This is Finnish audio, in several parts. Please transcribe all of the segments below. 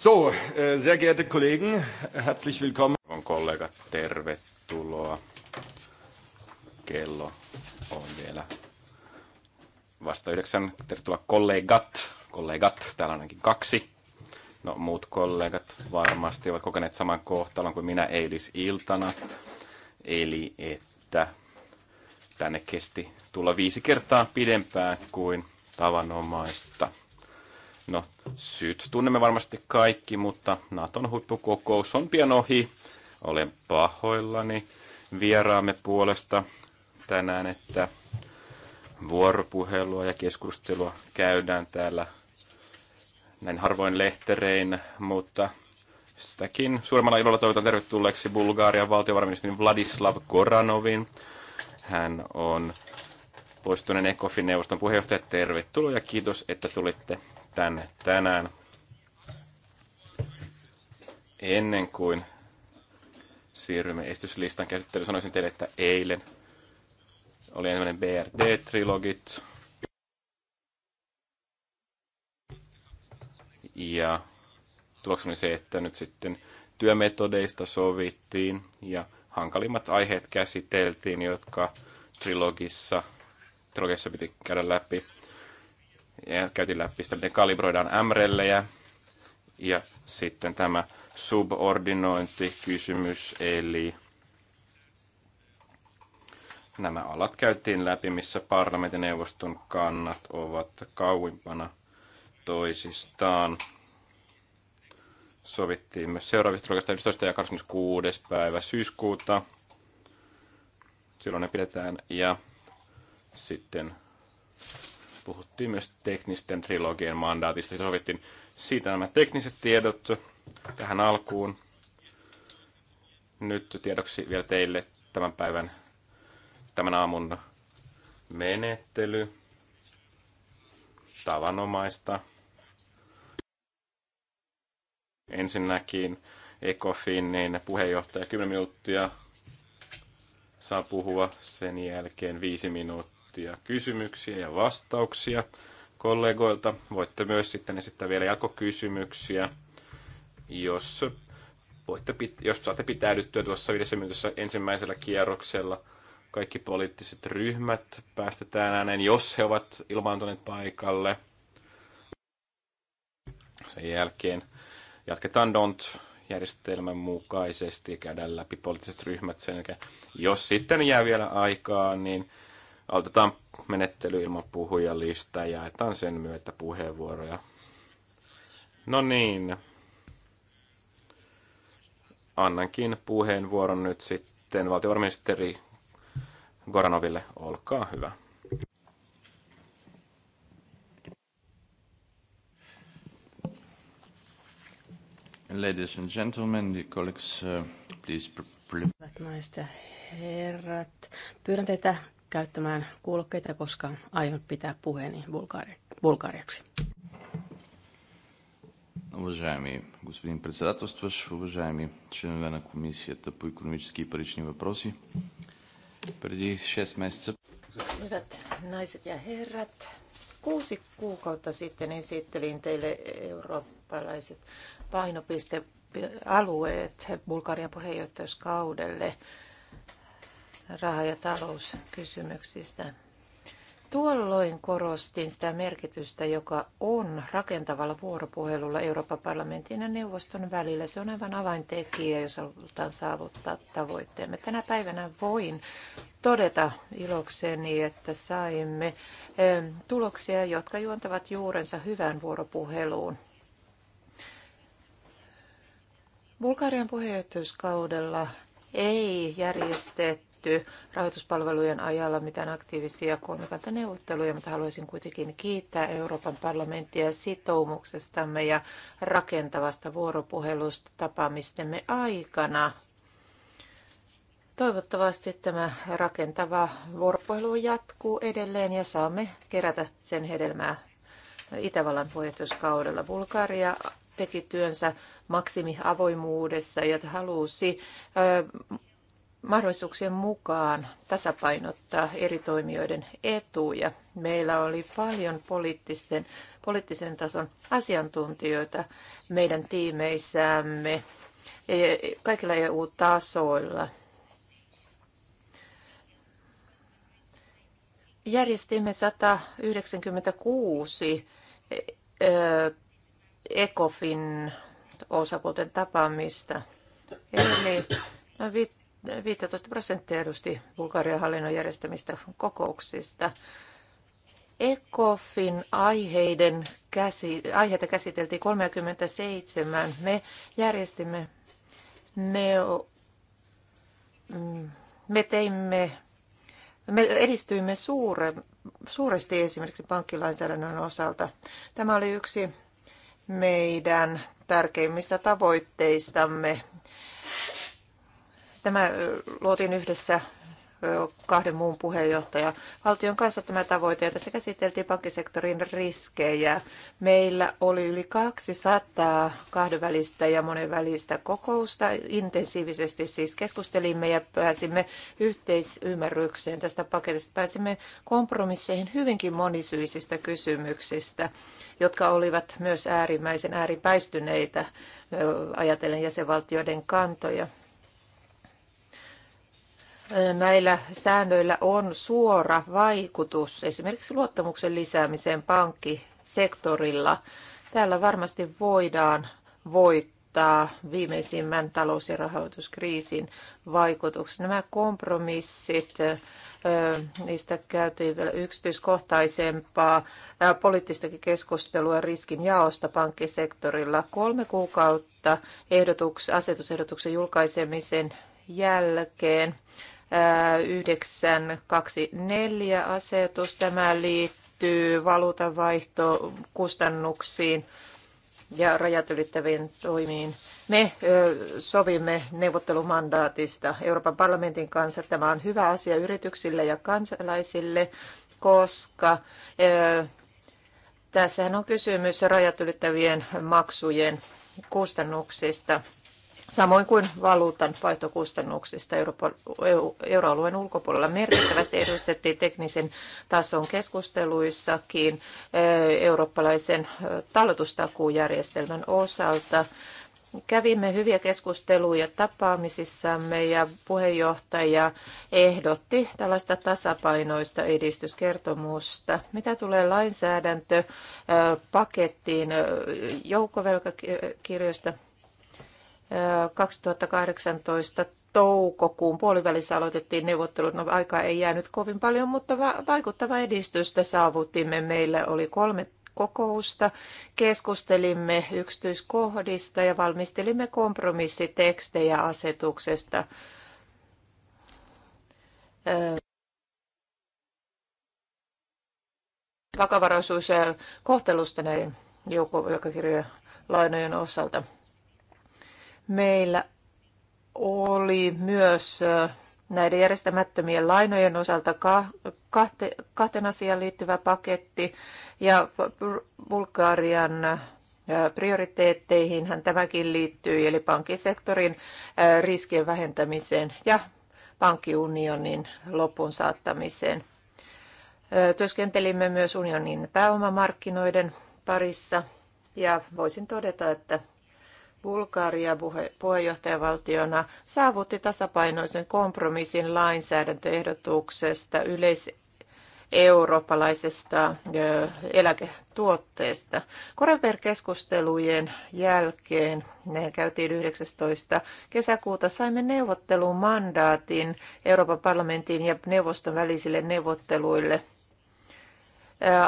So, äh, sehr geehrte Kollegen, herzlich willkommen. On kollega, tervetuloa. Kello on vielä vasta yhdeksän. Tervetuloa kollegat. Kollegat, täällä on ainakin kaksi. No muut kollegat varmasti ovat kokeneet saman kohtalon kuin minä eilisiltana. Eli että tänne kesti tulla viisi kertaa pidempään kuin tavanomaista. No, syyt tunnemme varmasti kaikki, mutta Naton huippukokous on pian ohi. Olen pahoillani vieraamme puolesta tänään, että vuoropuhelua ja keskustelua käydään täällä näin harvoin lehterein, mutta sitäkin suuremmalla ilolla toivotan tervetulleeksi Bulgarian valtiovarainministerin Vladislav Koranovin. Hän on poistuneen ECOFIN-neuvoston puheenjohtaja. Tervetuloa ja kiitos, että tulitte tänne tänään. Ennen kuin siirrymme esityslistan käsittelyyn, sanoisin teille, että eilen oli ensimmäinen BRD-trilogit. Ja tuloksena oli se, että nyt sitten työmetodeista sovittiin ja hankalimmat aiheet käsiteltiin, jotka trilogissa, trilogissa piti käydä läpi ja käytiin läpi sitä, miten kalibroidaan MRellejä. Ja sitten tämä subordinointikysymys, eli nämä alat käytiin läpi, missä parlamentin neuvoston kannat ovat kauimpana toisistaan. Sovittiin myös seuraavista ruokasta 11. ja 26. päivä syyskuuta. Silloin ne pidetään ja sitten Puhuttiin myös teknisten trilogien mandaatista. Sovittiin siitä nämä tekniset tiedot tähän alkuun. Nyt tiedoksi vielä teille tämän päivän, tämän aamun menettely. Tavanomaista. Ensinnäkin Ecofinin puheenjohtaja 10 minuuttia saa puhua, sen jälkeen 5 minuuttia minuuttia kysymyksiä ja vastauksia kollegoilta. Voitte myös sitten esittää vielä jatkokysymyksiä, jos, voitte, jos saatte pitäydyttyä tuossa viidessä minuutissa ensimmäisellä kierroksella. Kaikki poliittiset ryhmät päästetään ääneen, jos he ovat ilmaantuneet paikalle. Sen jälkeen jatketaan don't järjestelmän mukaisesti ja käydään läpi poliittiset ryhmät sen jälkeen. Jos sitten jää vielä aikaa, niin Aloitetaan menettely ilman puhujalista ja jaetaan sen myötä puheenvuoroja. No niin. Annankin puheenvuoron nyt sitten valtiovarainministeri Goranoville. Olkaa hyvä. Ladies and gentlemen, the colleagues, uh, please... Hyvät naiset ja herrat, pyydän teitä käyttämään kuulokkeita, koska aion pitää puheeni bulgariaksi. Уважаеми господин председателстващ, уважаеми членове на Комисията по економически и парични въпроси, преди 6 месеца... Hyvät naiset ja herrat, kuusi kuukautta sitten esittelin teille eurooppalaiset painopistealueet Bulgarian puheenjohtajuuskaudelle raha- ja talouskysymyksistä. Tuolloin korostin sitä merkitystä, joka on rakentavalla vuoropuhelulla Euroopan parlamentin ja neuvoston välillä. Se on aivan avaintekijä, jos halutaan saavuttaa tavoitteemme. Tänä päivänä voin todeta ilokseni, että saimme tuloksia, jotka juontavat juurensa hyvään vuoropuheluun. Bulgarian puheenjohtajuuskaudella ei järjestetty tehty rahoituspalvelujen ajalla mitään aktiivisia kolmikantaneuvotteluja, mutta haluaisin kuitenkin kiittää Euroopan parlamenttia sitoumuksestamme ja rakentavasta vuoropuhelusta tapaamistemme aikana. Toivottavasti tämä rakentava vuoropuhelu jatkuu edelleen ja saamme kerätä sen hedelmää Itävallan puheenjohtajuuskaudella. Bulgaria teki työnsä maksimiavoimuudessa ja halusi mahdollisuuksien mukaan tasapainottaa eri toimijoiden etuja. Meillä oli paljon poliittisten, poliittisen tason asiantuntijoita meidän tiimeissämme e, kaikilla EU-tasoilla. Järjestimme 196 ECOFIN osapuolten tapaamista. Eli no, 15 prosenttia edusti Bulgarian hallinnon järjestämistä kokouksista. ECOFIN aiheiden käsi, aiheita käsiteltiin 37. Me järjestimme neo, mm, me teimme, me edistyimme suure, suuresti esimerkiksi pankkilainsäädännön osalta. Tämä oli yksi meidän tärkeimmistä tavoitteistamme Tämä luotiin yhdessä kahden muun puheenjohtaja valtion kanssa tämä tavoite, ja tässä käsiteltiin pankkisektorin riskejä. Meillä oli yli 200 kahdenvälistä ja monenvälistä kokousta. Intensiivisesti siis keskustelimme ja pääsimme yhteisymmärrykseen tästä paketista. Pääsimme kompromisseihin hyvinkin monisyisistä kysymyksistä, jotka olivat myös äärimmäisen ääripäistyneitä ajatellen jäsenvaltioiden kantoja näillä säännöillä on suora vaikutus esimerkiksi luottamuksen lisäämiseen pankkisektorilla. Täällä varmasti voidaan voittaa viimeisimmän talous- ja rahoituskriisin vaikutukset. Nämä kompromissit, niistä käytiin vielä yksityiskohtaisempaa poliittistakin keskustelua riskin jaosta pankkisektorilla. Kolme kuukautta ehdotuks, asetusehdotuksen julkaisemisen jälkeen 924 asetus. Tämä liittyy valuutanvaihtokustannuksiin ja rajat ylittäviin toimiin. Me sovimme neuvottelumandaatista Euroopan parlamentin kanssa. Tämä on hyvä asia yrityksille ja kansalaisille, koska tässähän on kysymys rajat ylittävien maksujen kustannuksista samoin kuin valuutan vaihtokustannuksista euroalueen ulkopuolella. Merkittävästi edustettiin teknisen tason keskusteluissakin eh, eurooppalaisen eh, talletustakuujärjestelmän osalta. Kävimme hyviä keskusteluja tapaamisissamme ja puheenjohtaja ehdotti tällaista tasapainoista edistyskertomusta. Mitä tulee lainsäädäntöpakettiin eh, joukkovelkakirjoista, 2018 toukokuun puolivälissä aloitettiin neuvottelut. No, aika ei jäänyt kovin paljon, mutta va- vaikuttava edistystä saavutimme. Meillä oli kolme kokousta, keskustelimme yksityiskohdista ja valmistelimme kompromissitekstejä asetuksesta. Vakavaraisuus ja kohtelusta näin joukkovelkakirjojen lainojen osalta meillä oli myös näiden järjestämättömien lainojen osalta kahte, kahteen asiaan liittyvä paketti ja Bulgarian prioriteetteihin hän tämäkin liittyy, eli pankkisektorin riskien vähentämiseen ja pankkiunionin lopun saattamiseen. Työskentelimme myös unionin pääomamarkkinoiden parissa ja voisin todeta, että Bulgaria puheenjohtajavaltiona saavutti tasapainoisen kompromissin lainsäädäntöehdotuksesta yleis eurooppalaisesta eläketuotteesta. Koreper-keskustelujen jälkeen, ne käytiin 19. kesäkuuta, saimme neuvottelumandaatin Euroopan parlamentin ja neuvoston välisille neuvotteluille –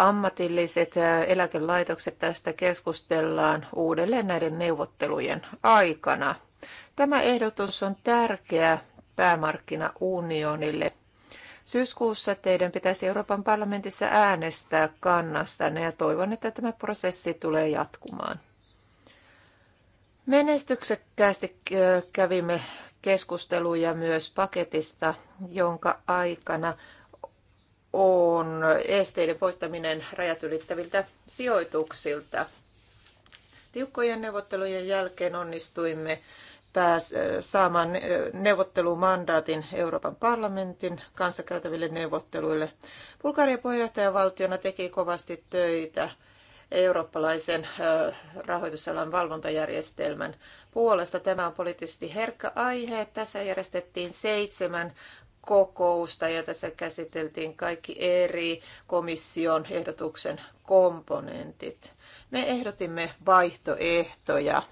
ammatilliset eläkelaitokset tästä keskustellaan uudelleen näiden neuvottelujen aikana. Tämä ehdotus on tärkeä päämarkkinaunionille. Syyskuussa teidän pitäisi Euroopan parlamentissa äänestää kannastanne ja toivon, että tämä prosessi tulee jatkumaan. Menestyksekkäästi kävimme keskusteluja myös paketista, jonka aikana on esteiden poistaminen rajat ylittäviltä sijoituksilta. Tiukkojen neuvottelujen jälkeen onnistuimme pääs, saamaan neuvottelumandaatin Euroopan parlamentin kanssa käytäville neuvotteluille. Bulgaria puheenjohtajavaltiona teki kovasti töitä eurooppalaisen rahoitusalan valvontajärjestelmän puolesta. Tämä on poliittisesti herkkä aihe. Tässä järjestettiin seitsemän kokousta ja tässä käsiteltiin kaikki eri komission ehdotuksen komponentit. Me ehdotimme vaihtoehtoja.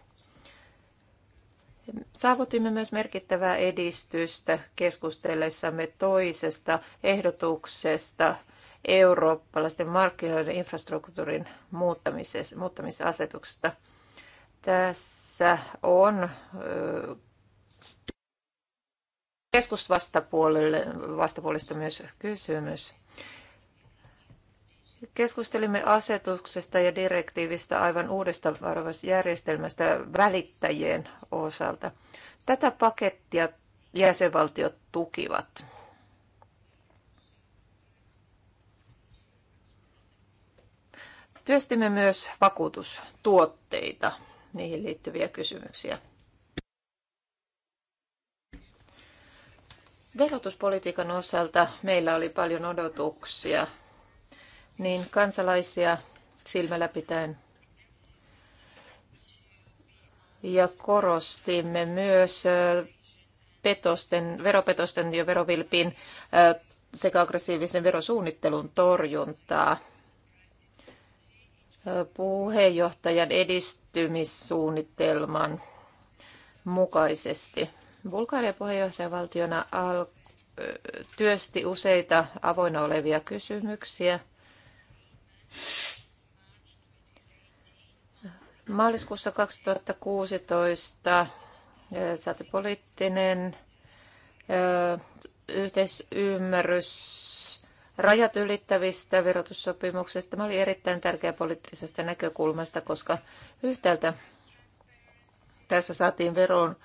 Saavutimme myös merkittävää edistystä keskustellessamme toisesta ehdotuksesta eurooppalaisten markkinoiden infrastruktuurin muuttamisasetuksesta. Tässä on keskusvastapuolelle, vastapuolesta myös kysymys. Keskustelimme asetuksesta ja direktiivistä aivan uudesta varovaisjärjestelmästä välittäjien osalta. Tätä pakettia jäsenvaltiot tukivat. Työstimme myös vakuutustuotteita, niihin liittyviä kysymyksiä. Verotuspolitiikan osalta meillä oli paljon odotuksia, niin kansalaisia silmällä pitäen. Ja korostimme myös petosten, veropetosten ja verovilpin sekä aggressiivisen verosuunnittelun torjuntaa. Puheenjohtajan edistymissuunnitelman mukaisesti. Bulgaria puheenjohtajavaltiona al- työsti useita avoinna olevia kysymyksiä. Maaliskuussa 2016 saati poliittinen yhteisymmärrys rajat ylittävistä verotussopimuksista. Tämä oli erittäin tärkeä poliittisesta näkökulmasta, koska yhtäältä tässä saatiin veroon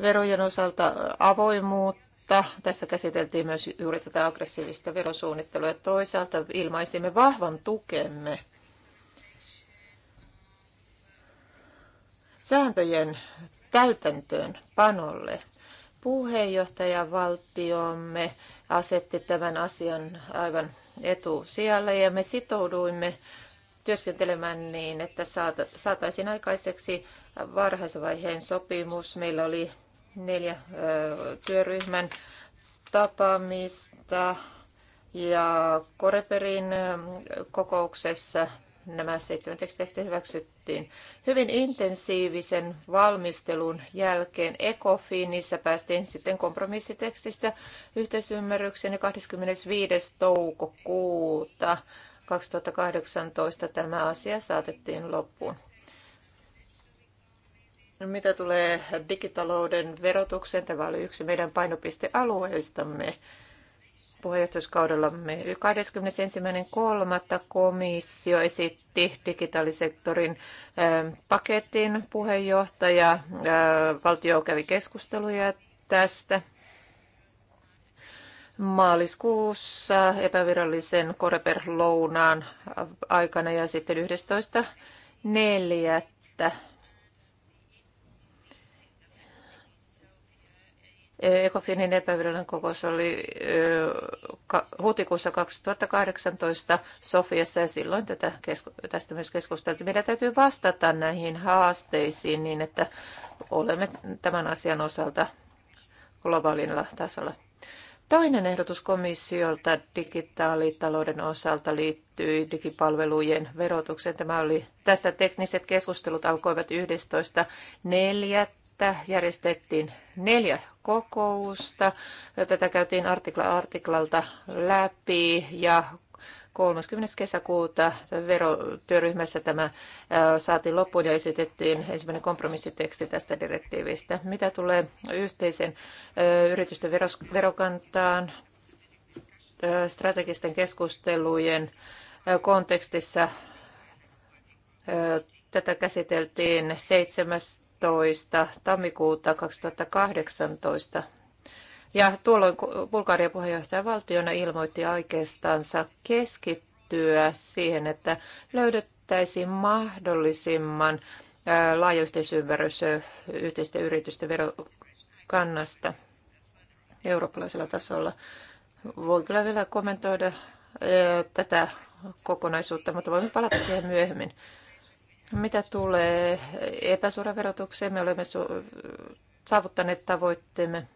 verojen osalta avoimuutta. Tässä käsiteltiin myös juuri tätä aggressiivista verosuunnittelua. toisaalta ilmaisimme vahvan tukemme sääntöjen täytäntöön panolle. Puheenjohtajavaltiomme asetti tämän asian aivan etusijalle ja me sitouduimme työskentelemään niin, että saataisiin aikaiseksi varhaisen vaiheen sopimus. Meillä oli neljä työryhmän tapaamista ja Koreperin kokouksessa nämä seitsemän tekstiä sitten hyväksyttiin. Hyvin intensiivisen valmistelun jälkeen ECOFINissa päästiin sitten kompromissitekstistä yhteisymmärrykseen ja 25. toukokuuta 2018 tämä asia saatettiin loppuun. Mitä tulee digitalouden verotukseen, tämä oli yksi meidän painopistealueistamme puheenjohtajuuskaudellamme. 21.3. komissio esitti digitaalisektorin ähm, paketin puheenjohtaja. Äh, valtio kävi keskusteluja tästä. Maaliskuussa epävirallisen Koreper-lounaan aikana ja sitten 11.4. Ecofinin epävirallinen kokous oli huhtikuussa 2018 Sofiassa ja silloin tätä, tästä myös keskusteltiin. Meidän täytyy vastata näihin haasteisiin niin, että olemme tämän asian osalta globaalilla tasolla. Toinen ehdotus komissiolta digitaalitalouden osalta liittyy digipalvelujen verotukseen. Tämä oli, tästä tekniset keskustelut alkoivat että järjestettiin neljä kokousta. Tätä käytiin artikla artiklalta läpi ja 30. kesäkuuta verotyöryhmässä tämä saatiin loppuun ja esitettiin ensimmäinen kompromissiteksti tästä direktiivistä. Mitä tulee yhteisen yritysten verokantaan, strategisten keskustelujen kontekstissa tätä käsiteltiin 7. 15. tammikuuta 2018. Ja tuolloin Bulgarian puheenjohtajavaltiona ilmoitti aikeestansa keskittyä siihen, että löydettäisiin mahdollisimman laaja yhteisymmärrys yhteisten yritysten verokannasta eurooppalaisella tasolla. Voi kyllä vielä kommentoida tätä kokonaisuutta, mutta voimme palata siihen myöhemmin. Mitä tulee epäsuoran verotukseen, me olemme saavuttaneet tavoitteemme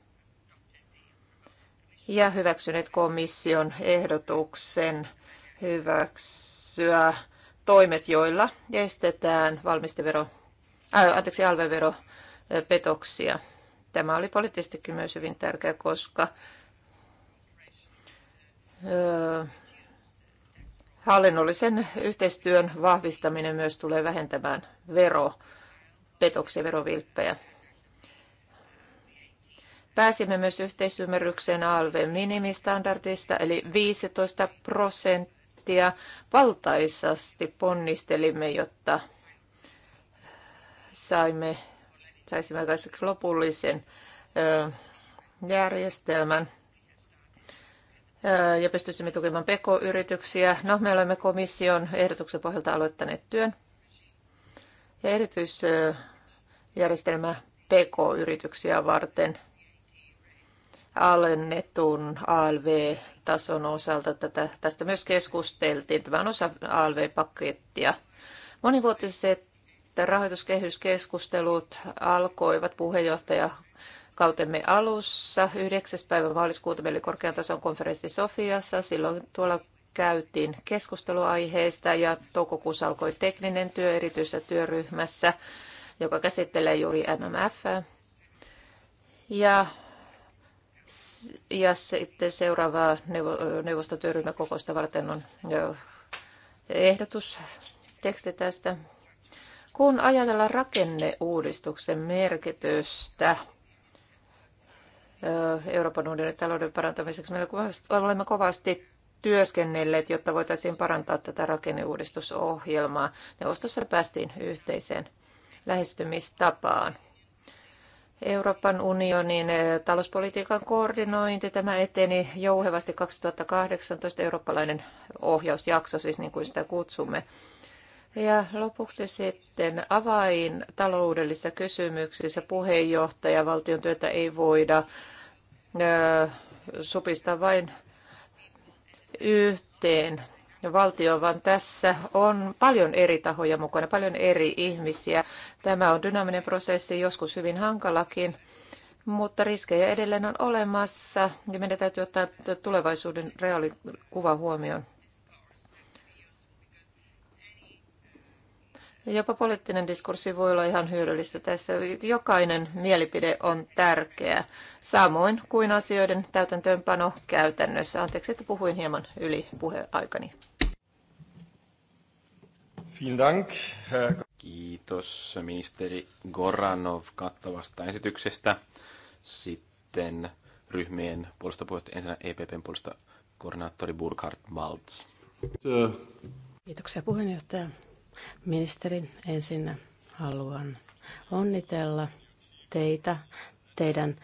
ja hyväksyneet komission ehdotuksen hyväksyä toimet, joilla estetään valmistevero, äh, anteeksi, alveveropetoksia. Tämä oli poliittisestikin myös hyvin tärkeä, koska öö, hallinnollisen yhteistyön vahvistaminen myös tulee vähentämään veropetoksia, verovilppejä. Pääsimme myös yhteisymmärrykseen ALV-minimistandardista, eli 15 prosenttia valtaisasti ponnistelimme, jotta saimme, saisimme aikaiseksi lopullisen järjestelmän – ja pystyisimme tukemaan PK-yrityksiä. No, me olemme komission ehdotuksen pohjalta aloittaneet työn. Ja erityisjärjestelmä PK-yrityksiä varten alennetun ALV-tason osalta. Tätä, tästä myös keskusteltiin. Tämä on osa ALV-pakettia. Monivuotiset rahoituskehyskeskustelut alkoivat puheenjohtaja kautemme alussa. 9. päivä maaliskuuta meillä oli korkean tason konferenssi Sofiassa. Silloin tuolla käytiin keskusteluaiheesta ja toukokuussa alkoi tekninen työ erityisessä työryhmässä, joka käsittelee juuri MMF. Ja ja sitten seuraavaa neuvostotyöryhmäkokousta varten on ehdotus teksti tästä. Kun ajatellaan rakenneuudistuksen merkitystä Euroopan unionin talouden parantamiseksi. Me olemme kovasti työskennelleet, jotta voitaisiin parantaa tätä rakenneuudistusohjelmaa. Neuvostossa päästiin yhteiseen lähestymistapaan. Euroopan unionin talouspolitiikan koordinointi. Tämä eteni jouhevasti 2018 eurooppalainen ohjausjakso, siis niin kuin sitä kutsumme. Ja lopuksi sitten avain taloudellisissa kysymyksissä puheenjohtaja valtion työtä ei voida supistaa vain yhteen valtio, vaan tässä on paljon eri tahoja mukana, paljon eri ihmisiä. Tämä on dynaaminen prosessi, joskus hyvin hankalakin, mutta riskejä edelleen on olemassa ja meidän täytyy ottaa tulevaisuuden reaalikuva huomioon. Jopa poliittinen diskurssi voi olla ihan hyödyllistä tässä. Jokainen mielipide on tärkeä, samoin kuin asioiden täytäntöönpano käytännössä. Anteeksi, että puhuin hieman yli puheaikani. Kiitos ministeri Goranov kattavasta esityksestä. Sitten ryhmien puolesta puhuttu ensinnä EPPn puolesta koordinaattori Burkhard Maltz. Kiitoksia puheenjohtaja. Ministeri, ensin haluan onnitella teitä, teidän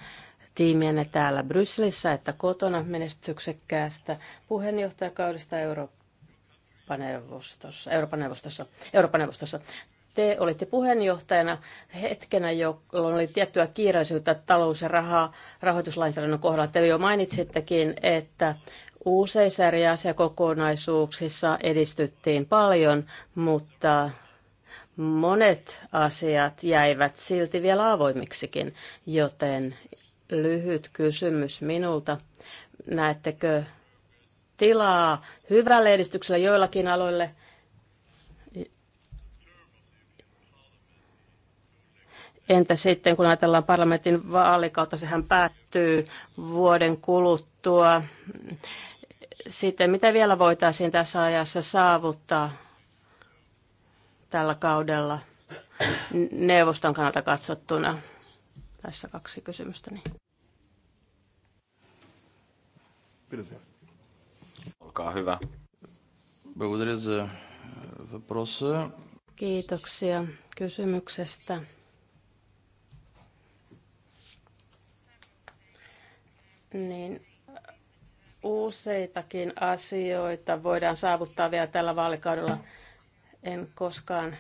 tiimienne täällä Brysselissä, että kotona menestyksekkäästä puheenjohtajakaudesta Euroopan neuvostossa. Euroopan neuvostossa, Euroopan neuvostossa te olitte puheenjohtajana hetkenä, jolloin oli tiettyä kiireisyyttä talous- ja raha, rahoituslainsäädännön kohdalla. Te jo mainitsittekin, että Useissa eri asiakokonaisuuksissa edistyttiin paljon, mutta monet asiat jäivät silti vielä avoimiksikin, joten lyhyt kysymys minulta. Näettekö tilaa hyvälle edistykselle joillakin aloille Entä sitten, kun ajatellaan parlamentin vaalikautta, sehän päättyy vuoden kuluttua. Sitten mitä vielä voitaisiin tässä ajassa saavuttaa tällä kaudella neuvoston kannalta katsottuna? Tässä kaksi kysymystäni. Olkaa hyvä. Kiitoksia kysymyksestä. niin useitakin asioita voidaan saavuttaa vielä tällä vaalikaudella. En koskaan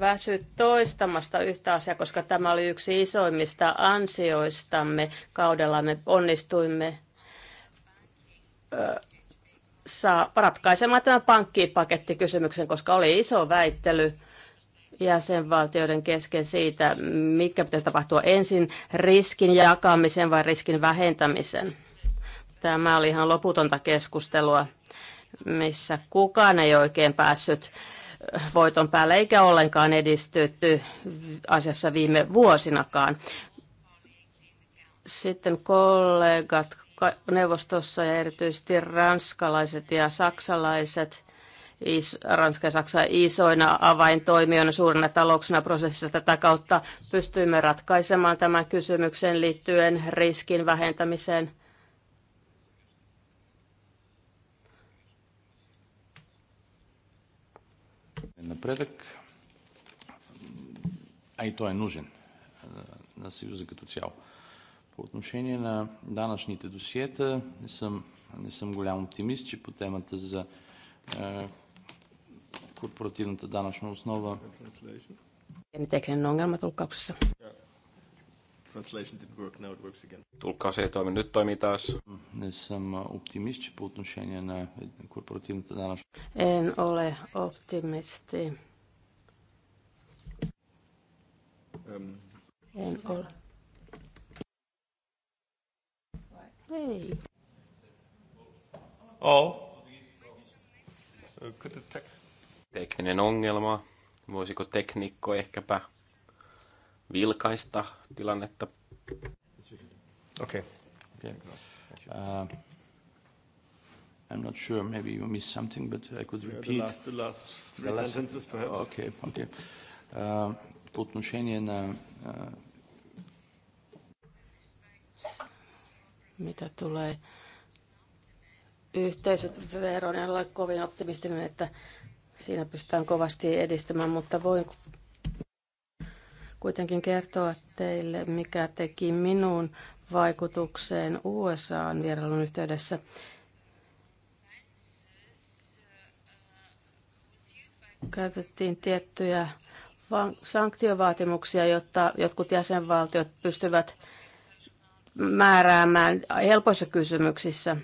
väsy toistamasta yhtä asiaa, koska tämä oli yksi isoimmista ansioistamme kaudella. Me onnistuimme saa ratkaisemaan tämän pankkipakettikysymyksen, koska oli iso väittely jäsenvaltioiden kesken siitä, mikä pitäisi tapahtua ensin, riskin jakamisen vai riskin vähentämisen. Tämä oli ihan loputonta keskustelua, missä kukaan ei oikein päässyt äh, voiton päälle eikä ollenkaan edistytty asiassa viime vuosinakaan. Sitten kollegat neuvostossa ja erityisesti ranskalaiset ja saksalaiset Ranska ja Saksa isoina avaintoimijoina, suurina talouksina prosessissa tätä kautta pystyimme ratkaisemaan tämän kysymyksen liittyen riskin vähentämiseen. Напредък, а и той е нужен на Съюза като цяло. По отношение на данъчните досиета, не съм, не съм голям оптимист, че по темата за korporatiivinen danasnon osnova. Pieni tekninen ongelma tulkkauksessa. Translation didn't work, now it works again. Tulkkaus ei toimi, nyt toimii taas. En ole optimisti. Um. En ole. Hei. Oh. So the tech tekninen ongelma. Voisiko teknikko ehkäpä vilkaista tilannetta? Okei. Okay. Okay. Uh, I'm not sure, maybe you missed something, but I could repeat. Yeah, the, last, the last three the last, sentences perhaps. Okay, okay. Uh, по отношение на uh, mitä tulee yhteisöveroon, en ole kovin optimistinen, että Siinä pystytään kovasti edistämään, mutta voin kuitenkin kertoa teille, mikä teki minun vaikutukseen USAan vierailun yhteydessä. Käytettiin tiettyjä sanktiovaatimuksia, jotta jotkut jäsenvaltiot pystyvät määräämään helpoissa kysymyksissä.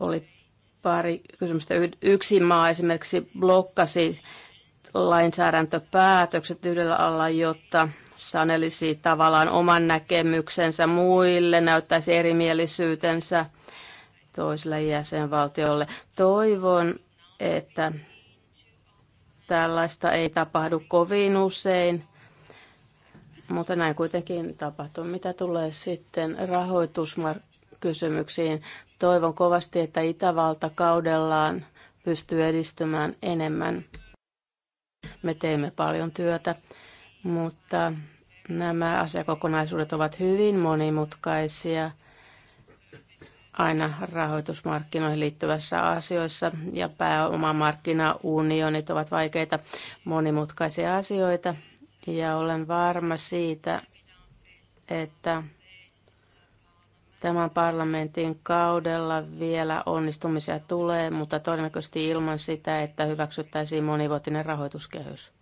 Oli Pari kysymystä. Yksi maa esimerkiksi blokkasi lainsäädäntöpäätökset yhdellä alla, jotta sanelisi tavallaan oman näkemyksensä muille, näyttäisi erimielisyytensä toiselle jäsenvaltiolle. Toivon, että tällaista ei tapahdu kovin usein, mutta näin kuitenkin tapahtuu. Mitä tulee sitten rahoitusmarkkinoille? kysymyksiin. Toivon kovasti, että Itävalta kaudellaan pystyy edistymään enemmän. Me teemme paljon työtä, mutta nämä asiakokonaisuudet ovat hyvin monimutkaisia aina rahoitusmarkkinoihin liittyvässä asioissa ja pääomamarkkinaunionit ovat vaikeita monimutkaisia asioita ja olen varma siitä, että Tämän parlamentin kaudella vielä onnistumisia tulee, mutta todennäköisesti ilman sitä, että hyväksyttäisiin monivuotinen rahoituskehys.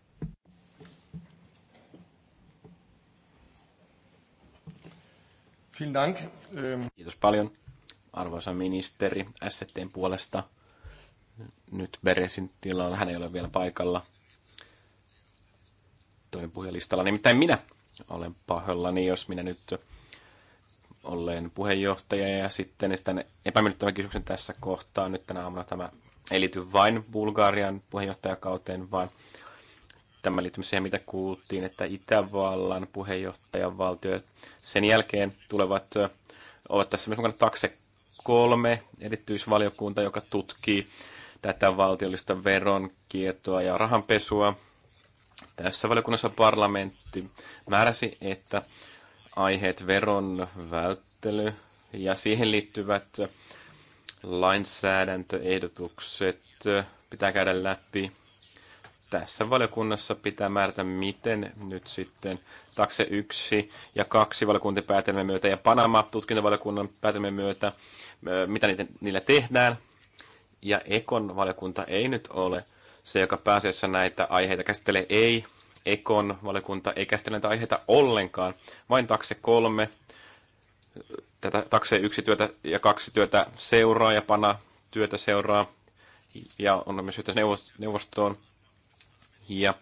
Ähm, Kiitos paljon, arvoisa ministeri STn puolesta. Nyt Beresin tilalla, hän ei ole vielä paikalla. Toinen puhujalistalla, nimittäin minä olen pahoillani, jos minä nyt olleen puheenjohtaja ja sitten esitän epämiellyttävän kysymyksen tässä kohtaa. Nyt tänä aamuna tämä ei liity vain Bulgarian puheenjohtajakauteen, vaan tämä liittyy siihen, mitä kuultiin, että Itävallan puheenjohtajan valtio sen jälkeen tulevat ovat tässä myös mukana takse kolme erityisvaliokunta, joka tutkii tätä valtiollista veronkietoa ja rahanpesua. Tässä valiokunnassa parlamentti määräsi, että aiheet, veron välttely ja siihen liittyvät lainsäädäntöehdotukset pitää käydä läpi. Tässä valiokunnassa pitää määrätä, miten nyt sitten takse 1 ja 2 valiokuntien päätelmien myötä ja Panama-tutkintavaliokunnan päätelmien myötä, mitä niitä, niillä tehdään. Ja Ekon valiokunta ei nyt ole se, joka pääasiassa näitä aiheita käsittelee, ei Ekon valiokunta ei käsitellä näitä aiheita ollenkaan, vain takse kolme, tätä takse yksi työtä ja kaksi työtä seuraa ja pana työtä seuraa ja on myös yhteys neuvostoon. Ja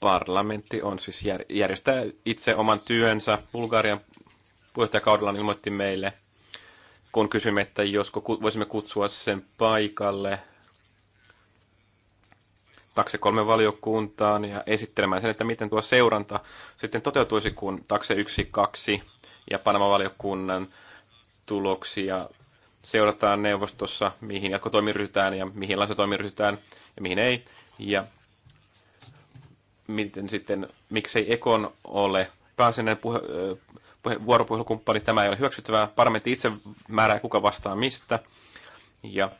parlamentti on siis jär, järjestää itse oman työnsä. Bulgarian puheenjohtajakaudellaan ilmoitti meille, kun kysymme, että josko voisimme kutsua sen paikalle takse kolme valiokuntaan ja esittelemään sen, että miten tuo seuranta sitten toteutuisi, kun takse 1, 2 ja Panama-valiokunnan tuloksia seurataan neuvostossa, mihin jatkotoimiin ryhdytään ja mihin lainsäädäntötoimiin ryhdytään ja mihin ei. Ja miten sitten, miksei Ekon ole pääsenen puhe, puhe, vuoropuhelukumppani, tämä ei ole hyväksyttävää. Parlamentti itse määrää, kuka vastaa mistä. Ja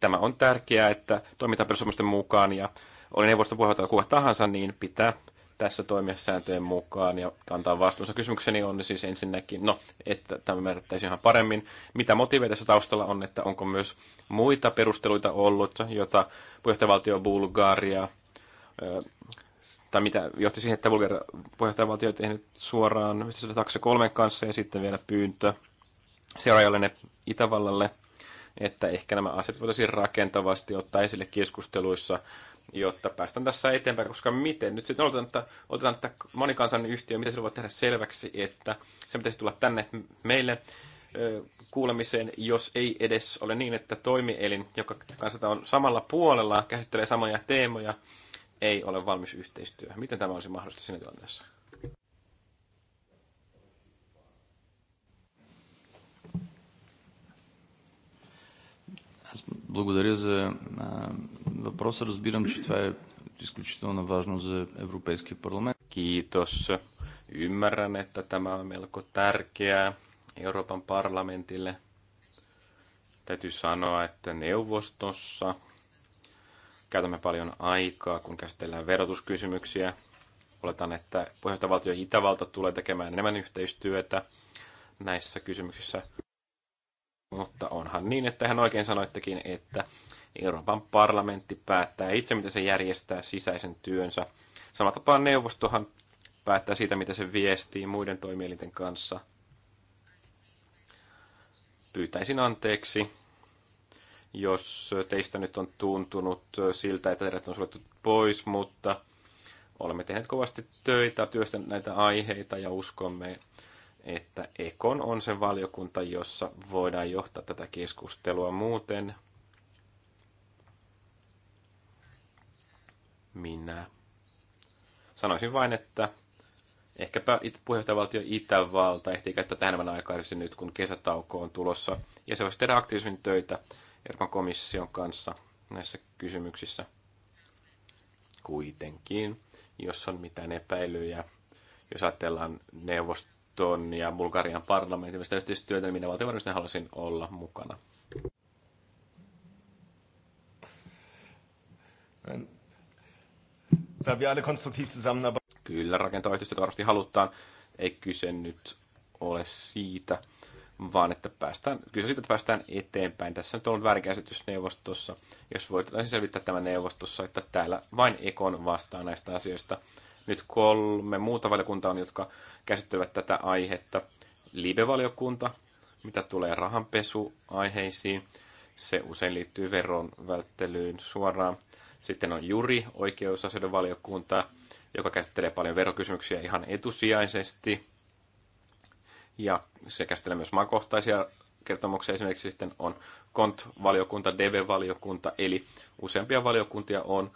tämä on tärkeää, että toimintaperussopimusten mukaan ja oli neuvosto puheenjohtaja kuka tahansa, niin pitää tässä toimia sääntöjen mukaan ja kantaa vastuunsa. Kysymykseni on siis ensinnäkin, no, että tämä määrittäisi ihan paremmin. Mitä motiiveja tässä taustalla on, että onko myös muita perusteluita ollut, jota puheenjohtajavaltio Bulgaria, tai mitä johti siihen, että Bulgaria puheenjohtajavaltio ei tehnyt suoraan yhteistyötä taksa kolmen kanssa ja sitten vielä pyyntö seuraajalle Itävallalle, että ehkä nämä asiat voitaisiin rakentavasti ottaa esille keskusteluissa – jotta päästään tässä eteenpäin, koska miten nyt sitten otetaan, että, otetaan, että monikansan yhtiö, miten se voi tehdä selväksi, että se pitäisi tulla tänne meille kuulemiseen, jos ei edes ole niin, että toimielin, joka kanssa on samalla puolella, käsittelee samoja teemoja, ei ole valmis yhteistyö. Miten tämä olisi mahdollista siinä tilanteessa? Благодаря за Въпроса разбирам, че това е изключително важно за Европейския парламент. Kiitos. Ymmärrän, että tämä on melko tärkeää Euroopan parlamentille. Täytyy sanoa, että neuvostossa käytämme paljon aikaa, kun käsitellään verotuskysymyksiä. Oletan, että puheenjohtajavaltio Itävalta tulee tekemään enemmän yhteistyötä näissä kysymyksissä. Mutta onhan niin, että hän oikein sanoittekin, että niin Euroopan parlamentti päättää itse, miten se järjestää sisäisen työnsä. Samalla tapaa neuvostohan päättää siitä, miten se viestii muiden toimielinten kanssa. Pyytäisin anteeksi, jos teistä nyt on tuntunut siltä, että teidät on suljettu pois, mutta olemme tehneet kovasti töitä, työstä näitä aiheita ja uskomme, että Ekon on se valiokunta, jossa voidaan johtaa tätä keskustelua muuten – minä. Sanoisin vain, että ehkäpä puheenjohtajavaltio Itävalta ehtii käyttää tähän enemmän aikaa nyt, kun kesätauko on tulossa. Ja se voisi tehdä aktiivisemmin töitä Euroopan komission kanssa näissä kysymyksissä. Kuitenkin, jos on mitään epäilyjä, jos ajatellaan neuvoston ja Bulgarian parlamentin välistä yhteistyötä, niin minä valtiovarmasti haluaisin olla mukana. And da wir alle konstruktiv zusammenarbeiten. Kyllä, rakentava yhteistyötä varmasti halutaan. Ei kyse nyt ole siitä, vaan että päästään, kyse siitä, että päästään eteenpäin. Tässä nyt on ollut väärinkäsitys neuvostossa. Jos voitaisiin selvittää tämä neuvostossa, että täällä vain Ekon vastaa näistä asioista. Nyt kolme muuta valiokuntaa on, jotka käsittelevät tätä aihetta. Libe-valiokunta, mitä tulee rahanpesuaiheisiin. Se usein liittyy veron välttelyyn suoraan. Sitten on Juri, oikeusasioiden valiokunta, joka käsittelee paljon verokysymyksiä ihan etusijaisesti. Ja se käsittelee myös maakohtaisia kertomuksia. Esimerkiksi sitten on KONT-valiokunta, DV-valiokunta, eli useampia valiokuntia on.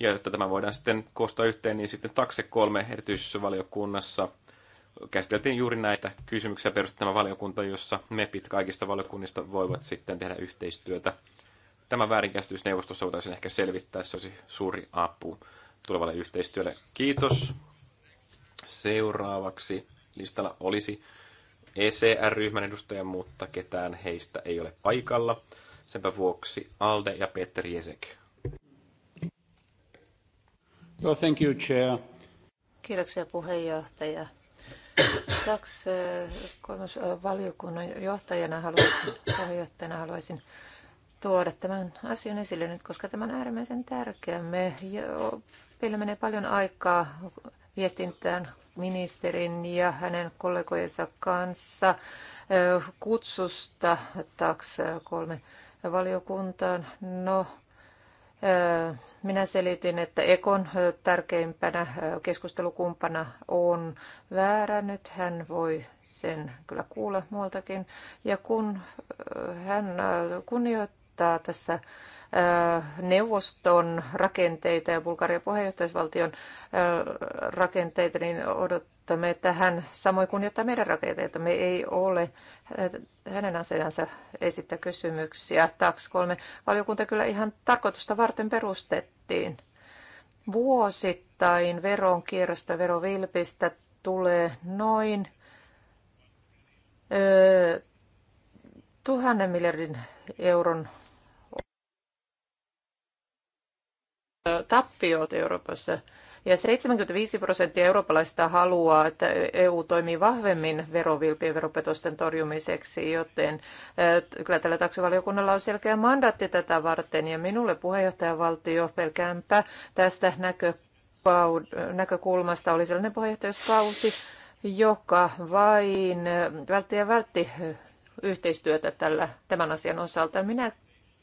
Ja jotta tämä voidaan sitten koostaa yhteen, niin sitten takse kolme erityisessä valiokunnassa käsiteltiin juuri näitä kysymyksiä perustettava valiokunta, jossa MEPit kaikista valiokunnista voivat sitten tehdä yhteistyötä Tämä väärinkäsitys neuvostossa voitaisiin ehkä selvittää, se olisi suuri apu tulevalle yhteistyölle. Kiitos. Seuraavaksi listalla olisi ECR-ryhmän edustaja, mutta ketään heistä ei ole paikalla. Senpä vuoksi Alde ja Peter Jesek. No, thank you, chair. Kiitoksia puheenjohtaja. Taksi eh, kolmas eh, valiokunnan johtajana haluaisin, puheenjohtajana haluaisin tuoda tämän asian esille nyt, koska tämä on äärimmäisen tärkeä. Me, meillä menee paljon aikaa viestintään ministerin ja hänen kollegojensa kanssa kutsusta taks kolme valiokuntaan. No, minä selitin, että Ekon tärkeimpänä keskustelukumppana on väärä. Nyt hän voi sen kyllä kuulla muultakin. Ja kun hän kunnioittaa muuttaa tässä neuvoston rakenteita ja Bulgarian puheenjohtajavaltion rakenteita, niin odottamme, että hän samoin kunnioittaa meidän rakenteita. Me ei ole hänen asiansa esittää kysymyksiä. TAX 3 valiokunta kyllä ihan tarkoitusta varten perustettiin. Vuosittain veronkierrosta verovilpistä tulee noin tuhannen miljardin euron tappiot Euroopassa. Ja 75 prosenttia eurooppalaista haluaa, että EU toimii vahvemmin verovilpien veropetosten torjumiseksi, joten eh, kyllä tällä taksivaliokunnalla on selkeä mandaatti tätä varten. Ja minulle puheenjohtajavaltio pelkäänpä tästä näkökulmasta oli sellainen puheenjohtajuuskausi, joka vain eh, vältti ja vältti eh, yhteistyötä tällä, tämän asian osalta. Minä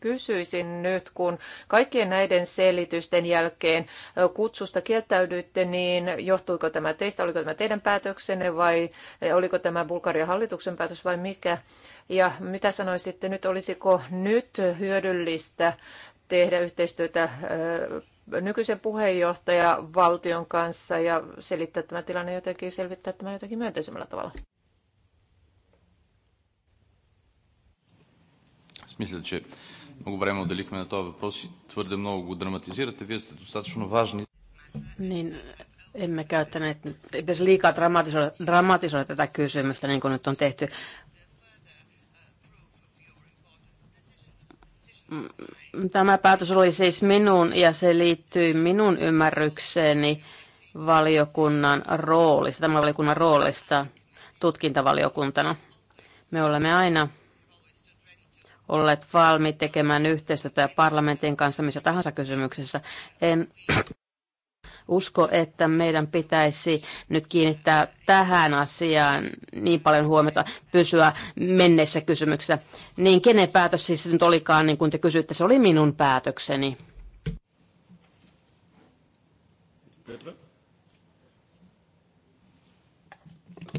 kysyisin nyt, kun kaikkien näiden selitysten jälkeen kutsusta kieltäydyitte, niin johtuiko tämä teistä, oliko tämä teidän päätöksenne vai oliko tämä Bulgarian hallituksen päätös vai mikä? Ja mitä sanoisitte nyt, olisiko nyt hyödyllistä tehdä yhteistyötä nykyisen puheenjohtajan valtion kanssa ja selittää tämä tilanne jotenkin, selvittää tämä jotenkin myönteisemmällä tavalla? Mr. Chip. Много време отделихме на този въпрос и твърде много го драматизирате. Вие сте достатъчно важни. Niin, emme käyttäneet, ei pitäisi liikaa dramatisoida, dramatisoida tätä kysymystä, niin kuin nyt on tehty. Mm, tämä päätös oli siis minun ja se liittyy minun ymmärrykseeni valiokunnan roolista, tämän valiokunnan roolista tutkintavaliokuntana. Me olemme aina olleet valmiit tekemään yhteistyötä parlamentin kanssa missä tahansa kysymyksessä. En usko, että meidän pitäisi nyt kiinnittää tähän asiaan niin paljon huomiota, pysyä menneissä kysymyksissä. Niin kenen päätös siis nyt olikaan, niin kuin te kysyitte, se oli minun päätökseni. Petra?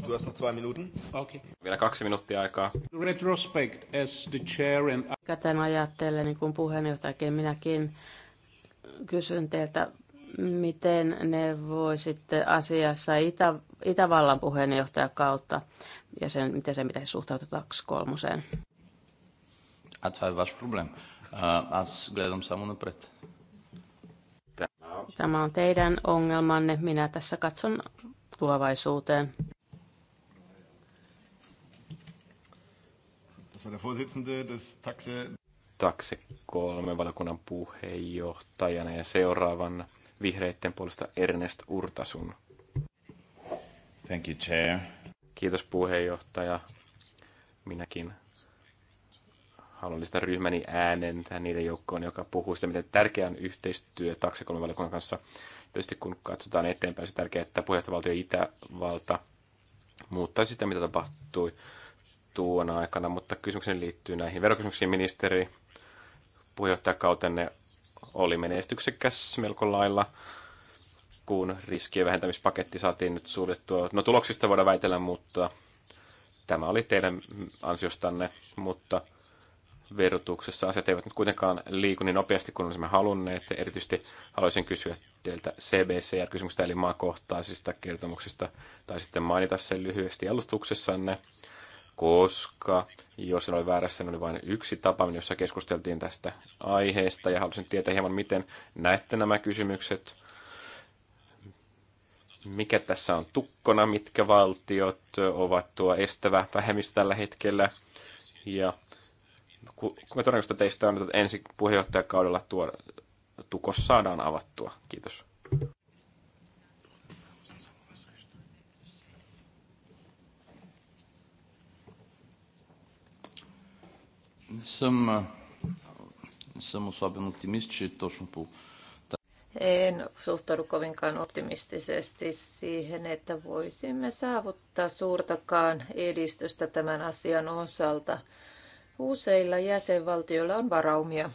Du hast noch zwei Minuten. Okay. Vielä kaksi minuuttia aikaa. Retrospect as the chair and... Käteen ajattelen, niin kuin puheenjohtajakin minäkin kysyn teiltä, miten ne voisitte asiassa Itä, Itävallan puheenjohtajan kautta ja sen, miten se pitäisi suhtautua TAX kolmoseen? Ați fi problem. As гледам само Tämä on teidän ongelmanne. Minä tässä katson tulevaisuuteen. Taxe kolme valokunnan puheenjohtajana ja seuraavan vihreiden puolesta Ernest Urtasun. Thank you, Chair. Kiitos puheenjohtaja. Minäkin haluan lisätä ryhmäni äänen tähän niiden joukkoon, joka puhuu sitä, miten tärkeä on yhteistyö valokunnan kanssa. Tietysti kun katsotaan eteenpäin, se on tärkeää, että puheenjohtajavaltio Itävalta muuttaisi sitä, mitä tapahtui tuona aikana, mutta kysymykseni liittyy näihin verokysymyksiin, ministeri. Puheenjohtajakautenne oli menestyksekäs melko lailla, kun riskien vähentämispaketti saatiin nyt suljettua. No tuloksista voidaan väitellä, mutta tämä oli teidän ansiostanne, mutta verotuksessa asiat eivät nyt kuitenkaan liiku niin nopeasti kuin olisimme halunneet. Erityisesti haluaisin kysyä teiltä CBCR-kysymystä eli maakohtaisista kertomuksista, tai sitten mainita sen lyhyesti alustuksessanne koska jos se oli väärässä, niin oli vain yksi tapaaminen, jossa keskusteltiin tästä aiheesta ja halusin tietää hieman, miten näette nämä kysymykset, mikä tässä on tukkona, mitkä valtiot ovat tuo estävä vähemmistö tällä hetkellä ja kuinka todennäköistä teistä on, että ensi puheenjohtajakaudella tuo tukos saadaan avattua? Kiitos. съм, съм особен оптимист, че точно по en suhtaudu kovinkaan optimistisesti siihen, että voisimme saavuttaa suurtakaan edistystä tämän asian osalta. Useilla jäsenvaltioilla on varaumia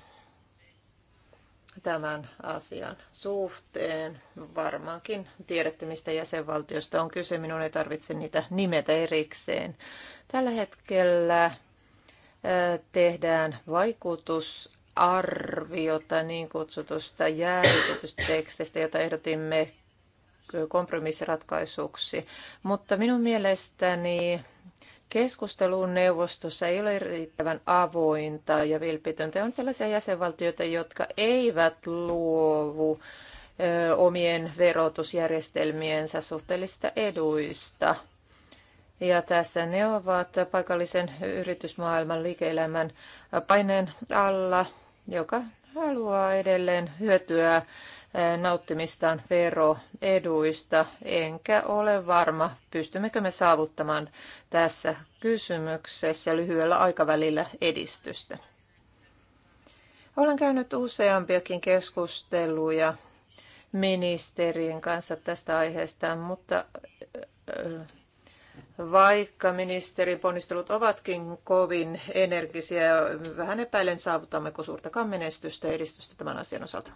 tämän asian suhteen. Varmaankin tiedätte, mistä jäsenvaltiosta on kyse. Minun ei tarvitse niitä nimetä erikseen. Tällä hetkellä tehdään vaikutusarviota niin kutsutusta jäädytetystä tekstistä, jota ehdotimme kompromissiratkaisuksi. Mutta minun mielestäni keskusteluun neuvostossa ei ole riittävän avointa ja vilpitöntä. On sellaisia jäsenvaltioita, jotka eivät luovu omien verotusjärjestelmiensä suhteellisista eduista – ja tässä ne ovat paikallisen yritysmaailman liike-elämän paineen alla, joka haluaa edelleen hyötyä nauttimistaan veroeduista, enkä ole varma, pystymmekö me saavuttamaan tässä kysymyksessä lyhyellä aikavälillä edistystä. Olen käynyt useampiakin keskusteluja ministerien kanssa tästä aiheesta, mutta vaikka ministerin ponnistelut ovatkin kovin energisiä, vähän epäilen saavutammeko suurtakaan menestystä ja edistystä tämän asian osalta.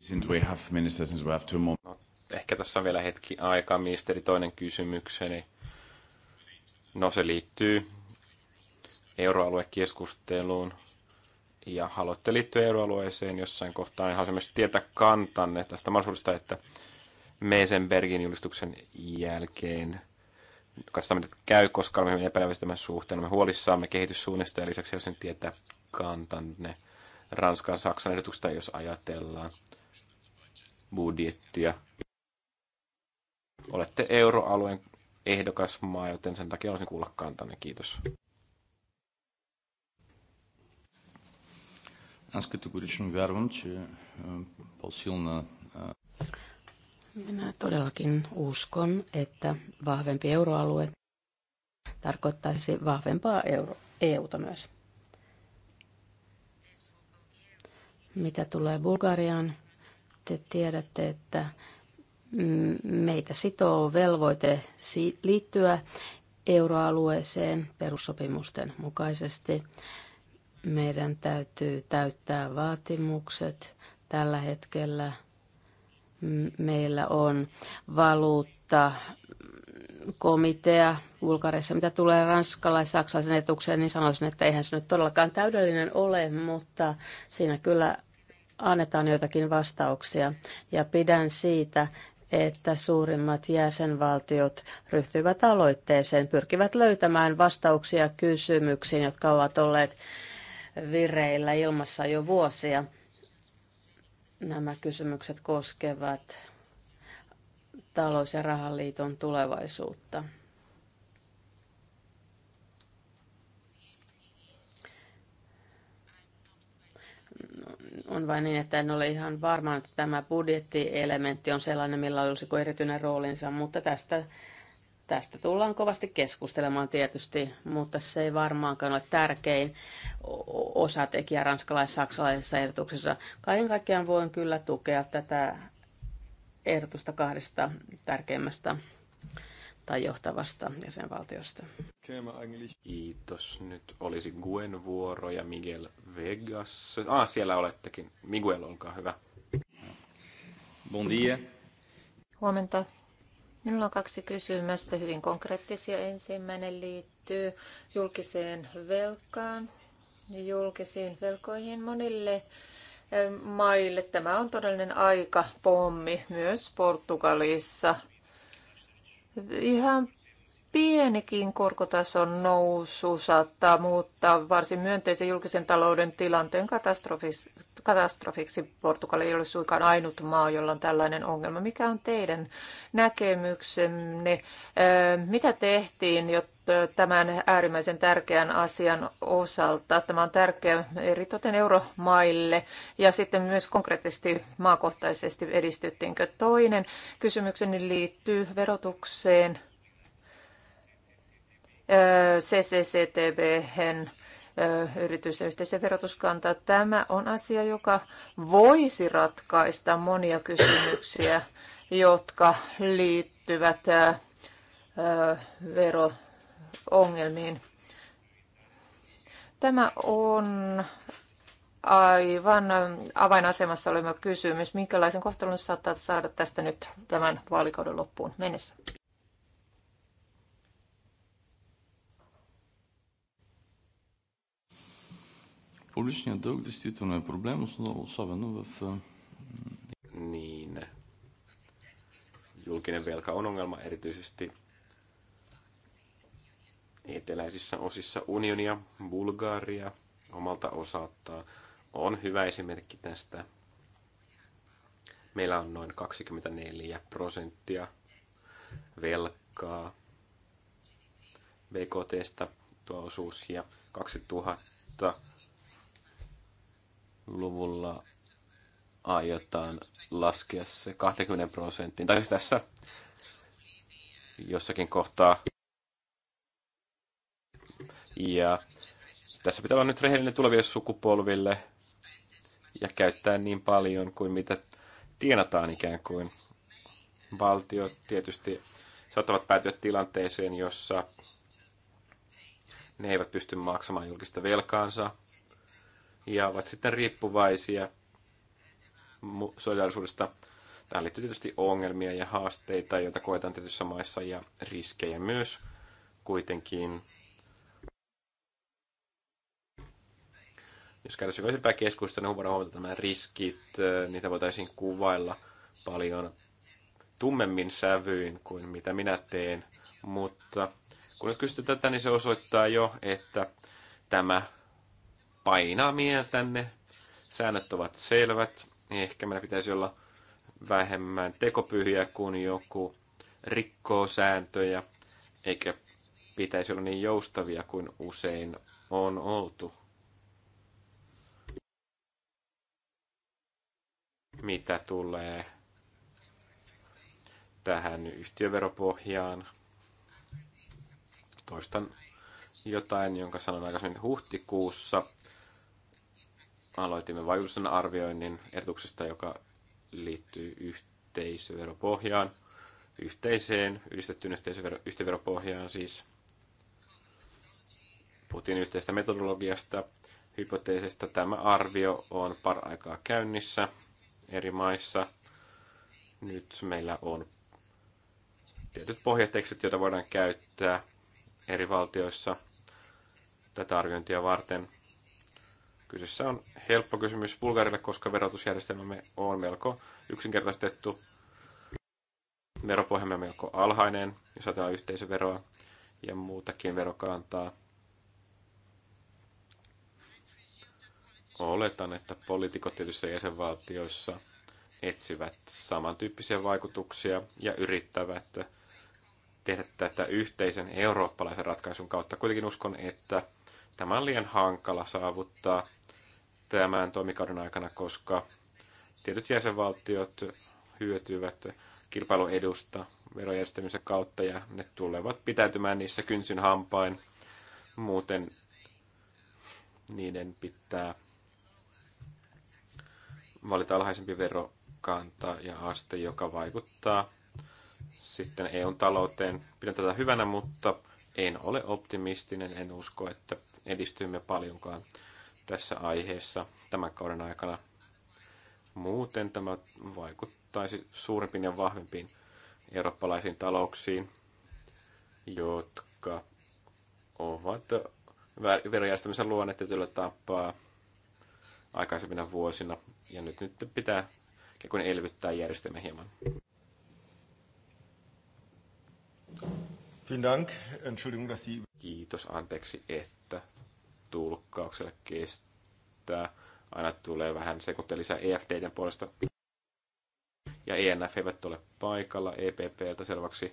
Since we have ministers, since we have two more... No, ehkä tässä on vielä hetki aikaa, ministeri, toinen kysymykseni. No se liittyy euroaluekeskusteluun ja haluatte liittyä euroalueeseen jossain kohtaa, niin haluaisin myös tietää kantanne tästä mahdollisuudesta, että Meisenbergin julistuksen jälkeen. Katsotaan, mitä käy, koska olemme epäilevästi tämän suhteen. Olemme huolissamme kehityssuunnista ja lisäksi sen tietää ne Ranskan Saksan ehdotuksesta, jos ajatellaan budjettia. Olette euroalueen ehdokasmaa, joten sen takia olisin kuulla kantanne. Kiitos. Аз категорично вярвам, че minä todellakin uskon, että vahvempi euroalue tarkoittaisi vahvempaa euro- EUta myös. Mitä tulee Bulgariaan, te tiedätte, että mm, meitä sitoo velvoite liittyä euroalueeseen perussopimusten mukaisesti. Meidän täytyy täyttää vaatimukset tällä hetkellä – Meillä on valuutta mm, komitea Bulgariassa, mitä tulee ranskalais saksalaisen etukseen, niin sanoisin, että eihän se nyt todellakaan täydellinen ole, mutta siinä kyllä annetaan joitakin vastauksia. Ja pidän siitä, että suurimmat jäsenvaltiot ryhtyivät aloitteeseen, pyrkivät löytämään vastauksia kysymyksiin, jotka ovat olleet vireillä ilmassa jo vuosia. Nämä kysymykset koskevat talous- ja rahaliiton tulevaisuutta. on vain niin, että en ole ihan varma, että tämä budjettielementti on sellainen, millä olisiko erityinen roolinsa, mutta tästä Tästä tullaan kovasti keskustelemaan tietysti, mutta se ei varmaankaan ole tärkein osatekijä ranskalais-saksalaisessa ehdotuksessa. Kaiken kaikkiaan voin kyllä tukea tätä ehdotusta kahdesta tärkeimmästä tai johtavasta jäsenvaltiosta. Kiitos. Nyt olisi Guen vuoro ja Miguel Vegas. Ah, siellä olettekin. Miguel, olkaa hyvä. Bon dia. Huomenta. Minulla on kaksi kysymystä, hyvin konkreettisia. Ensimmäinen liittyy julkiseen velkaan julkisiin velkoihin monille eh, maille. Tämä on todellinen aika pommi myös Portugalissa. Ihan pienikin korkotason nousu saattaa muuttaa varsin myönteisen julkisen talouden tilanteen katastrofiksi. katastrofiksi. Portugali ei ole suinkaan ainut maa, jolla on tällainen ongelma. Mikä on teidän näkemyksenne? Mitä tehtiin, jotta tämän äärimmäisen tärkeän asian osalta? Tämä on tärkeä eritoten euromaille ja sitten myös konkreettisesti maakohtaisesti edistyttiinkö toinen? Kysymykseni liittyy verotukseen CCCTB, yritys- ja Tämä on asia, joka voisi ratkaista monia kysymyksiä, jotka liittyvät veroongelmiin. Tämä on aivan avainasemassa oleva kysymys. Minkälaisen kohtelun saattaa saada tästä nyt tämän vaalikauden loppuun mennessä? Публичният дълг действително е проблем, особено в... Niin. Julkinen velka on ongelma erityisesti eteläisissä osissa unionia, Bulgaria omalta osaltaan on hyvä esimerkki tästä. Meillä on noin 24 prosenttia velkaa BKTstä tuo osuus ja 2000 luvulla aiotaan laskea se 20 prosenttiin. Tai siis tässä jossakin kohtaa. Ja tässä pitää olla nyt rehellinen tuleville sukupolville ja käyttää niin paljon kuin mitä tienataan ikään kuin. valtio tietysti saattavat päätyä tilanteeseen, jossa ne eivät pysty maksamaan julkista velkaansa – ja ovat sitten riippuvaisia solidaarisuudesta. Tähän liittyy tietysti ongelmia ja haasteita, joita koetaan tietyissä maissa ja riskejä myös kuitenkin. Jos käydään syvällisempää keskustelua, niin voidaan huomata nämä riskit. Äh, niitä voitaisiin kuvailla paljon tummemmin sävyin kuin mitä minä teen. Mutta kun nyt kysytään tätä, niin se osoittaa jo, että tämä painaa tänne. Säännöt ovat selvät. Niin ehkä meillä pitäisi olla vähemmän tekopyhiä, kuin joku rikkoo sääntöjä, eikä pitäisi olla niin joustavia kuin usein on oltu. Mitä tulee tähän yhtiöveropohjaan, toistan jotain, jonka sanon aikaisemmin huhtikuussa aloitimme vaikutusten arvioinnin ehdotuksesta, joka liittyy yhteisöveropohjaan, yhteiseen, yhdistettyyn yhteisövero, yhteisöveropohjaan siis. Puhuttiin yhteistä metodologiasta, hypoteesista. Tämä arvio on aikaa käynnissä eri maissa. Nyt meillä on tietyt pohjatekstit, joita voidaan käyttää eri valtioissa tätä arviointia varten – Kyseessä on helppo kysymys Bulgarille, koska verotusjärjestelmämme on melko yksinkertaistettu. Veropohjamme on melko alhainen, jos ajatellaan yhteisöveroa ja muutakin verokantaa. Oletan, että poliitikot tietyissä jäsenvaltioissa etsivät samantyyppisiä vaikutuksia ja yrittävät tehdä tätä yhteisen eurooppalaisen ratkaisun kautta. Kuitenkin uskon, että tämä on liian hankala saavuttaa tämän toimikauden aikana, koska tietyt jäsenvaltiot hyötyvät kilpailuedusta verojärjestelmisen kautta ja ne tulevat pitäytymään niissä kynsin hampain. Muuten niiden pitää valita alhaisempi verokanta ja aste, joka vaikuttaa sitten EUn talouteen. Pidän tätä hyvänä, mutta en ole optimistinen, en usko, että edistymme paljonkaan tässä aiheessa tämän kauden aikana. Muuten tämä vaikuttaisi suurimpiin ja vahvimpiin eurooppalaisiin talouksiin, jotka ovat verojärjestelmänsä luonne tietyllä tapaa aikaisempina vuosina. Ja nyt, nyt pitää kun elvyttää järjestelmä hieman. Kiitos, anteeksi, että tulkkaukselle kestää. Aina tulee vähän sekoittelisää lisää EFDn puolesta. Ja ENF eivät ole paikalla. EPPltä selväksi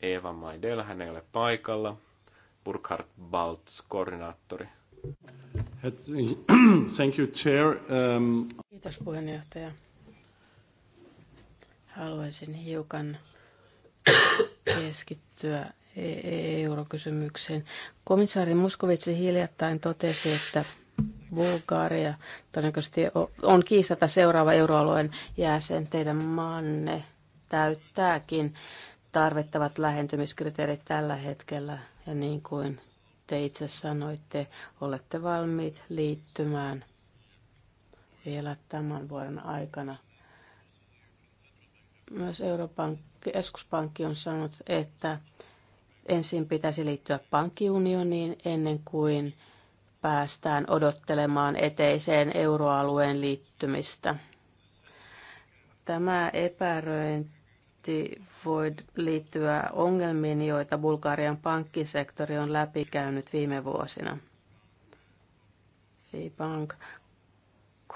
Eva Maidel, hän ei ole paikalla. Burkhard Baltz, koordinaattori. Thank you, Chair. Um... Kiitos puheenjohtaja. Haluaisin hiukan keskittyä E e eurokysymykseen. Komissaari Muskovitsi hiljattain totesi, että Bulgaria todennäköisesti on kiistata seuraava euroalueen jäsen. Teidän maanne täyttääkin tarvittavat lähentymiskriteerit tällä hetkellä. Ja niin kuin te itse sanoitte, olette valmiit liittymään vielä tämän vuoden aikana. Myös Euroopan keskuspankki on sanonut, että Ensin pitäisi liittyä pankkiunioniin ennen kuin päästään odottelemaan eteiseen euroalueen liittymistä. Tämä epäröinti voi liittyä ongelmiin, joita Bulgarian pankkisektori on läpikäynyt viime vuosina. Bank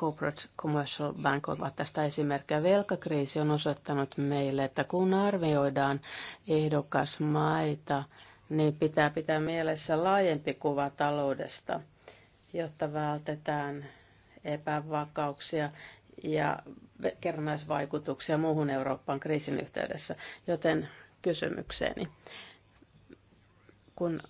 Corporate Commercial Bank ovat tästä esimerkkejä. Velkakriisi on osoittanut meille, että kun arvioidaan ehdokasmaita, niin pitää pitää mielessä laajempi kuva taloudesta, jotta vältetään epävakauksia ja kerrannaisvaikutuksia muuhun Euroopan kriisin yhteydessä. Joten kysymykseeni, kun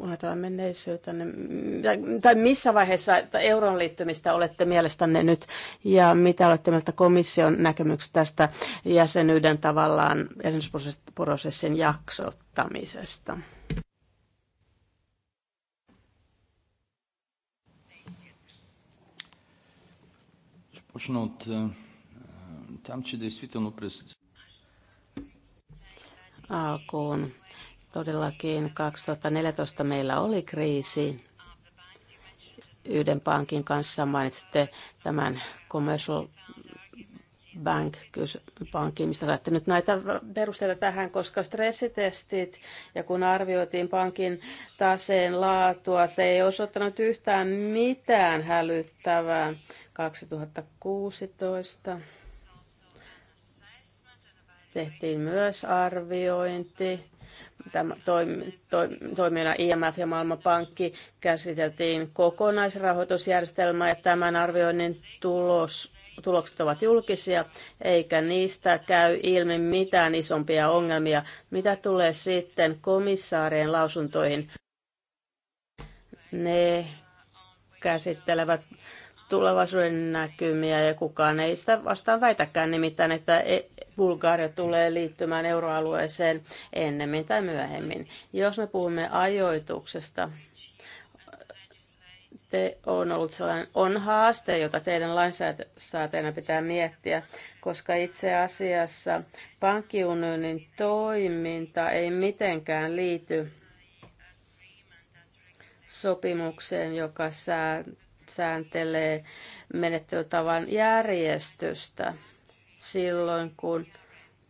ajatellaan menneisyyttä, niin- tai missä vaiheessa euron liittymistä olette mielestänne nyt, ja mitä olette mieltä komission näkemyksestä tästä jäsenyyden tavallaan jäsenyysprosessin jaksottamisesta? Alkuun Todellakin 2014 meillä oli kriisi yhden pankin kanssa. Mainitsitte tämän Commercial Bank pankkiin, mistä saatte nyt näitä perusteita tähän, koska stressitestit ja kun arvioitiin pankin taseen laatua, se ei osoittanut yhtään mitään hälyttävää 2016. Tehtiin myös arviointi tämä toimijana IMF ja Maailmanpankki käsiteltiin kokonaisrahoitusjärjestelmää ja tämän arvioinnin tulos, tulokset ovat julkisia, eikä niistä käy ilmi mitään isompia ongelmia. Mitä tulee sitten komissaarien lausuntoihin? Ne käsittelevät tulevaisuuden näkymiä ja kukaan ei sitä vastaan väitäkään nimittäin, että e- Bulgaria tulee liittymään euroalueeseen ennemmin tai myöhemmin. Jos me puhumme ajoituksesta, te on ollut sellainen on haaste, jota teidän lainsäätäjänä pitää miettiä, koska itse asiassa pankkiunionin toiminta ei mitenkään liity sopimukseen, joka sää sääntelee menettelytavan järjestystä silloin, kun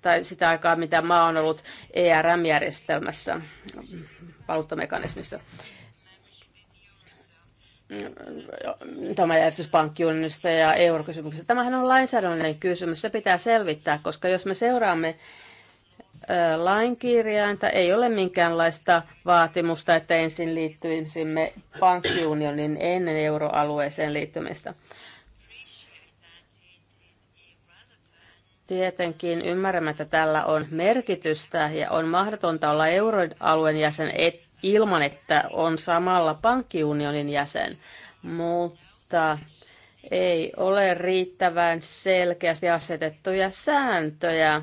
tai sitä aikaa, mitä mä oon ollut ERM-järjestelmässä, valuuttamekanismissa. Tämä järjestyspankkiunionista ja eurokysymyksestä. Tämähän on lainsäädännöllinen kysymys, se pitää selvittää, koska jos me seuraamme lainkirjainta ei ole minkäänlaista vaatimusta, että ensin liittyisimme pankkiunionin ennen euroalueeseen liittymistä. Tietenkin ymmärrämme, että tällä on merkitystä ja on mahdotonta olla euroalueen jäsen et, ilman, että on samalla pankkiunionin jäsen, mutta ei ole riittävän selkeästi asetettuja sääntöjä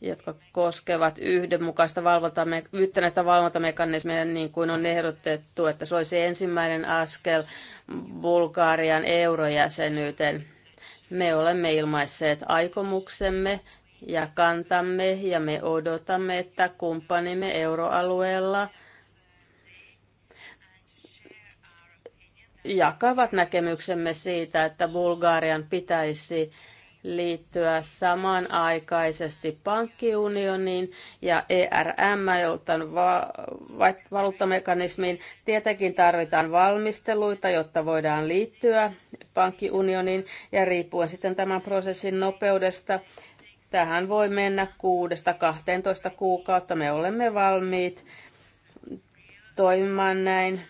jotka koskevat yhdenmukaista valvontame- yhtenäistä valvontamekanismia, niin kuin on ehdotettu, että se olisi ensimmäinen askel Bulgarian eurojäsenyyteen. Me olemme ilmaisseet aikomuksemme ja kantamme ja me odotamme, että kumppanimme euroalueella jakavat näkemyksemme siitä, että Bulgarian pitäisi liittyä samanaikaisesti pankkiunioniin ja ERM, jolta va- va- valuuttamekanismiin. Tietenkin tarvitaan valmisteluita, jotta voidaan liittyä pankkiunioniin ja riippuen sitten tämän prosessin nopeudesta. Tähän voi mennä 6-12 kuukautta. Me olemme valmiit toimimaan näin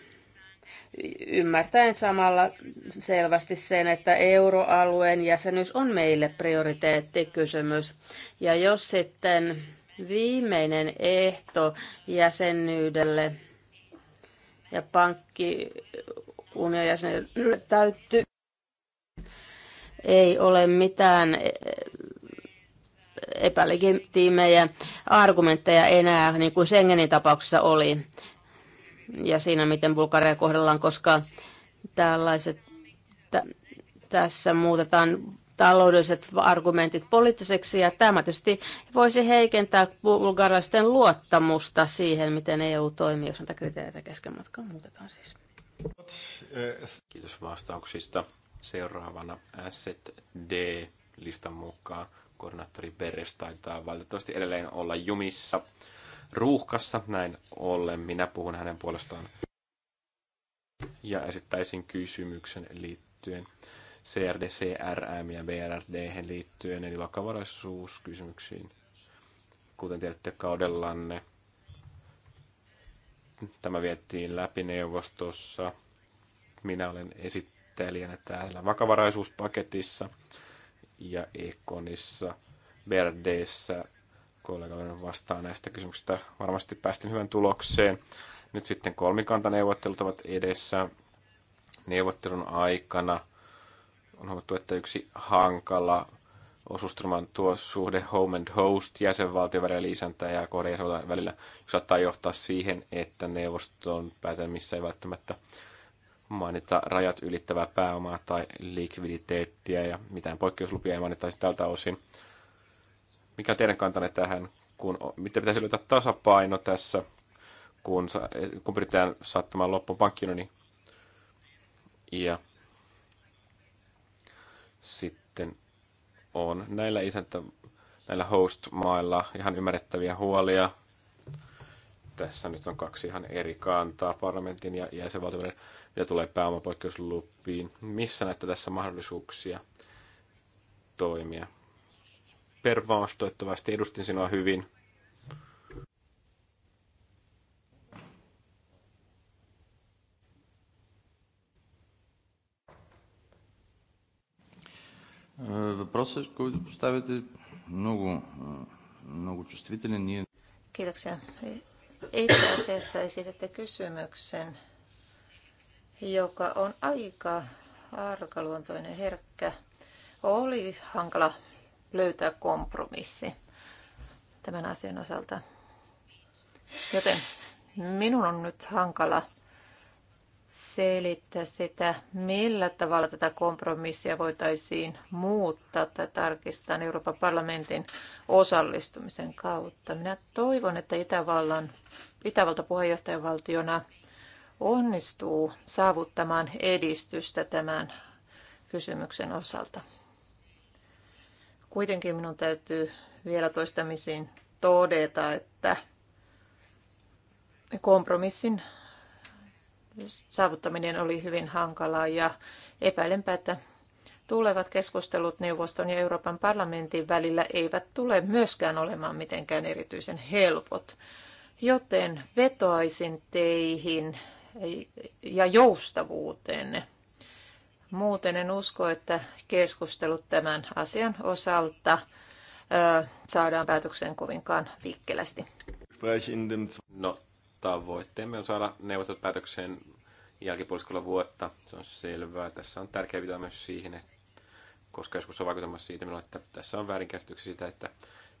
ymmärtäen samalla selvästi sen, että euroalueen jäsenyys on meille prioriteettikysymys. Ja jos sitten viimeinen ehto jäsenyydelle ja pankkiunion jäsenyydelle täyttyy, ei ole mitään epälegitiimejä argumentteja enää, niin kuin Schengenin tapauksessa oli ja siinä, miten Bulgaria kohdellaan, koska tällaiset, tässä muutetaan taloudelliset argumentit poliittiseksi, ja tämä tietysti voisi heikentää bulgarilaisten luottamusta siihen, miten EU toimii, jos näitä kriteereitä kesken matkaan muutetaan siis. Kiitos vastauksista. Seuraavana D listan mukaan koordinaattori Beres taitaa valitettavasti edelleen olla jumissa, ruuhkassa. Näin ollen minä puhun hänen puolestaan ja esittäisin kysymyksen liittyen CRD, CRM ja BRD liittyen, eli vakavaraisuuskysymyksiin. Kuten tiedätte kaudellanne, tämä viettiin läpi neuvostossa. Minä olen esittelijänä täällä vakavaraisuuspaketissa ja Ekonissa, BRDssä kollegalle vastaan näistä kysymyksistä. Varmasti päästiin hyvän tulokseen. Nyt sitten kolmikantaneuvottelut ovat edessä. Neuvottelun aikana on huomattu, että yksi hankala osuusturma tuo suhde home and host jäsenvaltion välillä isäntä ja kohden välillä, saattaa johtaa siihen, että neuvoston päätelmissä ei välttämättä mainita rajat ylittävää pääomaa tai likviditeettiä ja mitään poikkeuslupia ei mainittaisi tältä osin. Mikä on teidän kantanne tähän, kun, miten pitäisi löytää tasapaino tässä, kun, kun pyritään saattamaan loppuun pankkinoni? Ja sitten on näillä isäntä, näillä host-mailla ihan ymmärrettäviä huolia. Tässä nyt on kaksi ihan eri kantaa parlamentin ja jäsenvaltioiden, mitä tulee pääomapoikkeuslupiin. Missä näette tässä mahdollisuuksia toimia? Per Vaas, toivottavasti edustin sinua hyvin. Въпросът, който поставяте, много, много чувствителен. Ние... Kiitoksia. Itse asiassa esitätte kysymyksen, joka on aika arkaluontoinen, herkkä. Oli hankala löytää kompromissi tämän asian osalta. Joten minun on nyt hankala selittää sitä, millä tavalla tätä kompromissia voitaisiin muuttaa tai tarkistaa Euroopan parlamentin osallistumisen kautta. Minä toivon, että Itävallan, Itävalta puheenjohtajavaltiona onnistuu saavuttamaan edistystä tämän kysymyksen osalta. Kuitenkin minun täytyy vielä toistamisiin todeta, että kompromissin saavuttaminen oli hyvin hankalaa ja epäilenpä, että tulevat keskustelut neuvoston ja Euroopan parlamentin välillä eivät tule myöskään olemaan mitenkään erityisen helpot. Joten vetoaisin teihin ja joustavuuteen. Muuten en usko, että keskustelut tämän asian osalta saadaan päätökseen kovinkaan vikkelästi. No, tavoitteemme on saada neuvottelut päätökseen jälkipuoliskolla vuotta. Se on selvää. Tässä on tärkeää pitää myös siihen, että koska joskus on vaikutelmassa siitä että tässä on väärinkäsityksiä sitä, että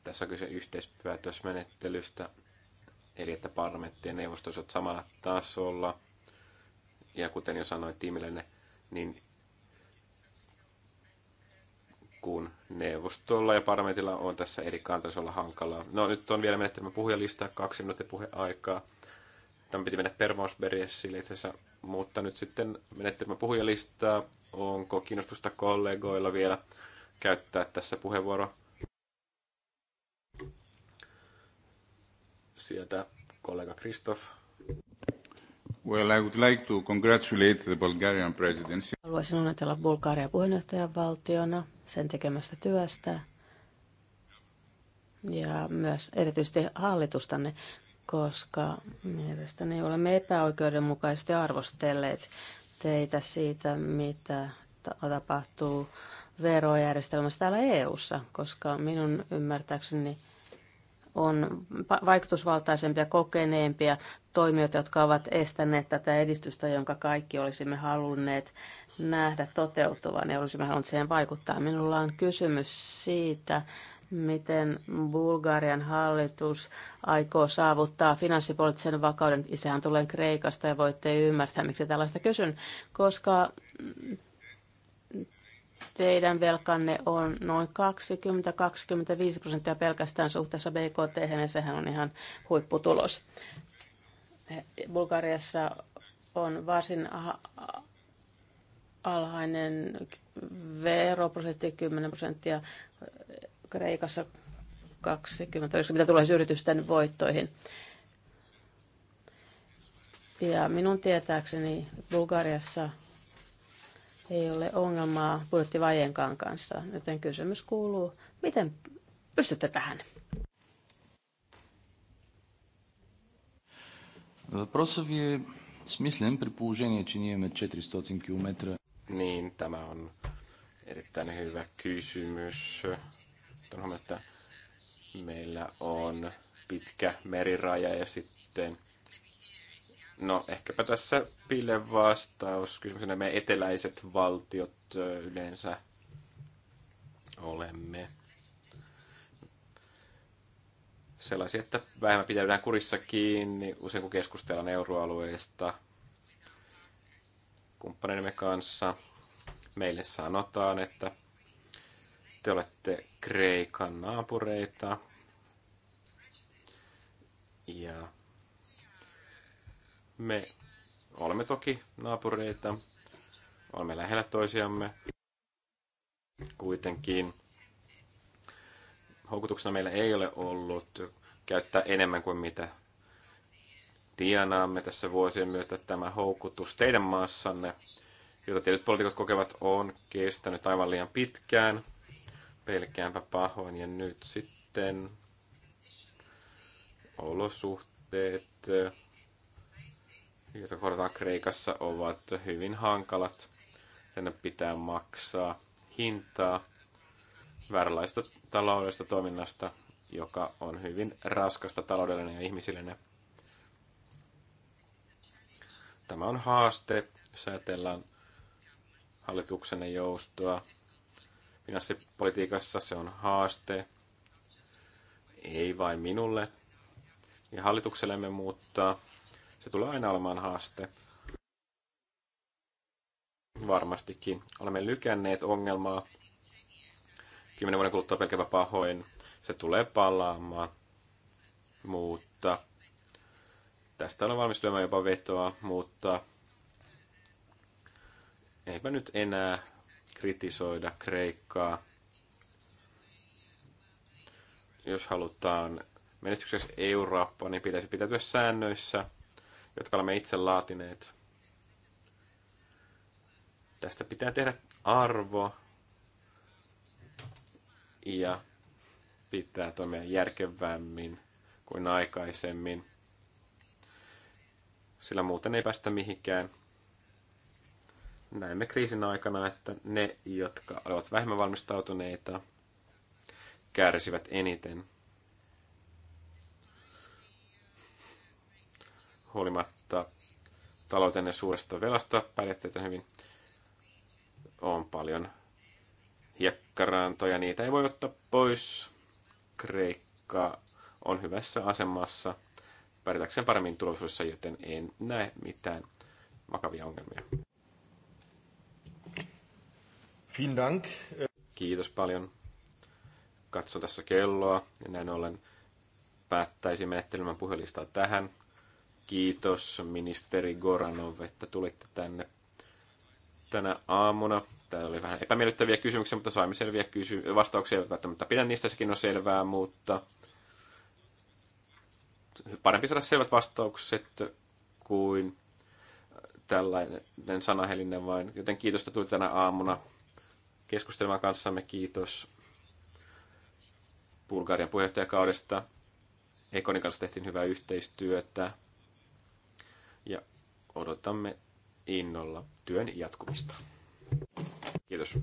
tässä on kyse yhteispäätösmenettelystä, eli että parlamentti ja neuvosto ovat samalla tasolla. Ja kuten jo sanoin tiimillenne, niin kun neuvostolla ja parlamentilla on tässä eri kantaisella hankalaa. No nyt on vielä menettämä puhujalistaa, kaksi minuuttia puheaikaa. Tämä piti mennä Pervausbergessille itse asiassa, mutta nyt sitten menettämä puhujalistaa. Onko kiinnostusta kollegoilla vielä käyttää tässä puheenvuoroa? Sieltä kollega Kristoff. Well, I would like to congratulate the Bulgarian presidency. Haluaisin onnitella Bulgaria valtiona sen tekemästä työstä ja myös erityisesti hallitustanne, koska mielestäni olemme epäoikeudenmukaisesti arvostelleet teitä siitä, mitä tapahtuu verojärjestelmässä täällä EU:ssa, koska minun ymmärtääkseni on vaikutusvaltaisempia, kokeneempia toimijoita, jotka ovat estäneet tätä edistystä, jonka kaikki olisimme halunneet nähdä toteutuvan ja olisimme halunneet siihen vaikuttaa. Minulla on kysymys siitä, miten Bulgarian hallitus aikoo saavuttaa finanssipoliittisen vakauden. Isehän tulee Kreikasta ja voitte ymmärtää, miksi tällaista kysyn, koska teidän velkanne on noin 20-25 prosenttia pelkästään suhteessa BKT, ja sehän on ihan huipputulos. Bulgariassa on varsin alhainen veroprosentti 10 prosenttia, Kreikassa 20, mitä tulee siis yritysten voittoihin. Ja minun tietääkseni Bulgariassa ei ole ongelmaa budjettivajeenkaan kanssa, joten kysymys kuuluu, miten pystytte tähän? Въпросът ви е смислен при положение, че ние имаме 400 км niin, tämä on erittäin hyvä kysymys. Tuohon, että meillä on pitkä meriraja ja sitten No ehkäpä tässä Pille vastaus kysymyksenä. Me eteläiset valtiot yleensä olemme sellaisia, että vähemmän pitäydään kurissa kiinni, usein kun keskustellaan euroalueesta – kumppanimme kanssa. Meille sanotaan, että te olette Kreikan naapureita. Ja me olemme toki naapureita, olemme lähellä toisiamme. Kuitenkin houkutuksena meillä ei ole ollut käyttää enemmän kuin mitä tienaamme tässä vuosien myötä tämä houkutus teidän maassanne, jota tietyt poliitikot kokevat, on kestänyt aivan liian pitkään. Pelkäänpä pahoin ja nyt sitten olosuhteet, joita kohdataan Kreikassa, ovat hyvin hankalat. Tänne pitää maksaa hintaa vääränlaista taloudellista toiminnasta, joka on hyvin raskasta taloudellinen ja ihmisillinen Tämä on haaste, jos ajatellaan hallituksen joustoa. Finanssipolitiikassa se on haaste, ei vain minulle ja hallituksellemme, muuttaa. se tulee aina olemaan haaste. Varmastikin. Olemme lykänneet ongelmaa. Kymmenen vuoden kuluttua pelkävä pahoin. Se tulee palaamaan. Mutta Tästä on valmis lyömään jopa vetoa, mutta eipä nyt enää kritisoida Kreikkaa. Jos halutaan menestyksessä Eurooppa, niin pitäisi pitäytyä säännöissä, jotka olemme itse laatineet. Tästä pitää tehdä arvo ja pitää toimia järkevämmin kuin aikaisemmin sillä muuten ei päästä mihinkään. Näemme kriisin aikana, että ne, jotka olivat vähemmän valmistautuneita, kärsivät eniten. Huolimatta taloutenne suuresta velasta pärjätteitä hyvin. On paljon hiekkarantoja, niitä ei voi ottaa pois. Kreikka on hyvässä asemassa – pärjätäkseen paremmin tulevaisuudessa, joten en näe mitään vakavia ongelmia. Dank. Kiitos paljon. Katso tässä kelloa ja näin ollen päättäisin menettelemään puhelistaa tähän. Kiitos ministeri Goranov, että tulitte tänne tänä aamuna. Täällä oli vähän epämiellyttäviä kysymyksiä, mutta saimme selviä kysy- vastauksia. Välttämättä pidän niistä, sekin on selvää, mutta parempi saada selvät vastaukset kuin tällainen sanahelinen vain. Joten kiitos, että tuli tänä aamuna keskustelemaan kanssamme. Kiitos Bulgarian puheenjohtajakaudesta. Ekonin kanssa tehtiin hyvää yhteistyötä ja odotamme innolla työn jatkumista. Kiitos.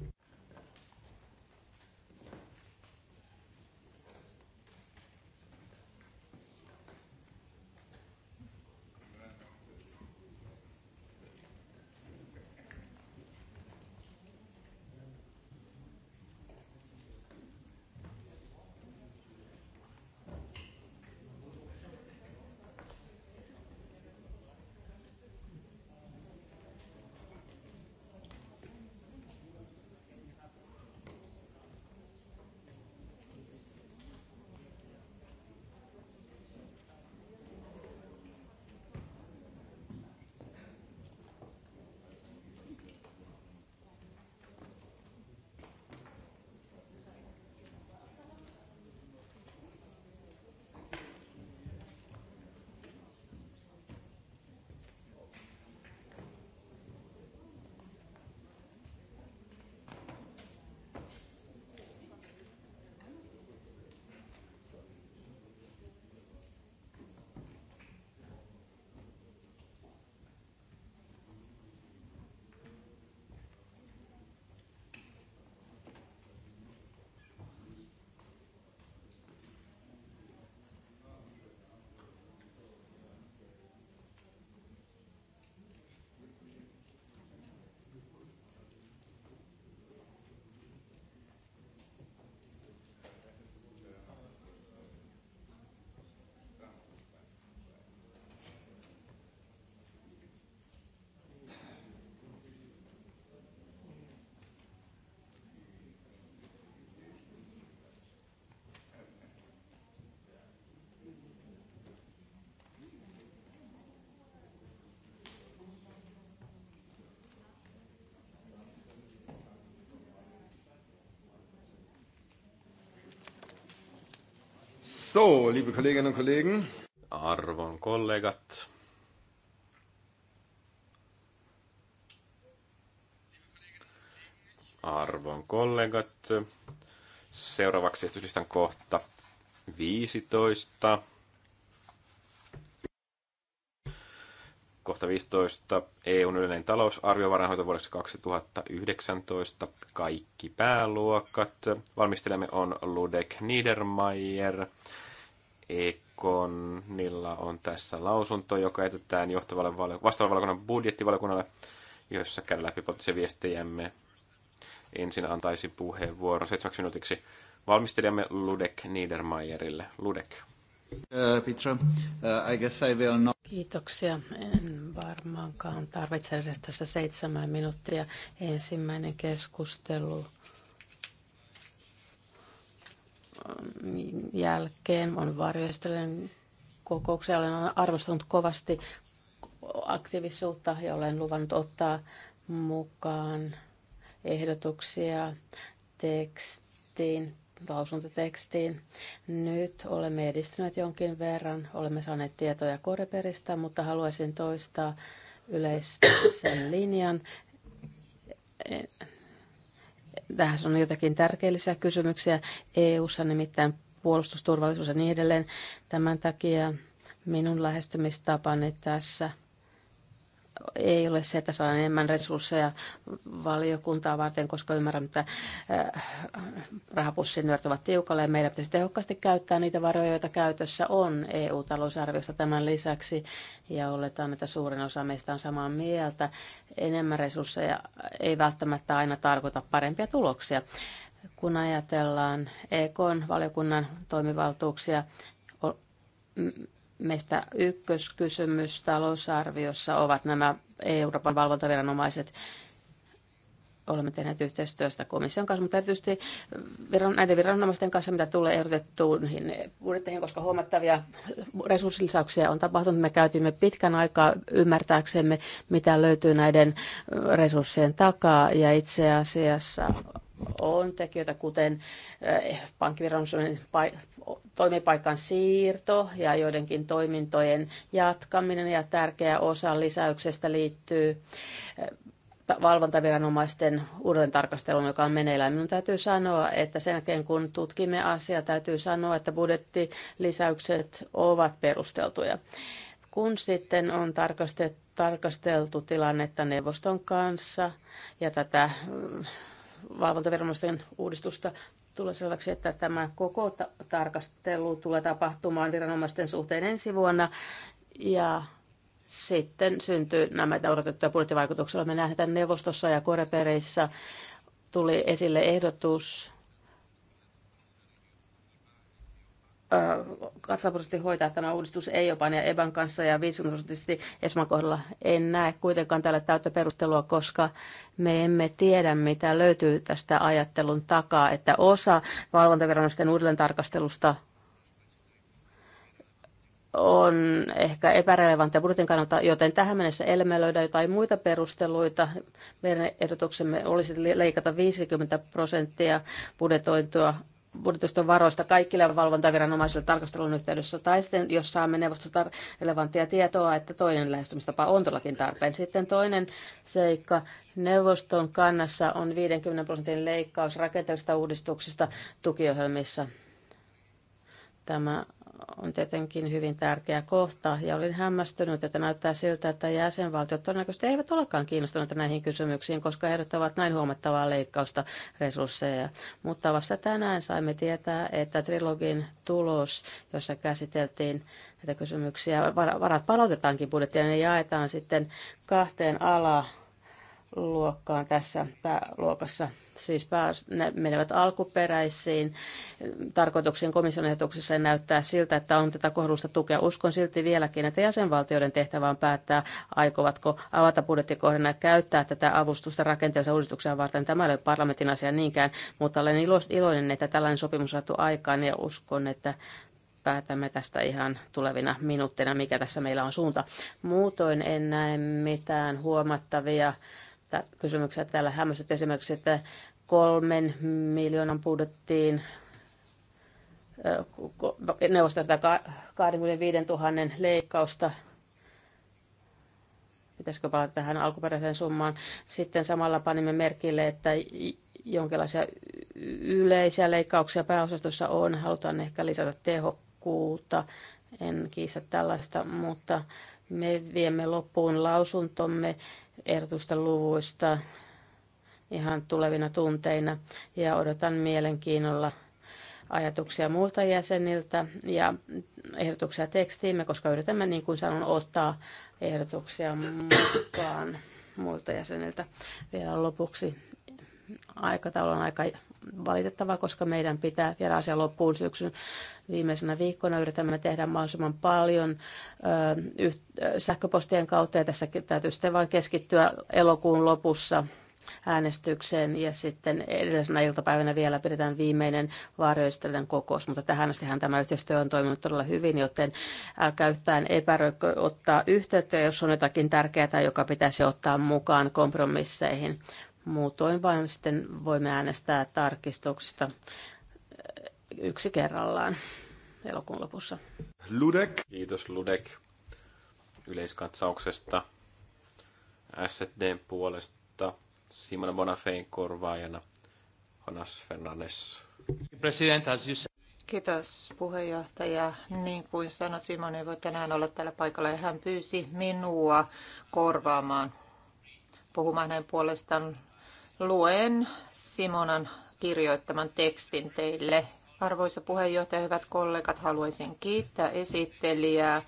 So, liebe Kolleginnen und Kollegen. Arvon kollegat. Arvon kollegat. Seuraavaksi esityslistan kohta 15. 2015, EUn yleinen talousarvio vuodeksi 2019. Kaikki pääluokat. Valmistelemme on Ludek Niedermayer. Ekonilla on tässä lausunto, joka etetään johtavalle vastaavalle vastaavalle budjettivaliokunnalle, jossa käydään läpi poliittisia viestejämme. Ensin antaisi puheenvuoron seitsemäksi minuutiksi valmistelijamme Ludek Niedermayerille. Ludek. Uh, uh, Kiitoksia. En varmaankaan tarvitse edes tässä seitsemän minuuttia. Ensimmäinen keskustelu ähm, jälkeen on varjoistelen kokouksia. Olen arvostanut kovasti aktiivisuutta ja olen luvannut ottaa mukaan ehdotuksia tekstiin lausuntotekstiin. Nyt olemme edistyneet jonkin verran, olemme saaneet tietoja Koreperistä, mutta haluaisin toistaa yleisen linjan. Tähän on jotakin tärkeellisiä kysymyksiä EU-ssa, nimittäin puolustusturvallisuus ja niin edelleen. Tämän takia minun lähestymistapani tässä – ei ole se, että saadaan enemmän resursseja valiokuntaa varten, koska ymmärrän, että äh, rahapussin ovat tiukalle ja meidän pitäisi tehokkaasti käyttää niitä varoja, joita käytössä on EU-talousarviosta tämän lisäksi. Ja oletaan, että suurin osa meistä on samaa mieltä. Enemmän resursseja ei välttämättä aina tarkoita parempia tuloksia. Kun ajatellaan EK-valiokunnan toimivaltuuksia, Meistä ykköskysymys talousarviossa ovat nämä Euroopan valvontaviranomaiset. Olemme tehneet yhteistyöstä komission kanssa, mutta erityisesti näiden viranomaisten kanssa, mitä tulee ehdotettuihin budjetteihin, koska huomattavia resurssilisauksia on tapahtunut. Me käytimme pitkän aikaa ymmärtääksemme, mitä löytyy näiden resurssien takaa, ja itse asiassa on tekijöitä, kuten eh, pankkiviranomaisen toimipaikan siirto ja joidenkin toimintojen jatkaminen ja tärkeä osa lisäyksestä liittyy eh, valvontaviranomaisten uuden tarkastelun, joka on meneillään. Minun täytyy sanoa, että sen jälkeen kun tutkimme asiaa, täytyy sanoa, että budjettilisäykset ovat perusteltuja. Kun sitten on tarkasteltu tilannetta neuvoston kanssa ja tätä mm, valvontaviranomaisten uudistusta tulee selväksi, että tämä koko tarkastelu tulee tapahtumaan viranomaisten suhteen ensi vuonna. Ja sitten syntyy nämä odotettuja budjettivaikutuksia. Me nähdään neuvostossa ja korepereissä tuli esille ehdotus katsaprosentti hoitaa tämä uudistus jopa ja EBAN kanssa ja 50 prosenttisesti ESMAn kohdalla en näe kuitenkaan tälle täyttä perustelua, koska me emme tiedä, mitä löytyy tästä ajattelun takaa, että osa valvontaviranomaisten uudelleentarkastelusta on ehkä epärelevanttia budjetin kannalta, joten tähän mennessä elämme löydä jotain muita perusteluita, meidän ehdotuksemme olisi leikata 50 prosenttia budjetointua budjetista varoista kaikille valvontaviranomaisille tarkastelun yhteydessä, tai sitten jos saamme neuvostosta relevanttia tietoa, että toinen lähestymistapa on todellakin tarpeen. Sitten toinen seikka, neuvoston kannassa on 50 prosentin leikkaus rakenteellisista uudistuksista tukiohjelmissa. Tämä on tietenkin hyvin tärkeä kohta, ja olin hämmästynyt, että näyttää siltä, että jäsenvaltiot todennäköisesti eivät olekaan kiinnostuneita näihin kysymyksiin, koska he ehdottavat näin huomattavaa leikkausta resursseja. Mutta vasta tänään saimme tietää, että trilogin tulos, jossa käsiteltiin näitä kysymyksiä, varat palautetaankin budjettiin ja niin ne jaetaan sitten kahteen alaluokkaan tässä pääluokassa siis pääs, menevät alkuperäisiin tarkoituksiin komission ehdotuksessa ja näyttää siltä, että on tätä kohdusta tukea. Uskon silti vieläkin, että jäsenvaltioiden tehtävä on päättää, aikovatko avata budjettikohdan ja käyttää tätä avustusta rakenteellisen uudistuksen varten. Tämä ei ole parlamentin asia niinkään, mutta olen iloinen, että tällainen sopimus on saatu aikaan ja uskon, että päätämme tästä ihan tulevina minuutteina mikä tässä meillä on suunta. Muutoin en näe mitään huomattavia kysymyksiä täällä hämmästyt esimerkiksi, että kolmen miljoonan budjettiin neuvostolta 25 000 leikkausta. Pitäisikö palata tähän alkuperäiseen summaan? Sitten samalla panimme merkille, että jonkinlaisia yleisiä leikkauksia pääosastossa on. Halutaan ehkä lisätä tehokkuutta. En kiistä tällaista, mutta me viemme loppuun lausuntomme ehdotusten luvuista ihan tulevina tunteina ja odotan mielenkiinnolla ajatuksia muilta jäseniltä ja ehdotuksia tekstiimme, koska yritämme, niin kuin sanon, ottaa ehdotuksia mukaan muilta jäseniltä. Vielä lopuksi aikataulu on aika valitettava koska meidän pitää vielä asia loppuun syksyn viimeisenä viikkona. Yritämme tehdä mahdollisimman paljon ö, yht, ö, sähköpostien kautta ja tässä täytyy sitten vain keskittyä elokuun lopussa äänestykseen ja sitten edellisenä iltapäivänä vielä pidetään viimeinen vaarioistelijan kokous, mutta tähän astihan tämä yhteistyö on toiminut todella hyvin, joten älkää yhtään epäröikö ottaa yhteyttä, jos on jotakin tärkeää, joka pitäisi ottaa mukaan kompromisseihin. Muutoin vain sitten voimme äänestää tarkistuksista yksi kerrallaan elokuun lopussa. Ludek. Kiitos Ludek yleiskatsauksesta SD puolesta Simona Bonafein korvaajana Jonas Fernandes. President, as you Kiitos puheenjohtaja. Niin kuin sanoi Simon ei voi tänään olla täällä paikalla ja hän pyysi minua korvaamaan puhumaan hänen puolestaan. Luen Simonan kirjoittaman tekstin teille. Arvoisa puheenjohtaja, hyvät kollegat, haluaisin kiittää esittelijää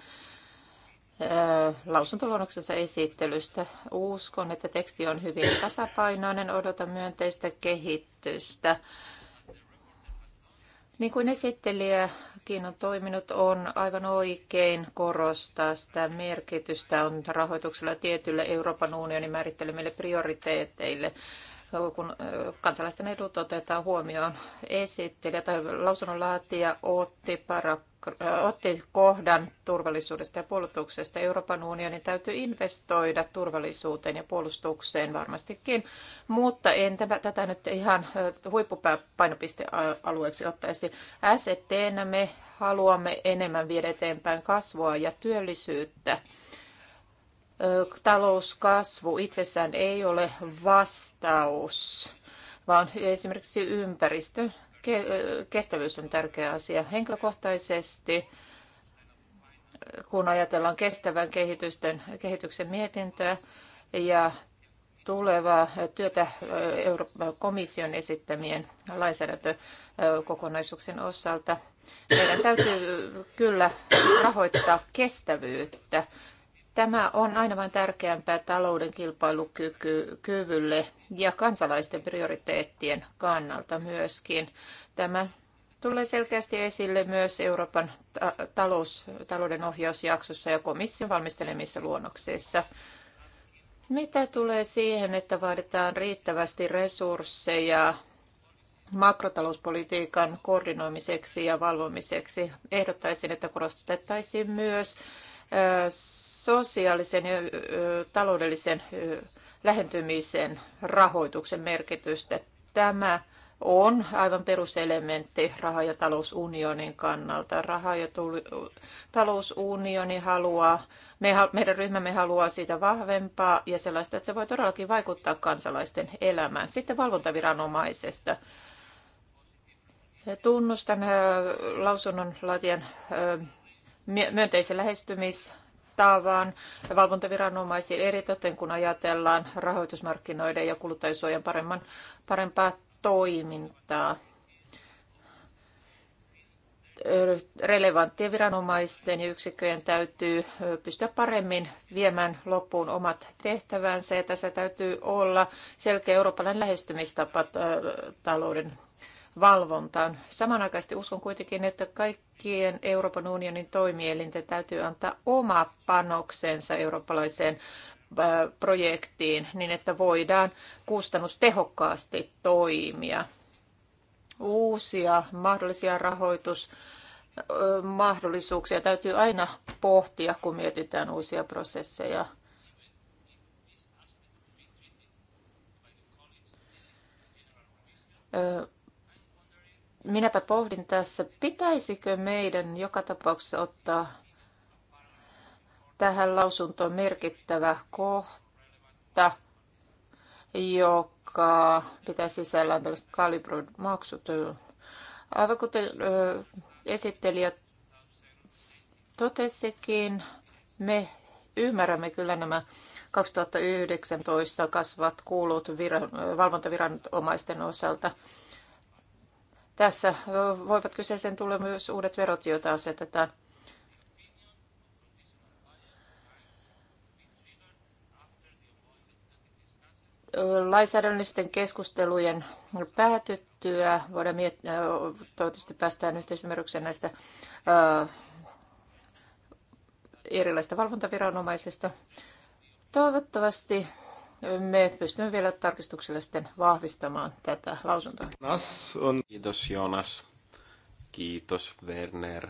lausuntoluonnoksessa esittelystä. Uskon, että teksti on hyvin tasapainoinen. odota myönteistä kehitystä. Niin kuin esittelijäkin on toiminut, on aivan oikein korostaa sitä merkitystä on rahoituksella tietylle Euroopan unionin määrittelemille prioriteeteille kun kansalaisten edut otetaan huomioon. Esittelijä tai lausunnonlaatija otti, para, otti kohdan turvallisuudesta ja puolustuksesta. Euroopan unionin täytyy investoida turvallisuuteen ja puolustukseen varmastikin, mutta en tätä nyt ihan huippupainopistealueeksi ottaisi. SET me haluamme enemmän viedä eteenpäin kasvua ja työllisyyttä talouskasvu itsessään ei ole vastaus, vaan esimerkiksi ympäristö kestävyys on tärkeä asia. Henkilökohtaisesti, kun ajatellaan kestävän kehitysten, kehityksen mietintöä ja tulevaa työtä Euroopan komission esittämien lainsäädäntökokonaisuuksien osalta, meidän täytyy kyllä rahoittaa kestävyyttä Tämä on aina vain tärkeämpää talouden kilpailukyvylle ja kansalaisten prioriteettien kannalta myöskin. Tämä tulee selkeästi esille myös Euroopan talous, talouden ohjausjaksossa ja komission valmistelemissa luonnoksissa. Mitä tulee siihen, että vaaditaan riittävästi resursseja makrotalouspolitiikan koordinoimiseksi ja valvomiseksi, ehdottaisin, että korostettaisiin myös sosiaalisen ja taloudellisen lähentymisen rahoituksen merkitystä. Tämä on aivan peruselementti raha- ja talousunionin kannalta. Raha- ja talousunioni haluaa, me, meidän ryhmämme haluaa siitä vahvempaa ja sellaista, että se voi todellakin vaikuttaa kansalaisten elämään. Sitten valvontaviranomaisesta. Tunnustan lausunnon laatijan myönteisen lähestymis vastaavan valvontaviranomaisiin eritoten, kun ajatellaan rahoitusmarkkinoiden ja kuluttajasuojan paremman, parempaa toimintaa relevanttien viranomaisten ja yksikköjen täytyy pystyä paremmin viemään loppuun omat tehtävänsä ja tässä täytyy olla selkeä eurooppalainen lähestymistapa äh, talouden valvontaan. Samanaikaisesti uskon kuitenkin, että kaikkien Euroopan unionin toimielinten täytyy antaa oma panoksensa eurooppalaiseen projektiin niin, että voidaan kustannustehokkaasti toimia. Uusia mahdollisia rahoitus mahdollisuuksia täytyy aina pohtia, kun mietitään uusia prosesseja. Ö, minäpä pohdin tässä, pitäisikö meidän joka tapauksessa ottaa tähän lausuntoon merkittävä kohta, joka pitää sisällään tällaiset kalibroid maksut. Aivan kuten esittelijä totesikin, me ymmärrämme kyllä nämä 2019 kasvavat kuulut viran, valvontaviranomaisten osalta – tässä voivat kyseeseen tulla myös uudet verot, joita asetetaan. lainsäädännöllisten keskustelujen päätyttyä voidaan miettiä, toivottavasti päästään yhteisymmärrykseen näistä erilaista valvontaviranomaisista. Toivottavasti me pystymme vielä tarkistuksella sitten vahvistamaan tätä lausuntoa. Nas on... Kiitos Jonas. Kiitos Werner.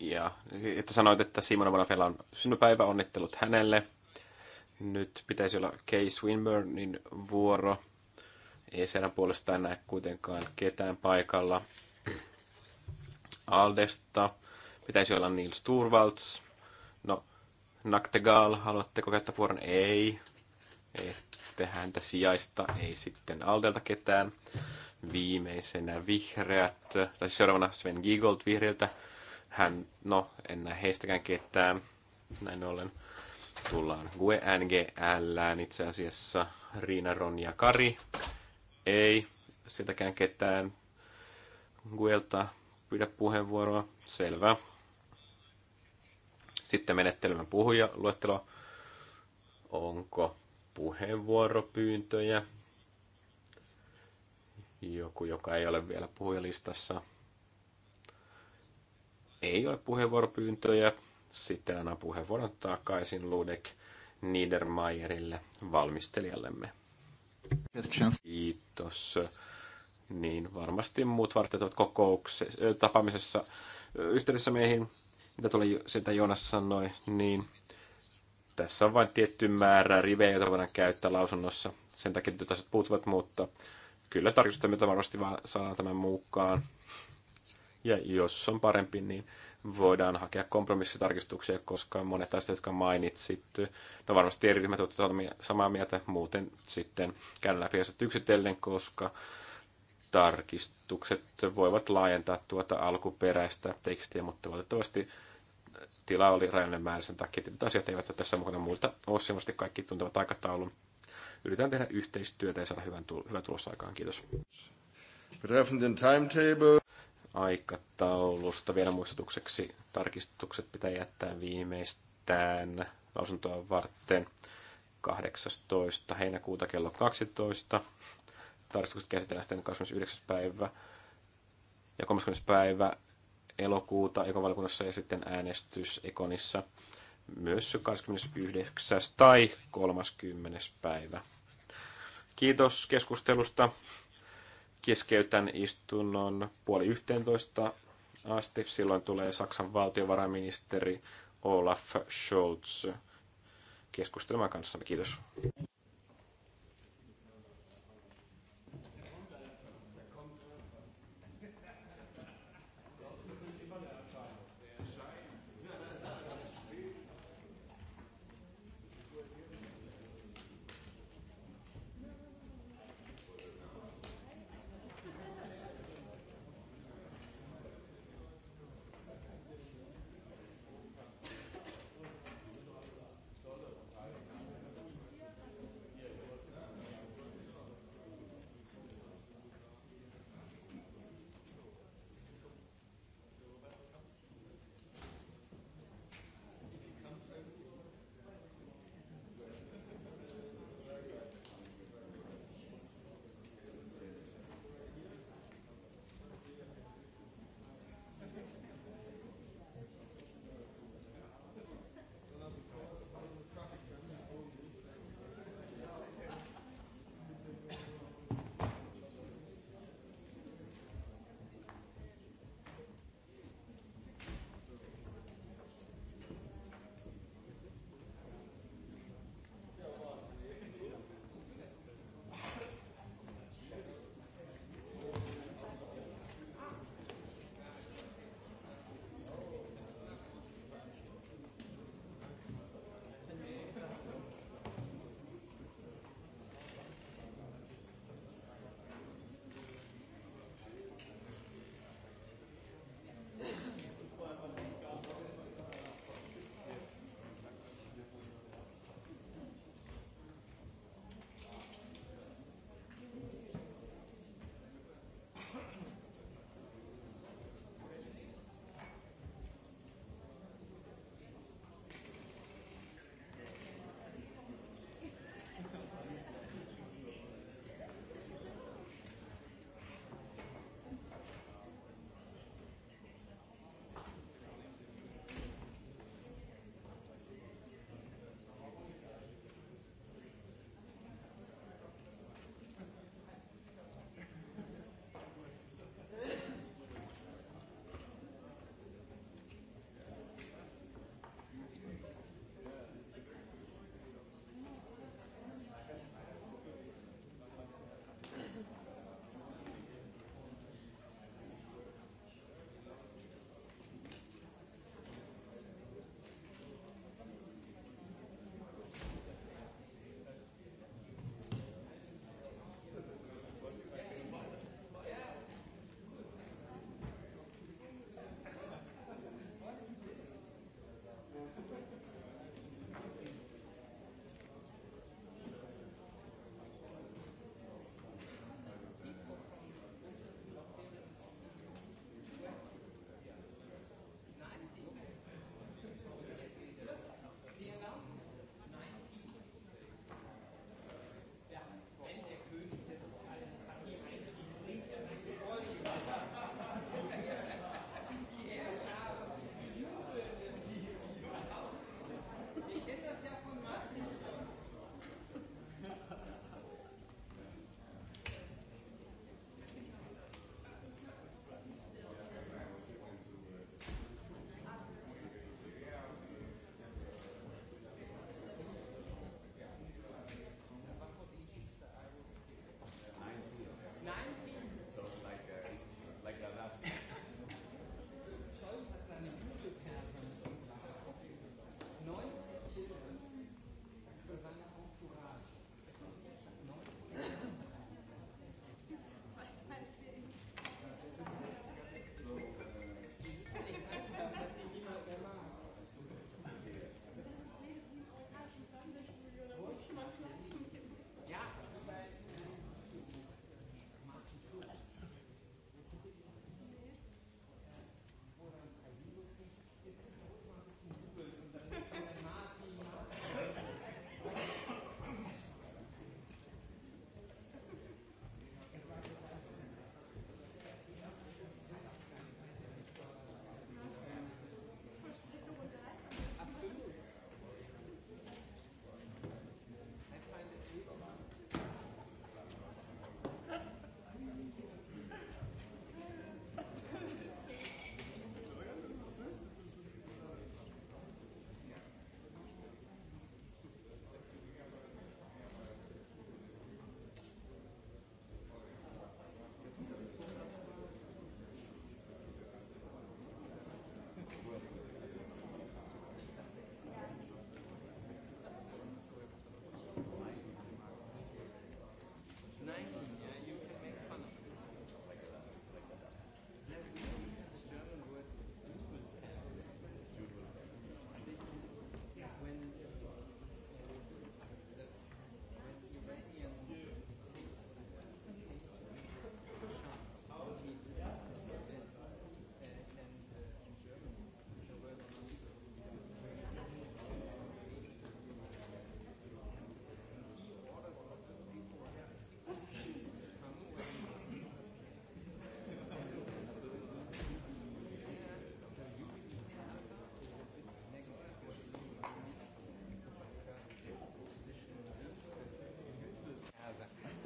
Ja että sanoit, että Simon Bonafella on synnypäivä, onnittelut hänelle. Nyt pitäisi olla Kay Swinburnin niin vuoro. Ei siellä puolestaan näe kuitenkaan ketään paikalla. Aldesta pitäisi olla Nils Turvalds. No, Naktegal, haluatteko käyttää puheenvuoron? Ei. Ette häntä sijaista, ei sitten Aldelta ketään. Viimeisenä vihreät, tai siis seuraavana Sven Giegold vihreiltä. Hän, no, en näe heistäkään ketään. Näin ollen tullaan GUE NGLään itse asiassa. Riina, Ron ja Kari. Ei sitäkään ketään. Guelta pyydä puheenvuoroa. Selvä. Sitten menettelemme puhujaluettelo. Onko puheenvuoropyyntöjä? Joku, joka ei ole vielä puhujalistassa. Ei ole puheenvuoropyyntöjä. Sitten annan puheenvuoron takaisin Ludek Niedermayerille, valmistelijallemme. Kiitos. Niin varmasti muut vartijat ovat kokouksessa, tapaamisessa yhteydessä meihin mitä tuli sieltä Joonas sanoi, niin tässä on vain tietty määrä rivejä, joita voidaan käyttää lausunnossa. Sen takia tietyt asiat puuttuvat, mutta kyllä mitä varmasti vaan saadaan tämän mukaan. Ja jos on parempi, niin voidaan hakea kompromissitarkistuksia, koska monet tästä jotka mainitsit, no varmasti eri ryhmät ovat samaa mieltä, muuten sitten käydään läpi asiat yksitellen, koska tarkistukset voivat laajentaa tuota alkuperäistä tekstiä, mutta valitettavasti tila oli rajallinen määrä sen takia, että asiat eivät ole tässä mukana muilta osin. kaikki tuntevat aikataulun. Yritetään tehdä yhteistyötä ja saada hyvän, tul- hyvä tulos aikaan. Kiitos. timetable. Aikataulusta vielä muistutukseksi tarkistukset pitää jättää viimeistään lausuntoa varten 18. heinäkuuta kello 12. Tarkistukset käsitellään sitten 29. päivä ja 30. päivä elokuuta ekovalkunnassa ja sitten äänestys Ekonissa myös 29. tai 30. päivä. Kiitos keskustelusta. Keskeytän istunnon puoli yhteentoista asti. Silloin tulee Saksan valtiovarainministeri Olaf Scholz keskustelemaan kanssamme. Kiitos.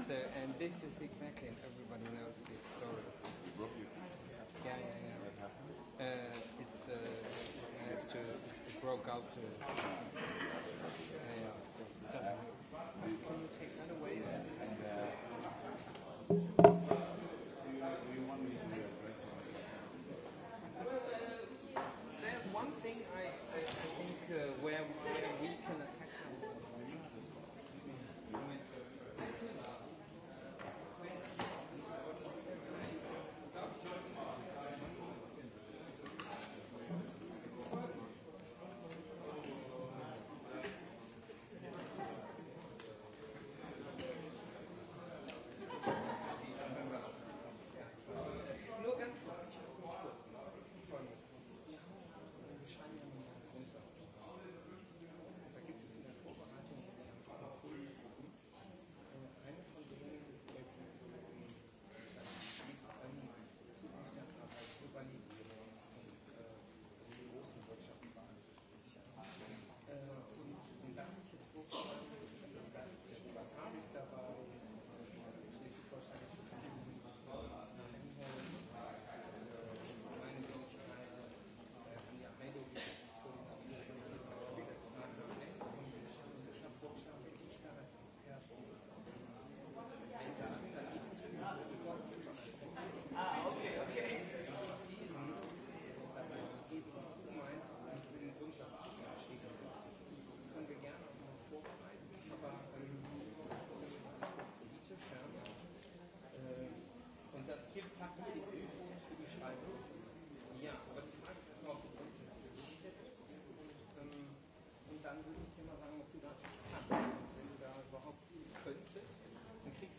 So, and this is exactly, and everybody knows this story. Yeah, yeah, yeah. Uh, it's, uh, I uh, have to, it broke out. Uh, yeah, of course. Can you take that away? And, uh,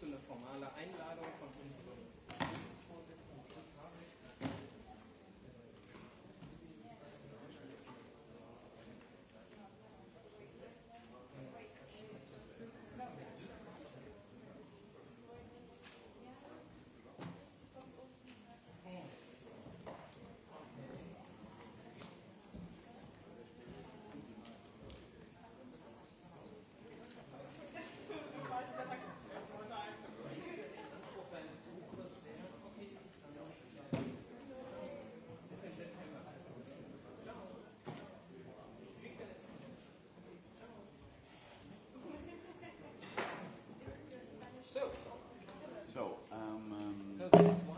Wechsel formaler Einladung von um, um,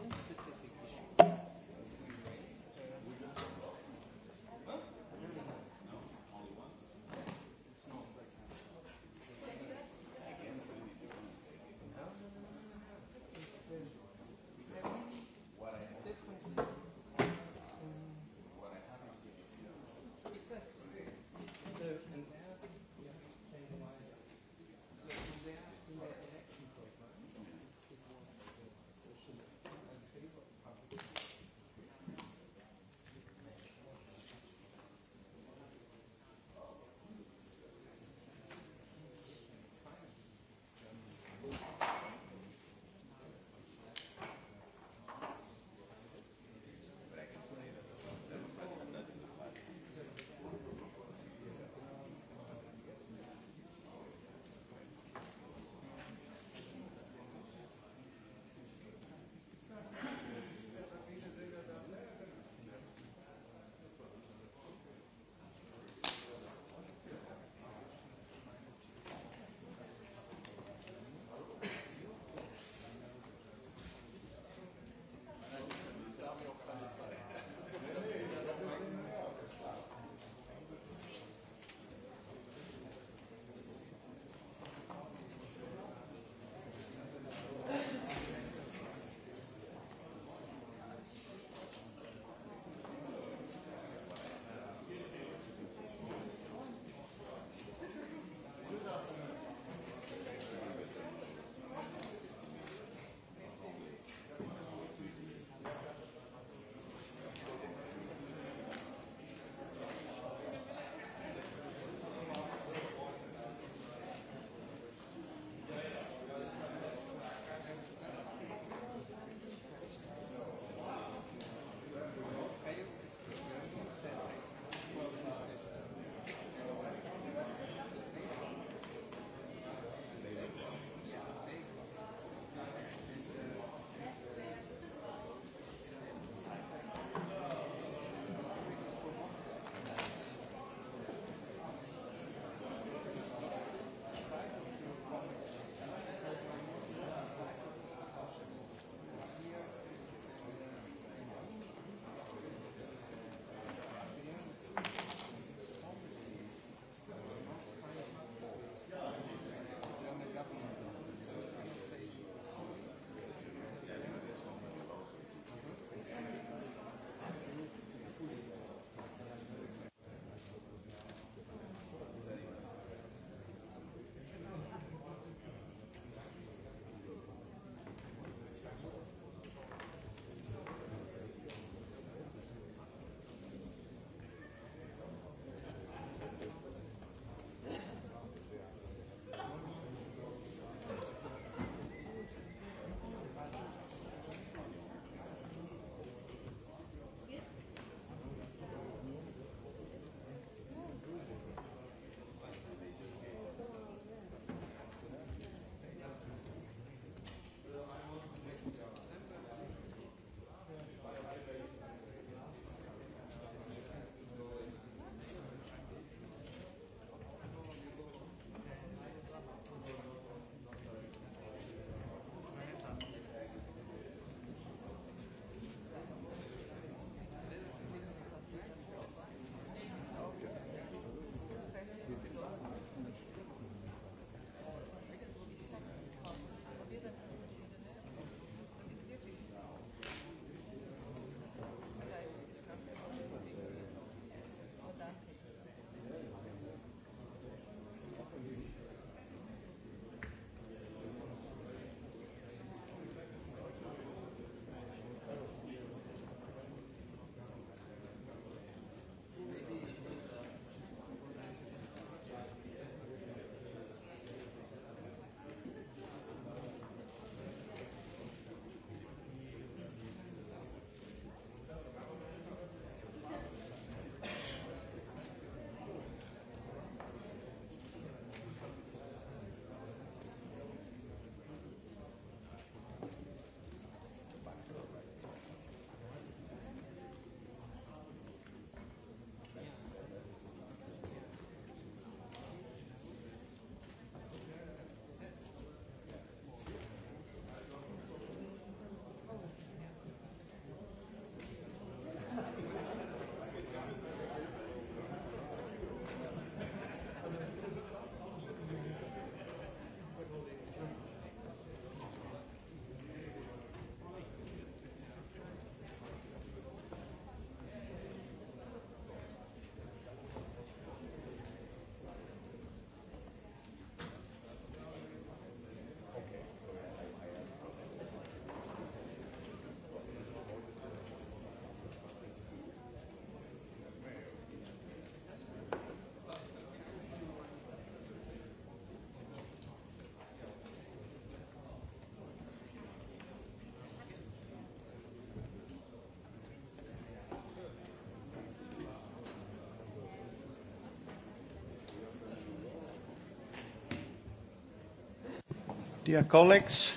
Dear colleagues.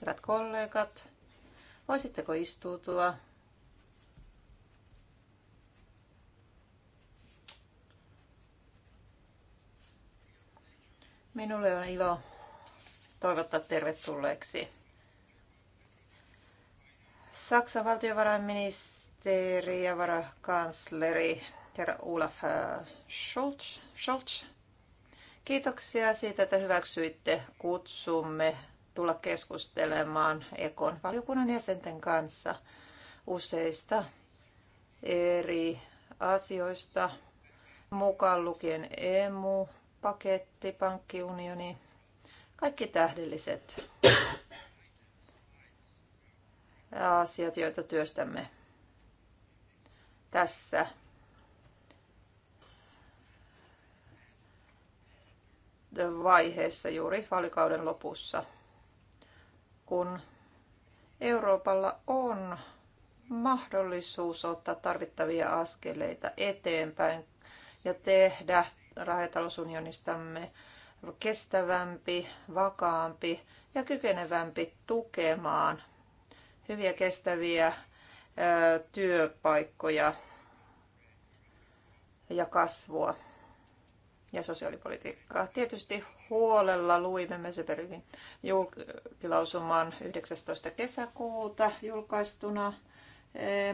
Hyvät kollegat, voisitteko istuutua? Minulle on ilo toivottaa tervetulleeksi Saksan valtiovarainministeri ja varakansleri herra Olaf äh, Scholz, Scholz Kiitoksia siitä, että hyväksyitte kutsumme tulla keskustelemaan Ekon valiokunnan jäsenten kanssa useista eri asioista, mukaan lukien EMU, paketti, pankkiunioni, kaikki tähdelliset asiat, joita työstämme tässä vaiheessa juuri vaalikauden lopussa, kun Euroopalla on mahdollisuus ottaa tarvittavia askeleita eteenpäin ja tehdä rahatalousunionistamme kestävämpi, vakaampi ja kykenevämpi tukemaan hyviä kestäviä työpaikkoja ja kasvua ja sosiaalipolitiikkaa. Tietysti huolella luimme Mesebergin julkilausumaan 19. kesäkuuta julkaistuna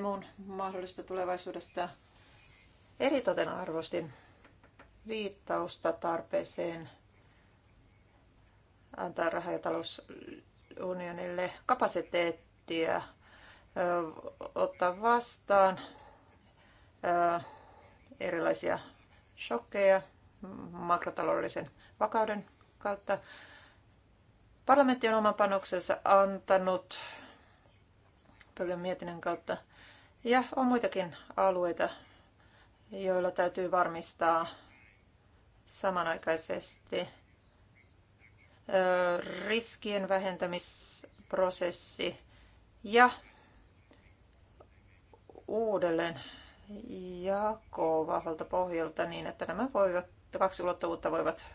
mun mahdollista tulevaisuudesta. Eritoten arvostin viittausta tarpeeseen antaa raha- ja talousunionille kapasiteettia ottaa vastaan erilaisia shokkeja – makrotaloudellisen vakauden kautta. Parlamentti on oman panoksensa antanut Pöken mietinnän kautta. Ja on muitakin alueita, joilla täytyy varmistaa samanaikaisesti riskien vähentämisprosessi ja uudelleen jako vahvalta pohjalta niin, että nämä voivat että kaksi ulottuvuutta voivat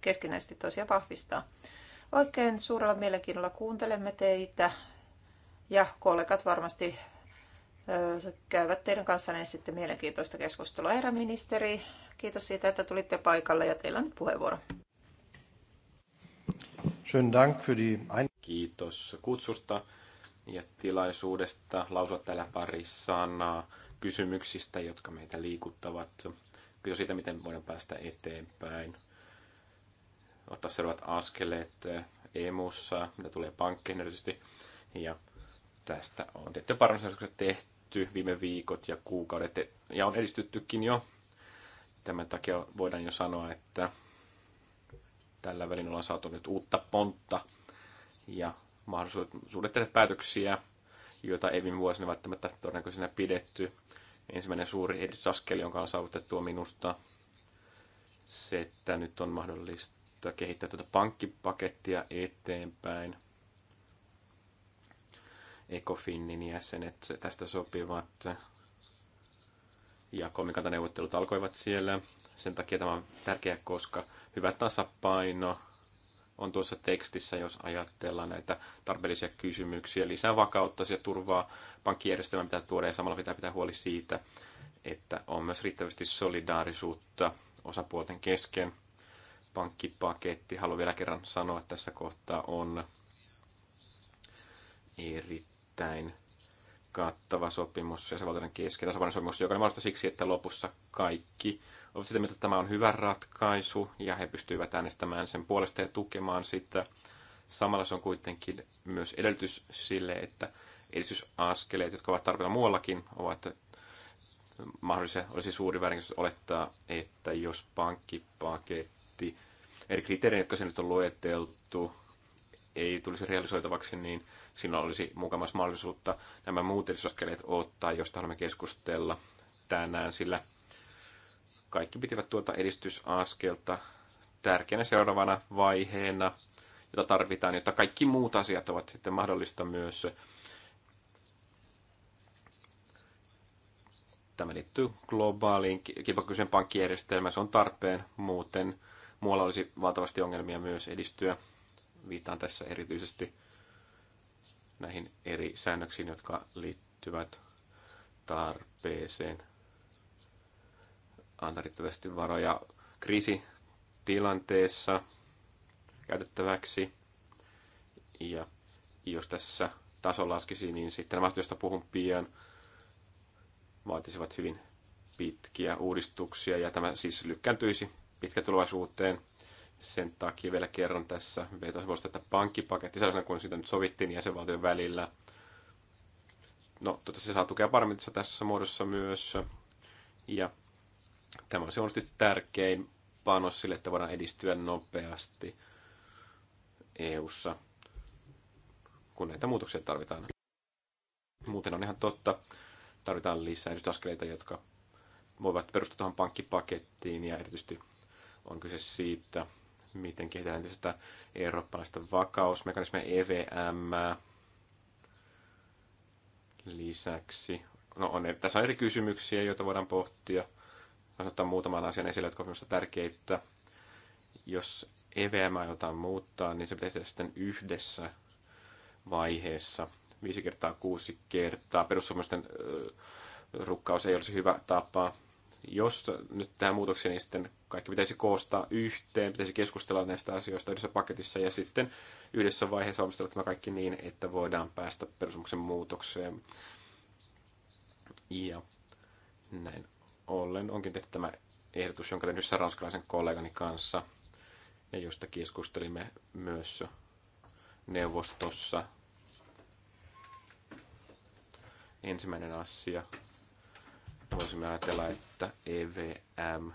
keskinäisesti toisia vahvistaa. Oikein suurella mielenkiinnolla kuuntelemme teitä ja kollegat varmasti käyvät teidän kanssanne sitten mielenkiintoista keskustelua. Herra ministeri, kiitos siitä, että tulitte paikalle ja teillä on nyt puheenvuoro. Kiitos kutsusta ja tilaisuudesta lausua täällä pari sanaa kysymyksistä, jotka meitä liikuttavat oppia siitä, miten voidaan päästä eteenpäin, ottaa seuraavat askeleet eh, emussa, mitä tulee pankkeihin erityisesti. Ja tästä on tietty parannusjärjestelmä tehty viime viikot ja kuukaudet, ja on edistyttykin jo. Tämän takia voidaan jo sanoa, että tällä välin ollaan saatu nyt uutta pontta ja mahdollisuudet tehdä päätöksiä, joita ei viime vuosina välttämättä todennäköisenä pidetty ensimmäinen suuri edistysaskel, jonka on saavutettua minusta, se, että nyt on mahdollista kehittää tuota pankkipakettia eteenpäin. Ecofinin jäsenet tästä sopivat ja komikantaneuvottelut alkoivat siellä. Sen takia tämä on tärkeä, koska hyvä tasapaino on tuossa tekstissä, jos ajatellaan näitä tarpeellisia kysymyksiä. Lisää vakautta ja turvaa pankkijärjestelmän pitää tuoda ja samalla pitää pitää huoli siitä, että on myös riittävästi solidaarisuutta osapuolten kesken. Pankkipaketti, haluan vielä kerran sanoa, että tässä kohtaa on erittäin kattava sopimus ja se kesken tasapainoinen sopimus, joka on mahdollista siksi, että lopussa kaikki ovat sitä mieltä, että tämä on hyvä ratkaisu ja he pystyivät äänestämään sen puolesta ja tukemaan sitä. Samalla se on kuitenkin myös edellytys sille, että edistysaskeleet, jotka ovat tarpeita muuallakin, ovat mahdollisia. Olisi suuri väärinkäsitys olettaa, että jos pankkipaketti, eri kriteerejä, jotka se nyt on lueteltu, ei tulisi realisoitavaksi, niin siinä olisi mukamassa mahdollisuutta nämä muut edistysaskeleet ottaa, josta haluamme keskustella tänään, sillä kaikki pitivät tuota edistysaskelta tärkeänä seuraavana vaiheena, jota tarvitaan, jotta kaikki muut asiat ovat sitten mahdollista myös. Tämä liittyy globaaliin kilpailukykyisen pankkijärjestelmään. Se on tarpeen. Muuten muualla olisi valtavasti ongelmia myös edistyä. Viitaan tässä erityisesti näihin eri säännöksiin, jotka liittyvät tarpeeseen antaa riittävästi varoja kriisitilanteessa käytettäväksi. Ja jos tässä taso laskisi, niin sitten nämä, joista puhun pian, vaatisivat hyvin pitkiä uudistuksia ja tämä siis lykkääntyisi tulevaisuuteen. Sen takia vielä kerran tässä vetohevosta, tätä pankkipaketti sellaisena kuin sitä nyt sovittiin jäsenvaltion välillä. No, tota, se saa tukea paremmin tässä muodossa myös. Ja Tämä on selvästi tärkein panos sille, että voidaan edistyä nopeasti EU:ssa, kun näitä muutoksia tarvitaan. Muuten on ihan totta, tarvitaan lisää edistysaskeleita, jotka voivat perustua tuohon pankkipakettiin ja erityisesti on kyse siitä, miten kehitetään tästä eurooppalaista vakausmekanismia EVM. Lisäksi, no on, tässä on eri kysymyksiä, joita voidaan pohtia ottaa muutaman asian esille, jotka ovat minusta tärkeitä. Jos EVM jotain muuttaa, niin se pitäisi tehdä sitten yhdessä vaiheessa. Viisi kertaa kuusi kertaa. Perussuomalaisten rukkaus ei olisi hyvä tapa. Jos nyt tähän muutokseen, niin sitten kaikki pitäisi koostaa yhteen, pitäisi keskustella näistä asioista yhdessä paketissa ja sitten yhdessä vaiheessa valmistella tämä kaikki niin, että voidaan päästä perusomuksen muutokseen. Ja näin ollen onkin tehty tämä ehdotus, jonka tein yhdessä ranskalaisen kollegani kanssa, ja josta keskustelimme myös neuvostossa. Ensimmäinen asia. Voisimme ajatella, että EVM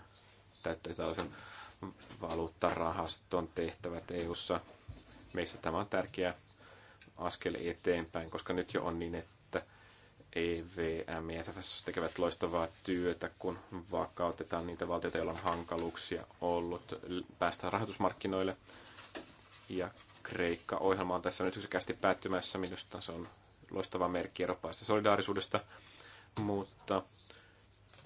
täyttäisi tällaisen valuuttarahaston tehtävät EU-ssa. Meistä tämä on tärkeä askel eteenpäin, koska nyt jo on niin, että EVM ja SFS tekevät loistavaa työtä, kun vakautetaan niitä valtioita, joilla on hankaluuksia ollut päästä rahoitusmarkkinoille. Ja Kreikka-ohjelma on tässä nyt yksikästi päättymässä. Minusta se on loistava merkki eurooppalaisesta solidaarisuudesta, mutta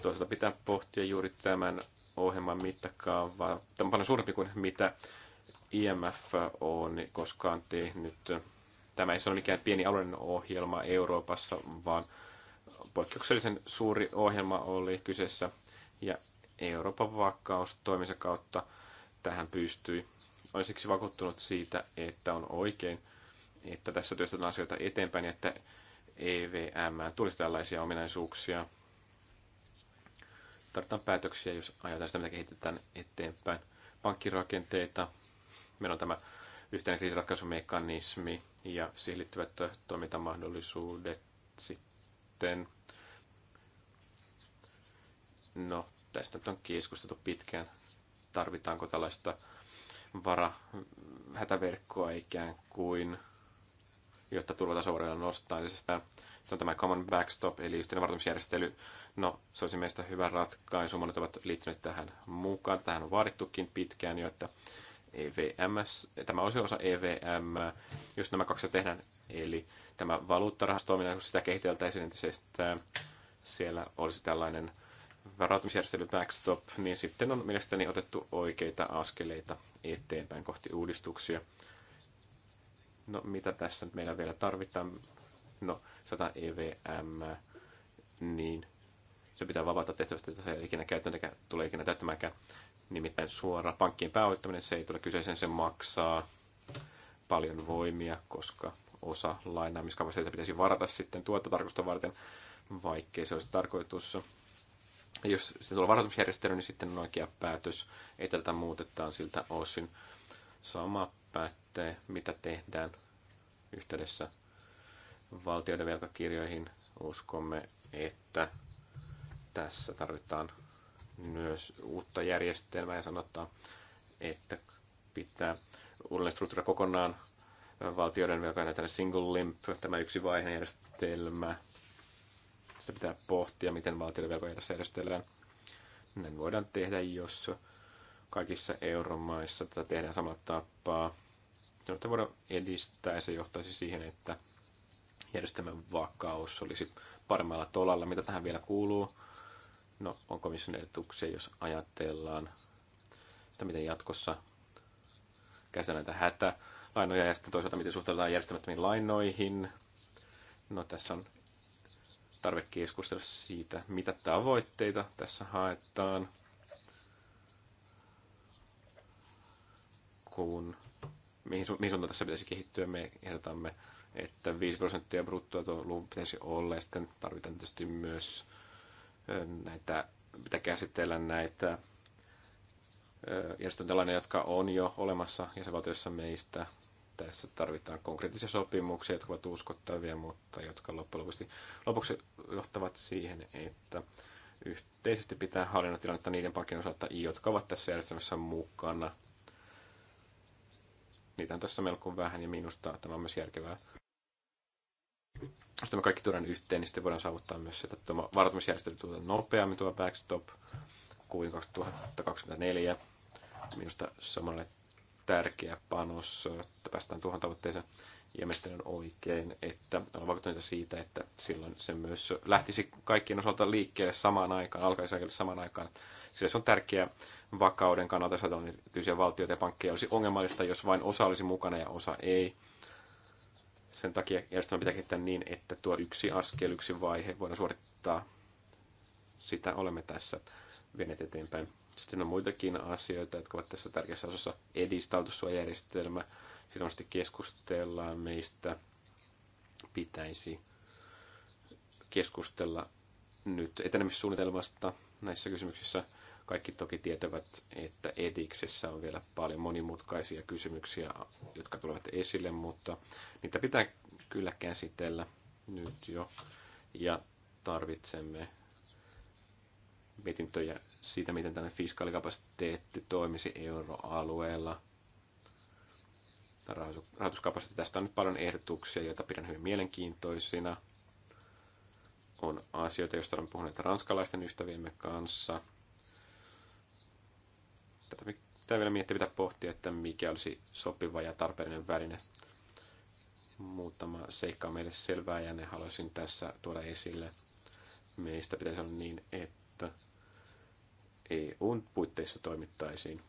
toisaalta pitää pohtia juuri tämän ohjelman mittakaavaa. Tämä on paljon suurempi kuin mitä IMF on koskaan tehnyt Tämä ei ole mikään pieni alueellinen ohjelma Euroopassa, vaan poikkeuksellisen suuri ohjelma oli kyseessä. Ja Euroopan vakaus toiminsa kautta tähän pystyi. Olen siksi vakuuttunut siitä, että on oikein, että tässä työstetään asioita eteenpäin ja että EVM tulisi tällaisia ominaisuuksia. Tarvitaan päätöksiä, jos ajatellaan sitä, mitä kehitetään eteenpäin. Pankkirakenteita. Meillä on tämä yhteinen kriisiratkaisumekanismi ja siihen liittyvät toimintamahdollisuudet sitten. No, tästä on keskusteltu pitkään. Tarvitaanko tällaista vara hätäverkkoa ikään kuin, jotta turvataso voidaan nostaa. Eli sitä, se on tämä common backstop, eli yhteinen vartamisjärjestely. No, se olisi meistä hyvä ratkaisu. Monet ovat liittyneet tähän mukaan. Tähän on vaadittukin pitkään jo, että EVM, tämä on se osa EVM, jos nämä kaksi tehdään, eli tämä valuuttarahastoiminta, kun sitä kehiteltäisiin entisestään, siellä olisi tällainen varautumisjärjestely backstop, niin sitten on mielestäni otettu oikeita askeleita eteenpäin kohti uudistuksia. No mitä tässä nyt meillä vielä tarvitaan? No 100 EVM, niin se pitää vapauttaa tehtävästä, että se ei ikinä käytännössä tule ikinä täyttämäänkään. Nimittäin suora pankkien pääoittaminen, se ei tule kyseeseen, se maksaa paljon voimia, koska osa lainaamiskapasiteettia pitäisi varata sitten tuottotarkoitusta varten, vaikkei se olisi tarkoitus. Jos se tulee varautumisjärjestely, niin sitten on oikea päätös. Ei tältä muutetaan siltä osin. Sama päättää, mitä tehdään yhteydessä valtioiden velkakirjoihin. Uskomme, että tässä tarvitaan myös uutta järjestelmää ja sanotaan, että pitää uudelleen strukturoida kokonaan valtioiden velkoja tänne single limp, tämä yksi vaiheen järjestelmä. Sitä pitää pohtia, miten valtioiden velkoja järjestellään. Näin voidaan tehdä, jos kaikissa euromaissa tätä tehdään samalla tapaa. Jotta voidaan edistää ja se johtaisi siihen, että järjestelmän vakaus olisi paremmalla tolalla. Mitä tähän vielä kuuluu? No, on komission ehdotuksia, jos ajatellaan sitä, miten jatkossa käsitellään näitä hätälainoja ja sitten toisaalta, miten suhtaudutaan järjestämättömiin lainoihin. No, tässä on tarve keskustella siitä, mitä tavoitteita tässä haetaan, kun mihin, su- mihin suuntaan tässä pitäisi kehittyä. Me ehdotamme, että 5 prosenttia bruttoa tuo luvun pitäisi olla ja sitten tarvitaan tietysti myös näitä, pitää käsitellä näitä järjestöntelainen, jotka on jo olemassa jäsenvaltioissa meistä. Tässä tarvitaan konkreettisia sopimuksia, jotka ovat uskottavia, mutta jotka loppujen lopuksi, lopuksi johtavat siihen, että yhteisesti pitää hallinnan tilannetta niiden pankkien osalta, jotka ovat tässä järjestelmässä mukana. Niitä on tässä melko vähän ja minusta tämä on myös järkevää. Jos tämä kaikki tuodaan yhteen, niin sitten voidaan saavuttaa myös se, että tämä varautumisjärjestely tulee nopeammin tuo backstop kuin 2024. Minusta samalla tärkeä panos, että päästään tuohon tavoitteeseen. Ja mielestäni on oikein, että on vakuuttuneita siitä, että silloin se myös lähtisi kaikkien osalta liikkeelle samaan aikaan, alkaisi kaikille samaan aikaan. Sillä se on tärkeä vakauden kannalta, jos ajatellaan valtioita ja pankkeja, olisi ongelmallista, jos vain osa olisi mukana ja osa ei. Sen takia järjestelmä pitää kehittää niin, että tuo yksi askel, yksi vaihe voidaan suorittaa. Sitä olemme tässä vienet eteenpäin. Sitten on muitakin asioita, jotka ovat tässä tärkeässä osassa. Edistautussuojajärjestelmä. Silloin keskustellaan meistä. Pitäisi keskustella nyt etenemissuunnitelmasta näissä kysymyksissä – kaikki toki tietävät, että ediksessä on vielä paljon monimutkaisia kysymyksiä, jotka tulevat esille, mutta niitä pitää kyllä käsitellä nyt jo. Ja tarvitsemme mietintöjä siitä, miten tänne fiskaalikapasiteetti toimisi euroalueella. Rahoituskapasiteetti. Tästä on nyt paljon ehdotuksia, joita pidän hyvin mielenkiintoisina. On asioita, joista olemme puhuneet ranskalaisten ystäviemme kanssa – Tätä pitää vielä miettiä, pitää pohtia, että mikä olisi sopiva ja tarpeellinen väline. Muutama seikka on meille selvää ja ne haluaisin tässä tuoda esille. Meistä pitäisi olla niin, että EUn puitteissa toimittaisiin.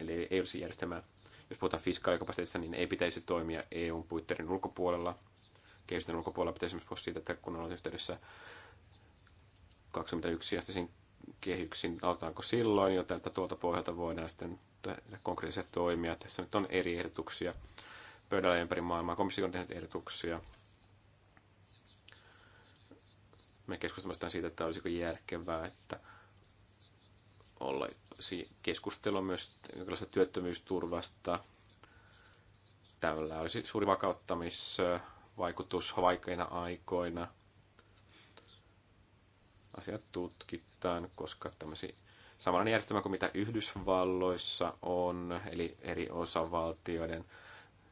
Eli ei olisi järjestelmää, jos puhutaan fiskaalikapasiteetista, niin ei pitäisi toimia EUn puitteiden ulkopuolella. Kehysten ulkopuolella pitäisi myös puhua siitä, että kun ollaan yhteydessä 21 kehyksin, aletaanko silloin, joten että tuolta pohjalta voidaan sitten tehdä konkreettisia toimia. Tässä nyt on eri ehdotuksia pöydällä ympäri maailmaa. Komissio on tehnyt ehdotuksia. Me keskustelemme siitä, että olisiko järkevää, että olla keskustelu myös jonkinlaista työttömyysturvasta. Tällä olisi suuri vakauttamisvaikutus vaikeina aikoina – asiat tutkitaan, koska tämmöisiä samanlainen järjestelmä kuin mitä Yhdysvalloissa on, eli eri osavaltioiden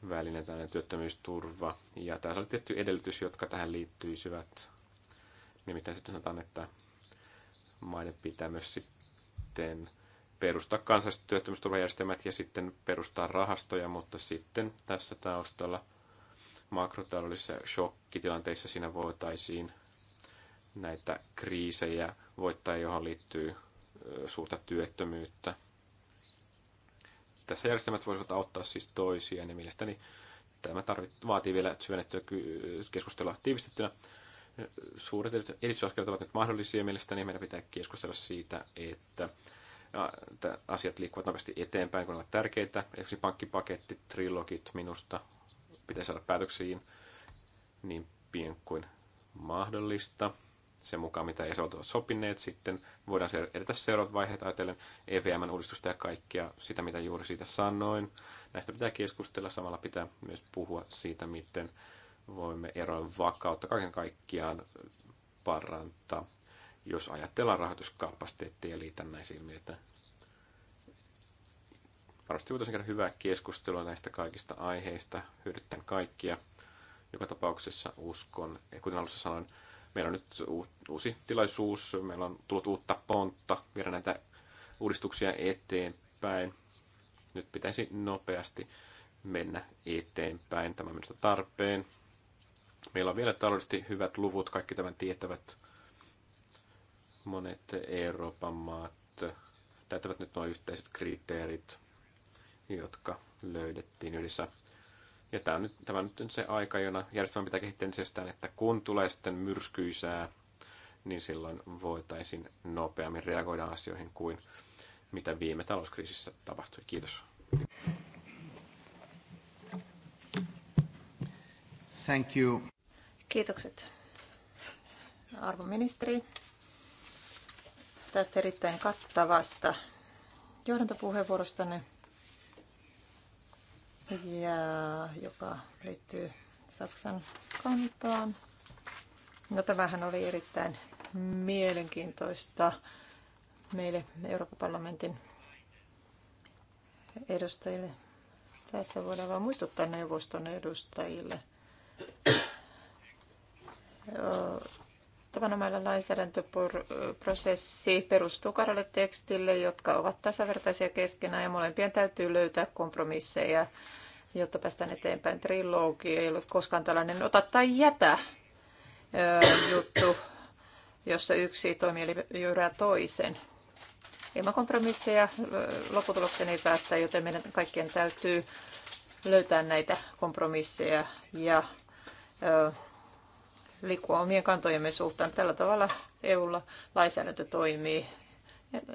välinen tällainen työttömyysturva. Ja tässä oli tietty edellytys, jotka tähän liittyisivät. Nimittäin sitten sanotaan, että maiden pitää myös sitten perustaa kansalliset työttömyysturvajärjestelmät ja sitten perustaa rahastoja, mutta sitten tässä taustalla makrotaloudellisissa shokkitilanteissa siinä voitaisiin näitä kriisejä voittaa, johon liittyy suurta työttömyyttä. Tässä järjestelmät voisivat auttaa siis toisiaan ja mielestäni tämä tarvit, vaatii vielä syvennettyä keskustelua tiivistettynä. Suuret edistysaskeleet ovat nyt mahdollisia mielestäni ja meidän pitää keskustella siitä, että asiat liikkuvat nopeasti eteenpäin, kun ne ovat tärkeitä. Esimerkiksi pankkipaketti, trilogit minusta pitäisi saada päätöksiin niin pian kuin mahdollista sen mukaan, mitä ESOt ovat sopineet. Sitten voidaan edetä seuraavat vaiheet ajatellen evm uudistusta ja kaikkea sitä, mitä juuri siitä sanoin. Näistä pitää keskustella. Samalla pitää myös puhua siitä, miten voimme eroa vakautta kaiken kaikkiaan parantaa, jos ajatellaan rahoituskapasiteettia ja ilmiöitä. Varmasti voitaisiin käydä hyvää keskustelua näistä kaikista aiheista, hyödyttäen kaikkia. Joka tapauksessa uskon, ja kuten alussa sanoin, Meillä on nyt uusi tilaisuus, meillä on tullut uutta pontta viedä näitä uudistuksia eteenpäin. Nyt pitäisi nopeasti mennä eteenpäin. tämän minusta tarpeen. Meillä on vielä taloudellisesti hyvät luvut, kaikki tämän tietävät. Monet Euroopan maat täyttävät nyt nuo yhteiset kriteerit, jotka löydettiin yli ja tämä on nyt, tämä on se aika, jona järjestelmä pitää kehittää entisestään, että kun tulee sitten myrskyisää, niin silloin voitaisiin nopeammin reagoida asioihin kuin mitä viime talouskriisissä tapahtui. Kiitos. Thank you. Kiitokset, arvon ministeri, tästä erittäin kattavasta johdantopuheenvuorostanne ja joka liittyy Saksan kantaan. No tämähän oli erittäin mielenkiintoista meille Euroopan parlamentin edustajille. Tässä voidaan vain muistuttaa neuvoston edustajille Tavanomainen lainsäädäntöprosessi perustuu kahdelle tekstille, jotka ovat tasavertaisia keskenään ja molempien täytyy löytää kompromisseja, jotta päästään eteenpäin. Trilogi ei ole koskaan tällainen ota tai jätä juttu, jossa yksi eli jyrää toisen. Ilman kompromisseja lopputuloksen ei päästä, joten meidän kaikkien täytyy löytää näitä kompromisseja ja liikkua omien kantojemme suhtaan. Tällä tavalla EUlla lainsäädäntö toimii.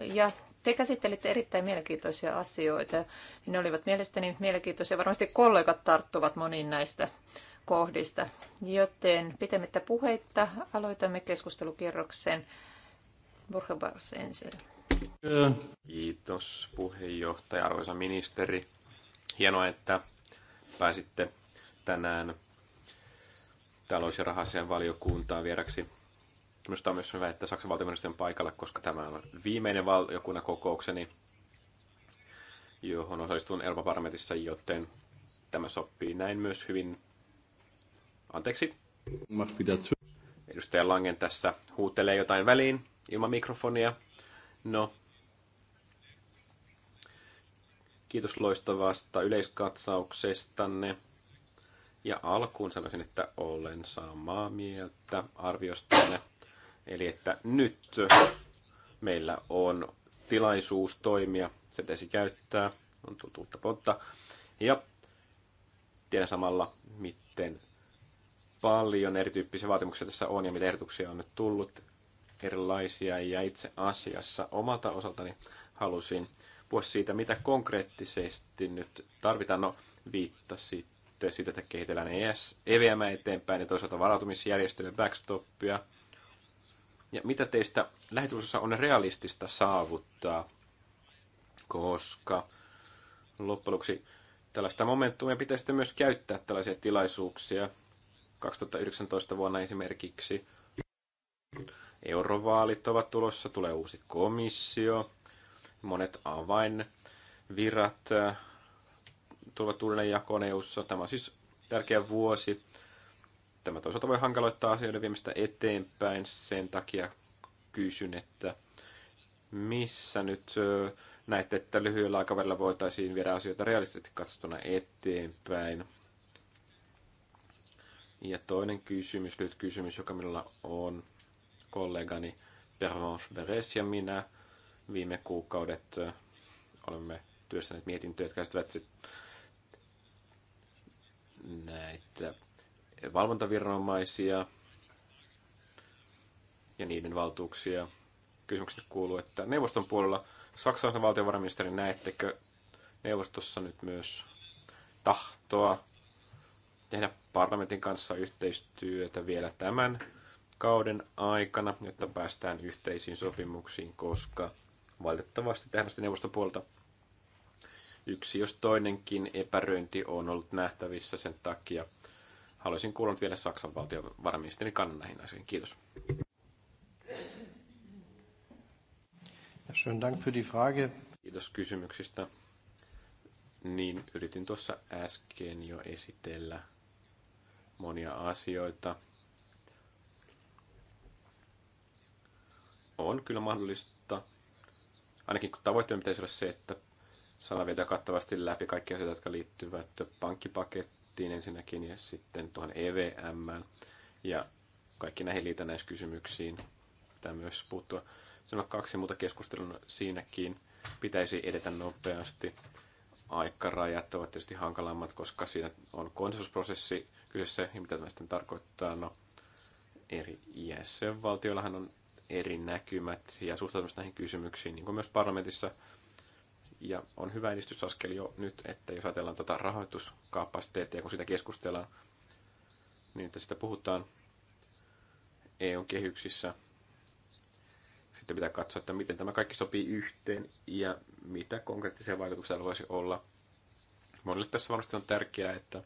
Ja te käsittelitte erittäin mielenkiintoisia asioita. Ne olivat mielestäni mielenkiintoisia. Varmasti kollegat tarttuvat moniin näistä kohdista. Joten pitämättä puheitta aloitamme keskustelukierroksen. Burkhabars ensin. Kiitos puheenjohtaja, arvoisa ministeri. Hienoa, että pääsitte tänään talous- ja rahaseen valiokuntaan vieraksi. Minusta on myös hyvä, että Saksan valtiovarainministeri on paikalla, koska tämä on viimeinen valiokunnan kokoukseni, johon osallistun Euroopan parlamentissa, joten tämä sopii näin myös hyvin. Anteeksi. Edustaja Langen tässä huutelee jotain väliin ilman mikrofonia. No, kiitos loistavasta yleiskatsauksestanne. Ja alkuun sanoisin, että olen samaa mieltä arviostanne. Eli että nyt meillä on tilaisuus toimia, se tesi käyttää, on tutuutta potta, Ja tiedän samalla, miten paljon erityyppisiä vaatimuksia tässä on ja mitä ehdotuksia on nyt tullut erilaisia. Ja itse asiassa omalta osaltani halusin puhua siitä, mitä konkreettisesti nyt tarvitaan. No, viittasit sitten sitä, että kehitellään ES, EVM eteenpäin ja toisaalta varautumisjärjestelyä backstoppia. Ja mitä teistä lähitulossa on realistista saavuttaa, koska loppujen lopuksi tällaista momentumia pitäisi sitten myös käyttää tällaisia tilaisuuksia. 2019 vuonna esimerkiksi eurovaalit ovat tulossa, tulee uusi komissio, monet avainvirat turvatuulinen uudelleen jakoon Tämä on siis tärkeä vuosi. Tämä toisaalta voi hankaloittaa asioiden viemistä eteenpäin. Sen takia kysyn, että missä nyt näette, että lyhyellä aikavälillä voitaisiin viedä asioita realistisesti katsottuna eteenpäin. Ja toinen kysymys, lyhyt kysymys, joka minulla on kollegani Pervenche Beres ja minä viime kuukaudet olemme työstäneet mietintöjä, jotka käsittävät näitä valvontaviranomaisia ja niiden valtuuksia. Kysymykset kuuluu, että neuvoston puolella Saksan valtiovarainministeri näettekö neuvostossa nyt myös tahtoa tehdä parlamentin kanssa yhteistyötä vielä tämän kauden aikana, jotta päästään yhteisiin sopimuksiin, koska valitettavasti tähän asti neuvoston puolta yksi jos toinenkin epäröinti on ollut nähtävissä sen takia. Haluaisin kuulla vielä Saksan valtiovarainministerin kannan näihin asioihin. Kiitos. Schönen Dank für die Frage. Kiitos kysymyksistä. Niin, yritin tuossa äsken jo esitellä monia asioita. On kyllä mahdollista, ainakin kun tavoitteena pitäisi olla se, että saadaan vetää kattavasti läpi kaikki asiat, jotka liittyvät pankkipakettiin ensinnäkin ja sitten tuohon EVM ja kaikki näihin liitännäiskysymyksiin pitää myös puuttua. Sen kaksi muuta keskustelun siinäkin pitäisi edetä nopeasti. Aikarajat ovat tietysti hankalammat, koska siinä on konsensusprosessi kyseessä ja mitä tämä sitten tarkoittaa. No, eri jäsenvaltioillahan on eri näkymät ja suhtautumista näihin kysymyksiin, niin kuin myös parlamentissa – ja on hyvä edistysaskel jo nyt, että jos ajatellaan tätä tota rahoituskapasiteettia, kun sitä keskustellaan, niin että sitä puhutaan EU-kehyksissä. Sitten pitää katsoa, että miten tämä kaikki sopii yhteen ja mitä konkreettisia vaikutuksia voisi olla. Monille tässä varmasti on tärkeää, että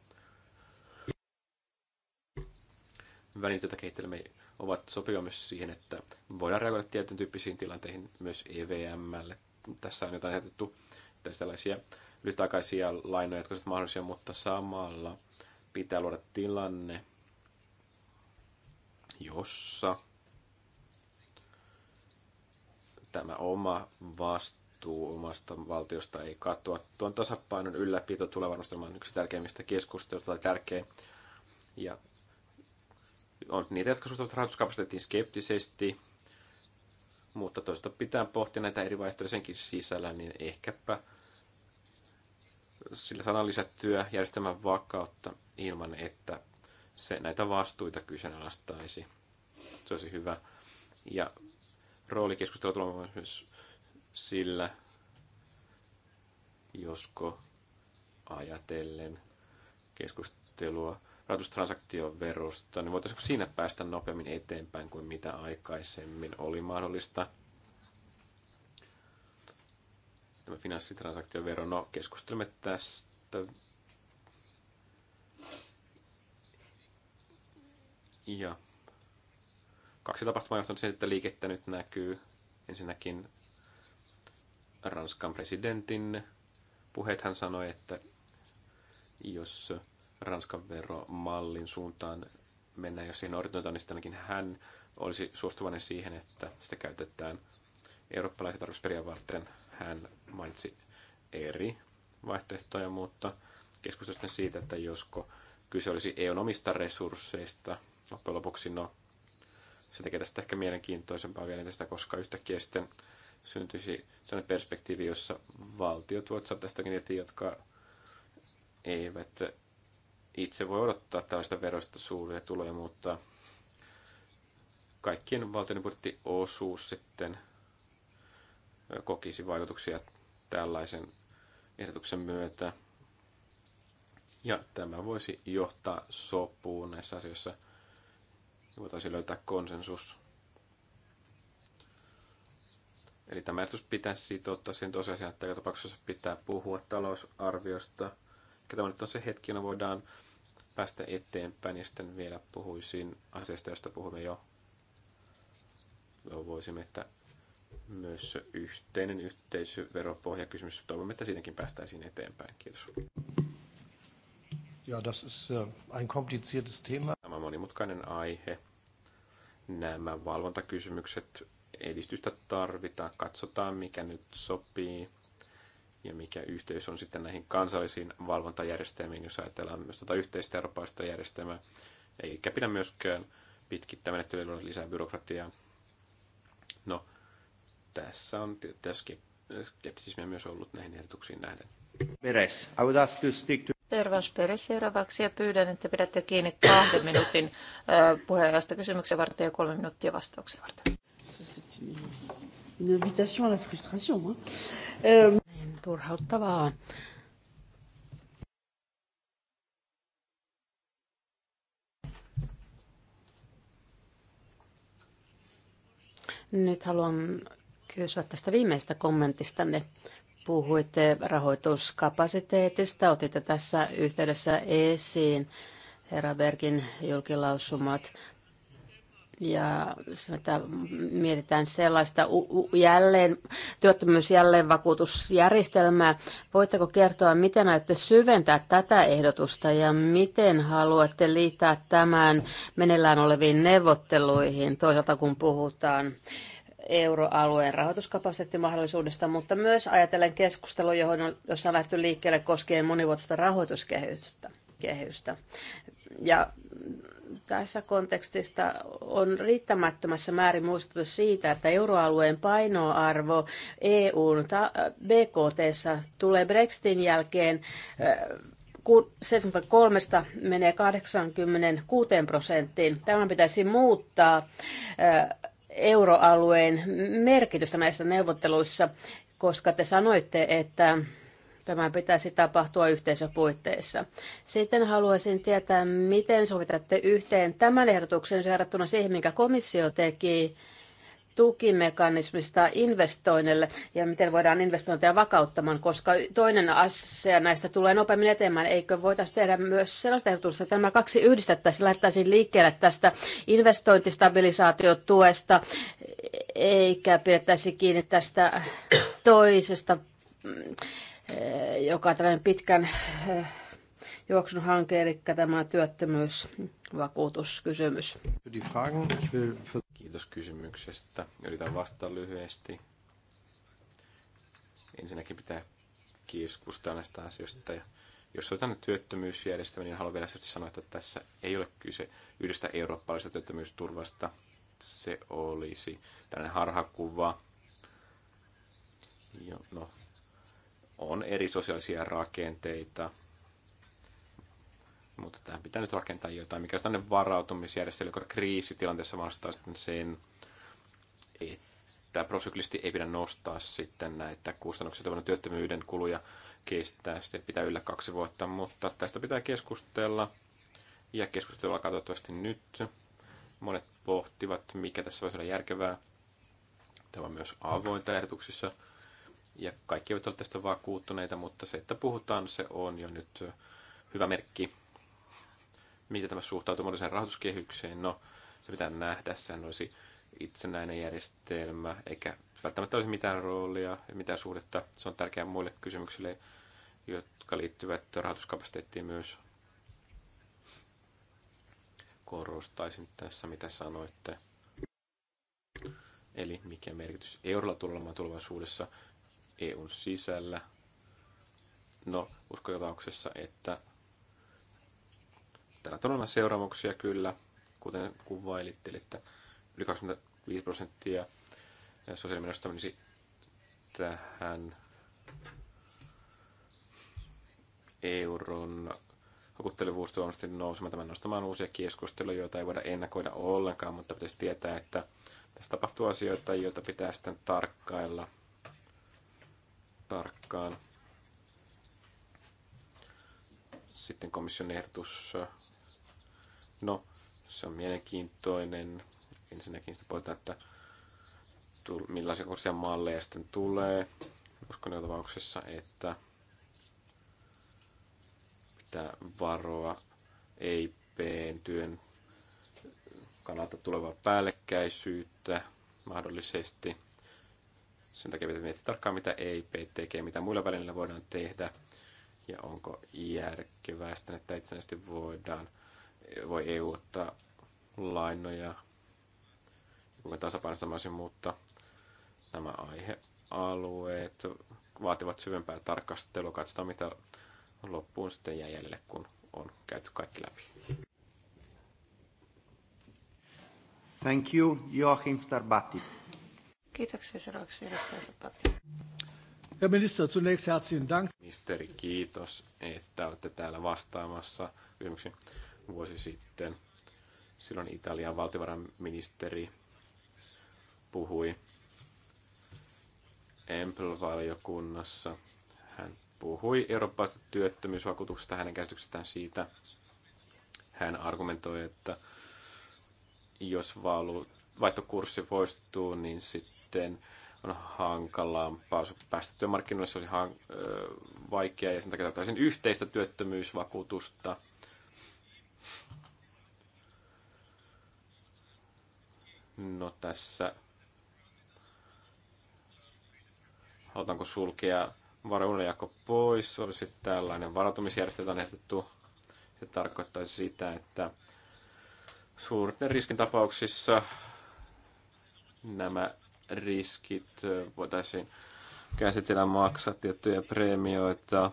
välineet, joita kehittelemme, ovat sopivia myös siihen, että voidaan reagoida tietyn tyyppisiin tilanteihin myös EVMlle tässä on jotain ehdotettu tällaisia lyhytaikaisia lainoja, jotka ovat mahdollisia, mutta samalla pitää luoda tilanne, jossa tämä oma vastuu omasta valtiosta ei katoa. Tuon tasapainon ylläpito tulee varmasti olemaan yksi tärkeimmistä keskusteluista tai tärkein. Ja on niitä, jotka suhtautuvat rahoituskapasiteettiin skeptisesti, mutta toista pitää pohtia näitä eri vaihtoehtoja senkin sisällä, niin ehkäpä sillä saadaan lisättyä järjestelmän vakautta ilman, että se näitä vastuita kyseenalaistaisi. Se olisi hyvä. Ja roolikeskustelu tulee myös sillä, josko ajatellen keskustelua rahoitustransaktioverosta, niin voitaisiinko siinä päästä nopeammin eteenpäin kuin mitä aikaisemmin oli mahdollista? Tämä finanssitransaktiovero, no keskustelemme tästä. Ja kaksi tapahtumaa johtanut siihen, että liikettä nyt näkyy. Ensinnäkin Ranskan presidentin puheet hän sanoi, että jos Ranskan veromallin suuntaan mennä, jos siihen orientoitaan, niin ainakin hän olisi suostuvainen siihen, että sitä käytetään eurooppalaisen tarkoitusperiaan varten. Hän mainitsi eri vaihtoehtoja, mutta keskustelusta siitä, että josko kyse olisi EUn omista resursseista. Loppujen lopuksi no, se tekee tästä ehkä mielenkiintoisempaa vielä tästä, koska yhtäkkiä sitten syntyisi sellainen perspektiivi, jossa valtiot voivat saada tästäkin jotka eivät itse voi odottaa tällaista verosta suuria tuloja, mutta kaikkien valtion osuus sitten kokisi vaikutuksia tällaisen ehdotuksen myötä. Ja tämä voisi johtaa sopuun näissä asioissa. Voitaisiin löytää konsensus. Eli tämä ehdotus pitäisi sitouttaa sen tosiasiaan, että tapauksessa pitää puhua talousarviosta. Tämä nyt on se hetki, jolloin voidaan päästä eteenpäin ja sitten vielä puhuisin asiasta, josta puhumme jo. Voisimme, että myös yhteinen kysymys. Toivomme, että siinäkin päästäisiin eteenpäin. Kiitos. Ja, das ist äh, ein kompliziertes Thema. Tämä monimutkainen aihe. Nämä valvontakysymykset, edistystä tarvitaan. Katsotaan, mikä nyt sopii ja mikä yhteys on sitten näihin kansallisiin valvontajärjestelmiin, jos ajatellaan myös tätä tuota yhteistä eurooppalaista järjestelmää, eikä pidä myöskään pitkittää menettelyä lisää byrokratiaa. No, tässä on tietysti skepsismiä myös ollut näihin ehdotuksiin nähden. Peres, I would ask you stick to... Tervans Peres seuraavaksi ja pyydän, että pidätte kiinni kahden minuutin puheenjohtajasta kysymyksen varten ja kolme minuuttia vastauksen varten. Une invitation à la frustration. Hein? Euh, turhauttavaa. Nyt haluan kysyä tästä viimeistä kommentistanne. Puhuitte rahoituskapasiteetista, otitte tässä yhteydessä esiin Herra Bergin julkilausumat ja että mietitään sellaista jälleen, työttömyysjälleenvakuutusjärjestelmää. Voitteko kertoa, miten aiotte syventää tätä ehdotusta ja miten haluatte liittää tämän meneillään oleviin neuvotteluihin, toisaalta kun puhutaan euroalueen rahoituskapasiteettimahdollisuudesta, mutta myös ajatellen keskustelua, johon, jossa on lähty liikkeelle koskien monivuotista rahoituskehystä. Kehystä. Ja tässä kontekstista on riittämättömässä määrin muistuttu siitä, että euroalueen painoarvo EUn BKT tulee Brexitin jälkeen 73 äh, menee 86 prosenttiin. Tämän pitäisi muuttaa äh, euroalueen merkitystä näissä neuvotteluissa, koska te sanoitte, että Tämä pitäisi tapahtua yhteisöpuitteissa. Sitten haluaisin tietää, miten sovitatte yhteen tämän ehdotuksen verrattuna siihen, minkä komissio teki tukimekanismista investoinnille ja miten voidaan investointeja vakauttamaan, koska toinen asia näistä tulee nopeammin eteenpäin. Eikö voitaisiin tehdä myös sellaista ehdotusta, että nämä kaksi yhdistettäisiin, laittaisiin liikkeelle tästä investointistabilisaatiotuesta, eikä pidettäisi kiinni tästä toisesta Eh, joka tällainen pitkän eh, juoksun hanke, eli tämä työttömyysvakuutuskysymys. Kiitos kysymyksestä. Yritän vastata lyhyesti. Ensinnäkin pitää keskustella näistä asioista. Ja jos otetaan työttömyysjärjestelmä, niin haluan vielä sanoa, että tässä ei ole kyse yhdestä eurooppalaisesta työttömyysturvasta. Se olisi tällainen harhakuva. Jo, no, on eri sosiaalisia rakenteita, mutta tähän pitää nyt rakentaa jotain, mikä on sellainen varautumisjärjestely, joka kriisitilanteessa vastaa sitten sen, että prosyklisti ei pidä nostaa sitten näitä kustannuksia, tuon työttömyyden kuluja kestää, sitten pitää yllä kaksi vuotta, mutta tästä pitää keskustella, ja keskustelu alkaa toivottavasti nyt. Monet pohtivat, mikä tässä voisi olla järkevää. Tämä on myös avointa ehdotuksissa. Ja kaikki eivät ole tästä vakuuttuneita, mutta se, että puhutaan, se on jo nyt hyvä merkki. Miten tämä suhtautuu moniseen rahoituskehykseen? No, se pitää nähdä. Sehän olisi itsenäinen järjestelmä, eikä välttämättä olisi mitään roolia ja mitään suhdetta. Se on tärkeää muille kysymyksille, jotka liittyvät rahoituskapasiteettiin myös. Korostaisin tässä, mitä sanoitte. Eli mikä merkitys eurolla tulemaan tulevaisuudessa. EUn sisällä. No, uskotapauksessa, että tällä on seuraamuksia kyllä, kuten kuvailitte, että yli 25 prosenttia sosiaalimenosta menisi tähän euron hokuttelevuus tuomasti nousemaan tämän nostamaan uusia keskusteluja, joita ei voida ennakoida ollenkaan, mutta pitäisi tietää, että tässä tapahtuu asioita, joita pitää sitten tarkkailla – tarkkaan. Sitten komission ehdotus. No, se on mielenkiintoinen. Ensinnäkin sitä pohditaan, että millaisia kurssia malleja sitten tulee. Uskon tapauksessa, että pitää varoa eip työn kannalta tulevaa päällekkäisyyttä mahdollisesti – sen takia pitää miettiä tarkkaan, mitä EIP tekee, mitä muilla välineillä voidaan tehdä ja onko järkevää sitten, että itsenäisesti voidaan, voi EU ottaa lainoja, kuinka tasapainostamaan sen, mutta nämä aihealueet vaativat syvempää tarkastelua. Katsotaan, mitä loppuun sitten jää jäljelle, kun on käyty kaikki läpi. Thank you, Joachim Starbatti. Kiitoksia seuraavaksi edustaja Sapati. Ja zunächst herzlichen Dank. Ministeri, kiitos, että olette täällä vastaamassa kysymyksiin vuosi sitten. Silloin Italian valtiovarainministeri puhui Empel-valiokunnassa. Hän puhui eurooppalaisesta työttömyysvakuutuksesta, hänen käsityksestään siitä. Hän argumentoi, että jos vaihtokurssi poistuu, niin sitten sitten on hankalampaa päästä työmarkkinoille, se olisi ihan vaikeaa ja sen takia tarvitaan yhteistä työttömyysvakuutusta. No tässä halutaanko sulkea varaudenjako pois, olisi tällainen varautumisjärjestelmä on ehdotettu. Se tarkoittaisi sitä, että suurten riskin tapauksissa nämä riskit voitaisiin käsitellä maksaa tiettyjä preemioita.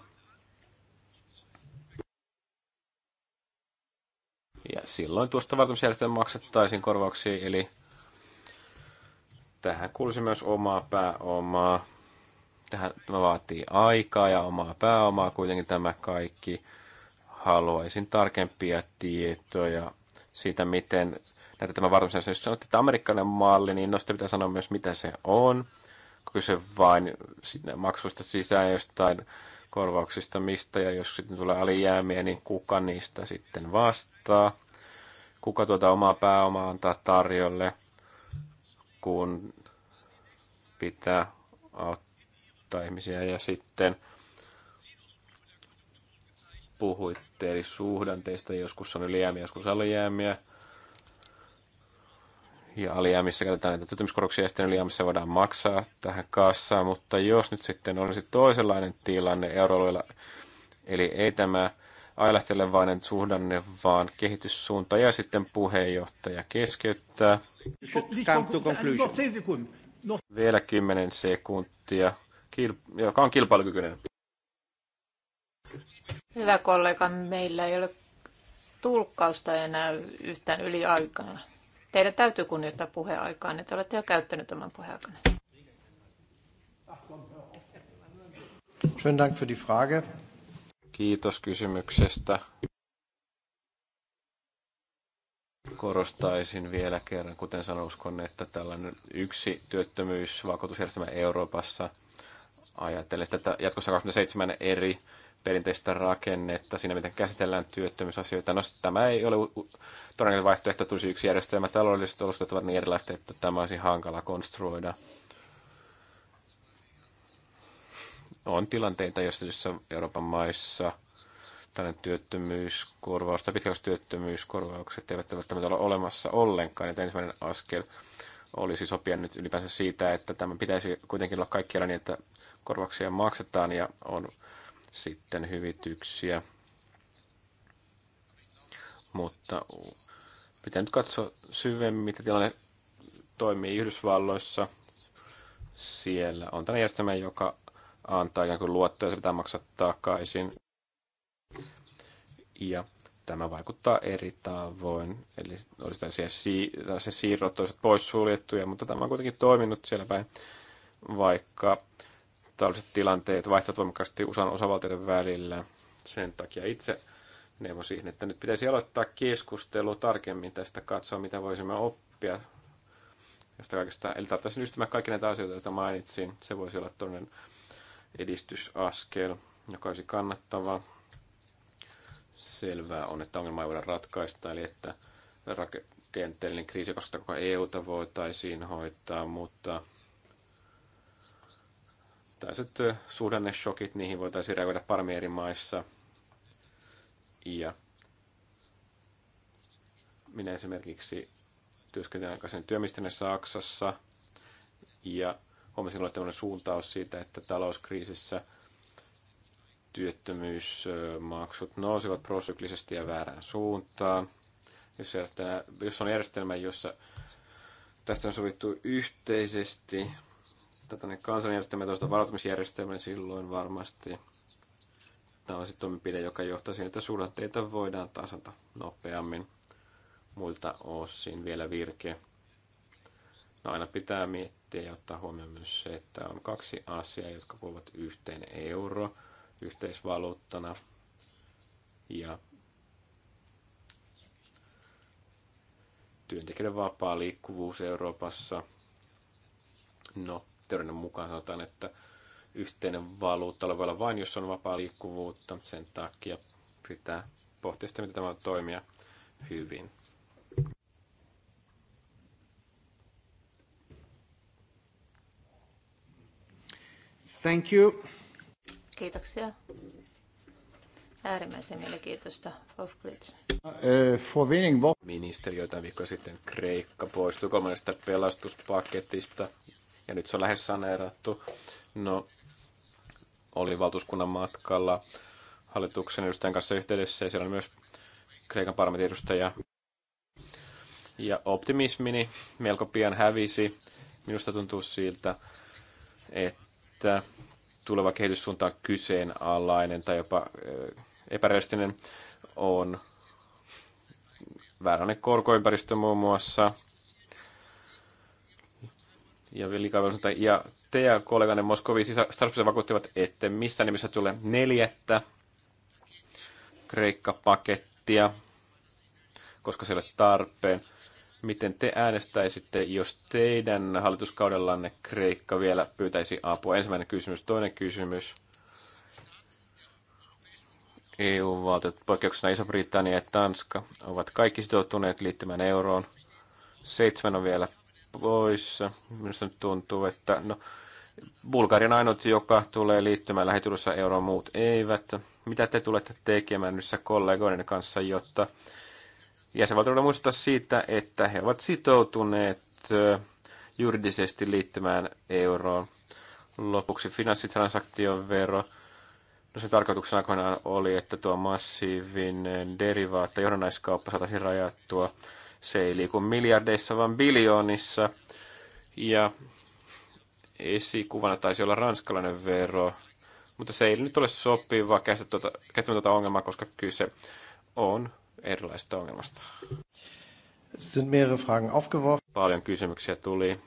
Ja silloin tuosta vartamisjärjestelmä maksettaisiin korvauksia, eli tähän kuulisi myös omaa pääomaa. Tähän tämä vaatii aikaa ja omaa pääomaa, kuitenkin tämä kaikki. Haluaisin tarkempia tietoja siitä, miten näitä tämä varmistaa. Jos sanoit, että amerikkalainen malli, niin no pitää sanoa myös, mitä se on. Kyse vain maksuista sisään jostain korvauksista mistä, ja jos sitten tulee alijäämiä, niin kuka niistä sitten vastaa. Kuka tuota omaa pääomaa antaa tarjolle, kun pitää auttaa ihmisiä. Ja sitten puhuitte eri suhdanteista, joskus on ylijäämiä, joskus alijäämiä ja alijäämissä käytetään näitä työttömyyskorvauksia ja sitten alijäämissä voidaan maksaa tähän kassaan, mutta jos nyt sitten olisi toisenlainen tilanne euroalueella, eli ei tämä ailahtelevainen suhdanne, vaan kehityssuunta ja sitten puheenjohtaja keskeyttää. Vielä 10 sekuntia, Kilp- joka on kilpailukykyinen. Hyvä kollega, meillä ei ole tulkkausta enää yhtään yli aikana. Teidän täytyy kunnioittaa puheaikaa, niin että olette jo käyttänyt tämän puheaikana. Schönen Dank für die Frage. Kiitos kysymyksestä. Korostaisin vielä kerran, kuten sanoin, uskon, että tällainen yksi työttömyysvakuutusjärjestelmä Euroopassa ajatellen, että jatkossa 27 eri perinteistä rakennetta siinä, miten käsitellään työttömyysasioita. No tämä ei ole todennäköinen vaihtoehto, tulisi yksi järjestelmä. Taloudelliset olosuhteet ovat niin erilaiset, että tämä olisi hankala konstruoida. On tilanteita joissa Euroopan maissa, tällainen työttömyyskorvaus tai pitkäaikaistyöttömyyskorvaukset eivät välttämättä ole olemassa ollenkaan. Että ensimmäinen askel olisi sopia nyt ylipäänsä siitä, että tämä pitäisi kuitenkin olla kaikkialla niin, että korvauksia maksetaan ja on sitten hyvityksiä. Mutta pitää nyt katsoa syvemmin, mitä tilanne toimii Yhdysvalloissa. Siellä on tämä järjestelmä, joka antaa ikään kuin luottoja, se pitää maksaa takaisin. Ja tämä vaikuttaa eri tavoin. Eli olisi tällaisia, tällaisia siirrot, pois poissuljettuja, mutta tämä on kuitenkin toiminut siellä päin, vaikka taloudelliset tilanteet vaihtavat voimakkaasti USAn osavaltioiden välillä. Sen takia itse neuvo siihen, että nyt pitäisi aloittaa keskustelu tarkemmin tästä, katsoa mitä voisimme oppia josta kaikesta. Eli tarvitsisi yhdistämään kaikki näitä asioita, joita mainitsin. Se voisi olla toinen edistysaskel, joka olisi kannattava. Selvää on, että ongelma ei voida ratkaista, eli että rakenteellinen kriisi koska koko EUta voitaisiin hoitaa, mutta Tällaiset suhdanneshokit, niihin voitaisiin reagoida paremmin eri maissa. Ja minä esimerkiksi työskentelen aikaisen työmistänä Saksassa ja huomasin olla tämmöinen suuntaus siitä, että talouskriisissä työttömyysmaksut nousivat prosyklisesti ja väärään suuntaan. Jos, jos on järjestelmä, jossa tästä on sovittu yhteisesti, tätä kansanjärjestelmää, tuosta varautumisjärjestelmää, silloin varmasti tämä on toimenpide, joka johtaa siihen, että suhdanteita voidaan tasata nopeammin muilta osin vielä virke. No aina pitää miettiä ja ottaa huomioon myös se, että on kaksi asiaa, jotka kuuluvat yhteen euro yhteisvaluuttana ja työntekijöiden vapaa liikkuvuus Euroopassa. No, teorian mukaan sanotaan, että yhteinen valuutta voi olla vain, jos on vapaa liikkuvuutta. Sen takia pitää pohtia sitä, miten tämä on toimia hyvin. Thank you. Kiitoksia. Äärimmäisen mielenkiintoista, Wolf uh, Ministeri joitain viikkoja sitten Kreikka poistui kolmannesta pelastuspaketista ja nyt se on lähes saneerattu. No, oli valtuuskunnan matkalla hallituksen edustajan kanssa yhteydessä ja siellä oli myös Kreikan parlamentin edustaja. Ja optimismini melko pian hävisi. Minusta tuntuu siltä, että tuleva kehityssuunta on kyseenalainen tai jopa eh, epärealistinen on vääränne korkoympäristö muun muassa – ja liikavelvollisuutta. Ja te ja kolleganne Moskovisi Starpissa vakuuttivat, että missään nimessä tulee neljättä Kreikka-pakettia, koska se ei ole tarpeen. Miten te äänestäisitte, jos teidän hallituskaudellanne Kreikka vielä pyytäisi apua? Ensimmäinen kysymys. Toinen kysymys. EU-valtiot, poikkeuksena Iso-Britannia ja Tanska, ovat kaikki sitoutuneet liittymään euroon. Seitsemän on vielä poissa. Minusta nyt tuntuu, että no, Bulgarian ainut, joka tulee liittymään lähetulossa euroon, muut eivät. Mitä te tulette tekemään nyt kollegoiden kanssa, jotta jäsenvaltioiden muistuttaa siitä, että he ovat sitoutuneet juridisesti liittymään euroon. Lopuksi finanssitransaktiovero. No se tarkoituksena aikoinaan oli, että tuo massiivinen derivaatta johdannaiskauppa saataisiin rajattua se ei liiku miljardeissa, vaan biljoonissa. Ja esikuvana taisi olla ranskalainen vero, mutta se ei nyt ole sopiva käsittämään tuota, tuota ongelmaa, koska kyse on erilaisesta ongelmasta. Sind mehrere Fragen aufgeworfen. Paljon kysymyksiä tuli.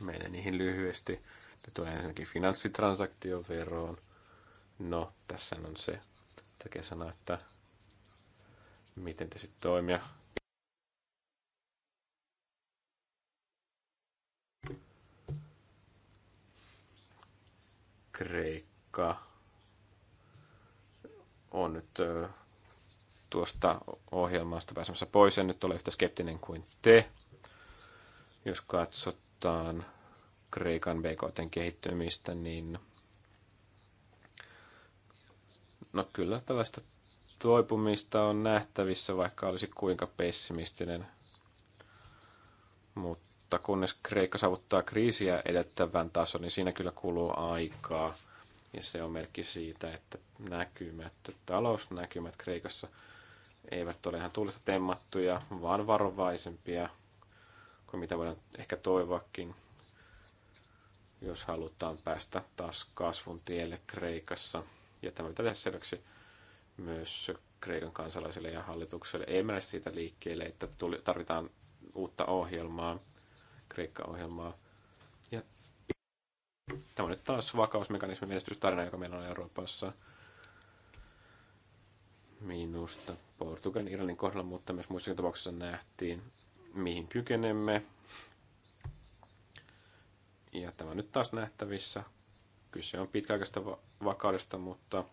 Menen niihin lyhyesti. Nyt tulee ensinnäkin finanssitransaktioveroon. No, tässä on se tekee sana, että miten te sitten toimia. Kreikka on nyt tuosta ohjelmasta pääsemässä pois. En nyt ole yhtä skeptinen kuin te. Jos katsotaan Kreikan BKTn kehittymistä, niin no kyllä tällaista toipumista on nähtävissä, vaikka olisi kuinka pessimistinen. Mutta kunnes Kreikka saavuttaa kriisiä edettävän tason, niin siinä kyllä kuluu aikaa. Ja se on merkki siitä, että näkymät, talousnäkymät Kreikassa eivät ole ihan tuulista temmattuja, vaan varovaisempia kuin mitä voidaan ehkä toivoakin, jos halutaan päästä taas kasvun tielle Kreikassa. Ja tämä pitää tehdä selväksi myös Kreikan kansalaisille ja hallitukselle. Ei mene siitä liikkeelle, että tuli, tarvitaan uutta ohjelmaa, Kreikka-ohjelmaa. Ja tämä on nyt taas vakausmekanismi menestystarina, joka meillä on Euroopassa. Minusta Portugalin, Irlannin kohdalla, mutta myös muissa tapauksissa nähtiin, mihin kykenemme. Ja tämä on nyt taas nähtävissä. Kyse on pitkäaikaisesta vakaudesta, mutta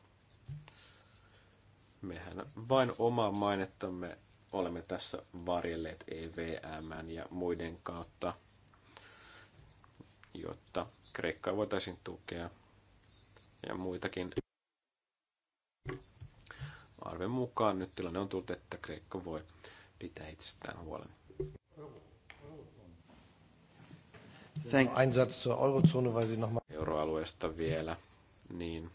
Mehän vain omaa mainettamme olemme tässä varjelleet EVM ja muiden kautta, jotta Kreikkaa voitaisiin tukea ja muitakin. Arven mukaan nyt tilanne on tullut, että Kreikka voi pitää itsestään huolen. Thank. Einsatz Euroalueesta vielä, niin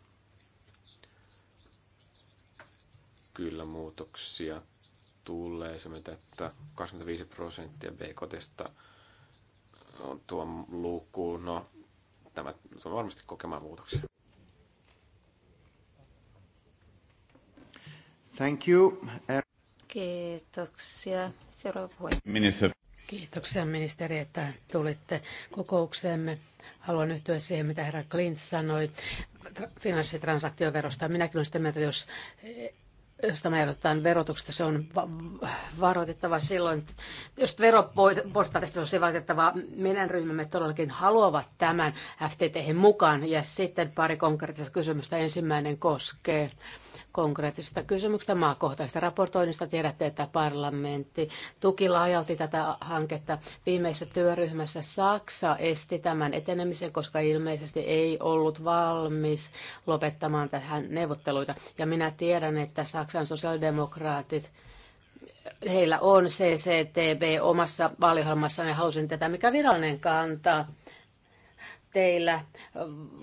kyllä muutoksia tulee. Se että 25 prosenttia BKTstä on tuo luku. No, tämä on varmasti kokemaan muutoksia. Thank you. Er- Kiitoksia. Seuraava puhe. Minister. Kiitoksia ministeri, että tulitte kokoukseemme. Haluan yhtyä siihen, mitä herra Klint sanoi finanssitransaktioverosta. Minäkin olen sitä mieltä, että jos Josta mä ehdotetaan verotuksesta, se on varoitettava silloin. Jos vero poistaa tästä, se on valitettavaa. Meidän ryhmämme todellakin haluavat tämän FTT mukaan. Ja sitten pari konkreettista kysymystä. Ensimmäinen koskee konkreettisista kysymyksistä, maakohtaisesta raportoinnista. Tiedätte, että parlamentti tuki laajalti tätä hanketta. Viimeisessä työryhmässä Saksa esti tämän etenemisen, koska ilmeisesti ei ollut valmis lopettamaan tähän neuvotteluita. Ja minä tiedän, että Saksan sosiaalidemokraatit heillä on CCTB omassa vaaliohjelmassaan ja halusin tätä, mikä virallinen kanta teillä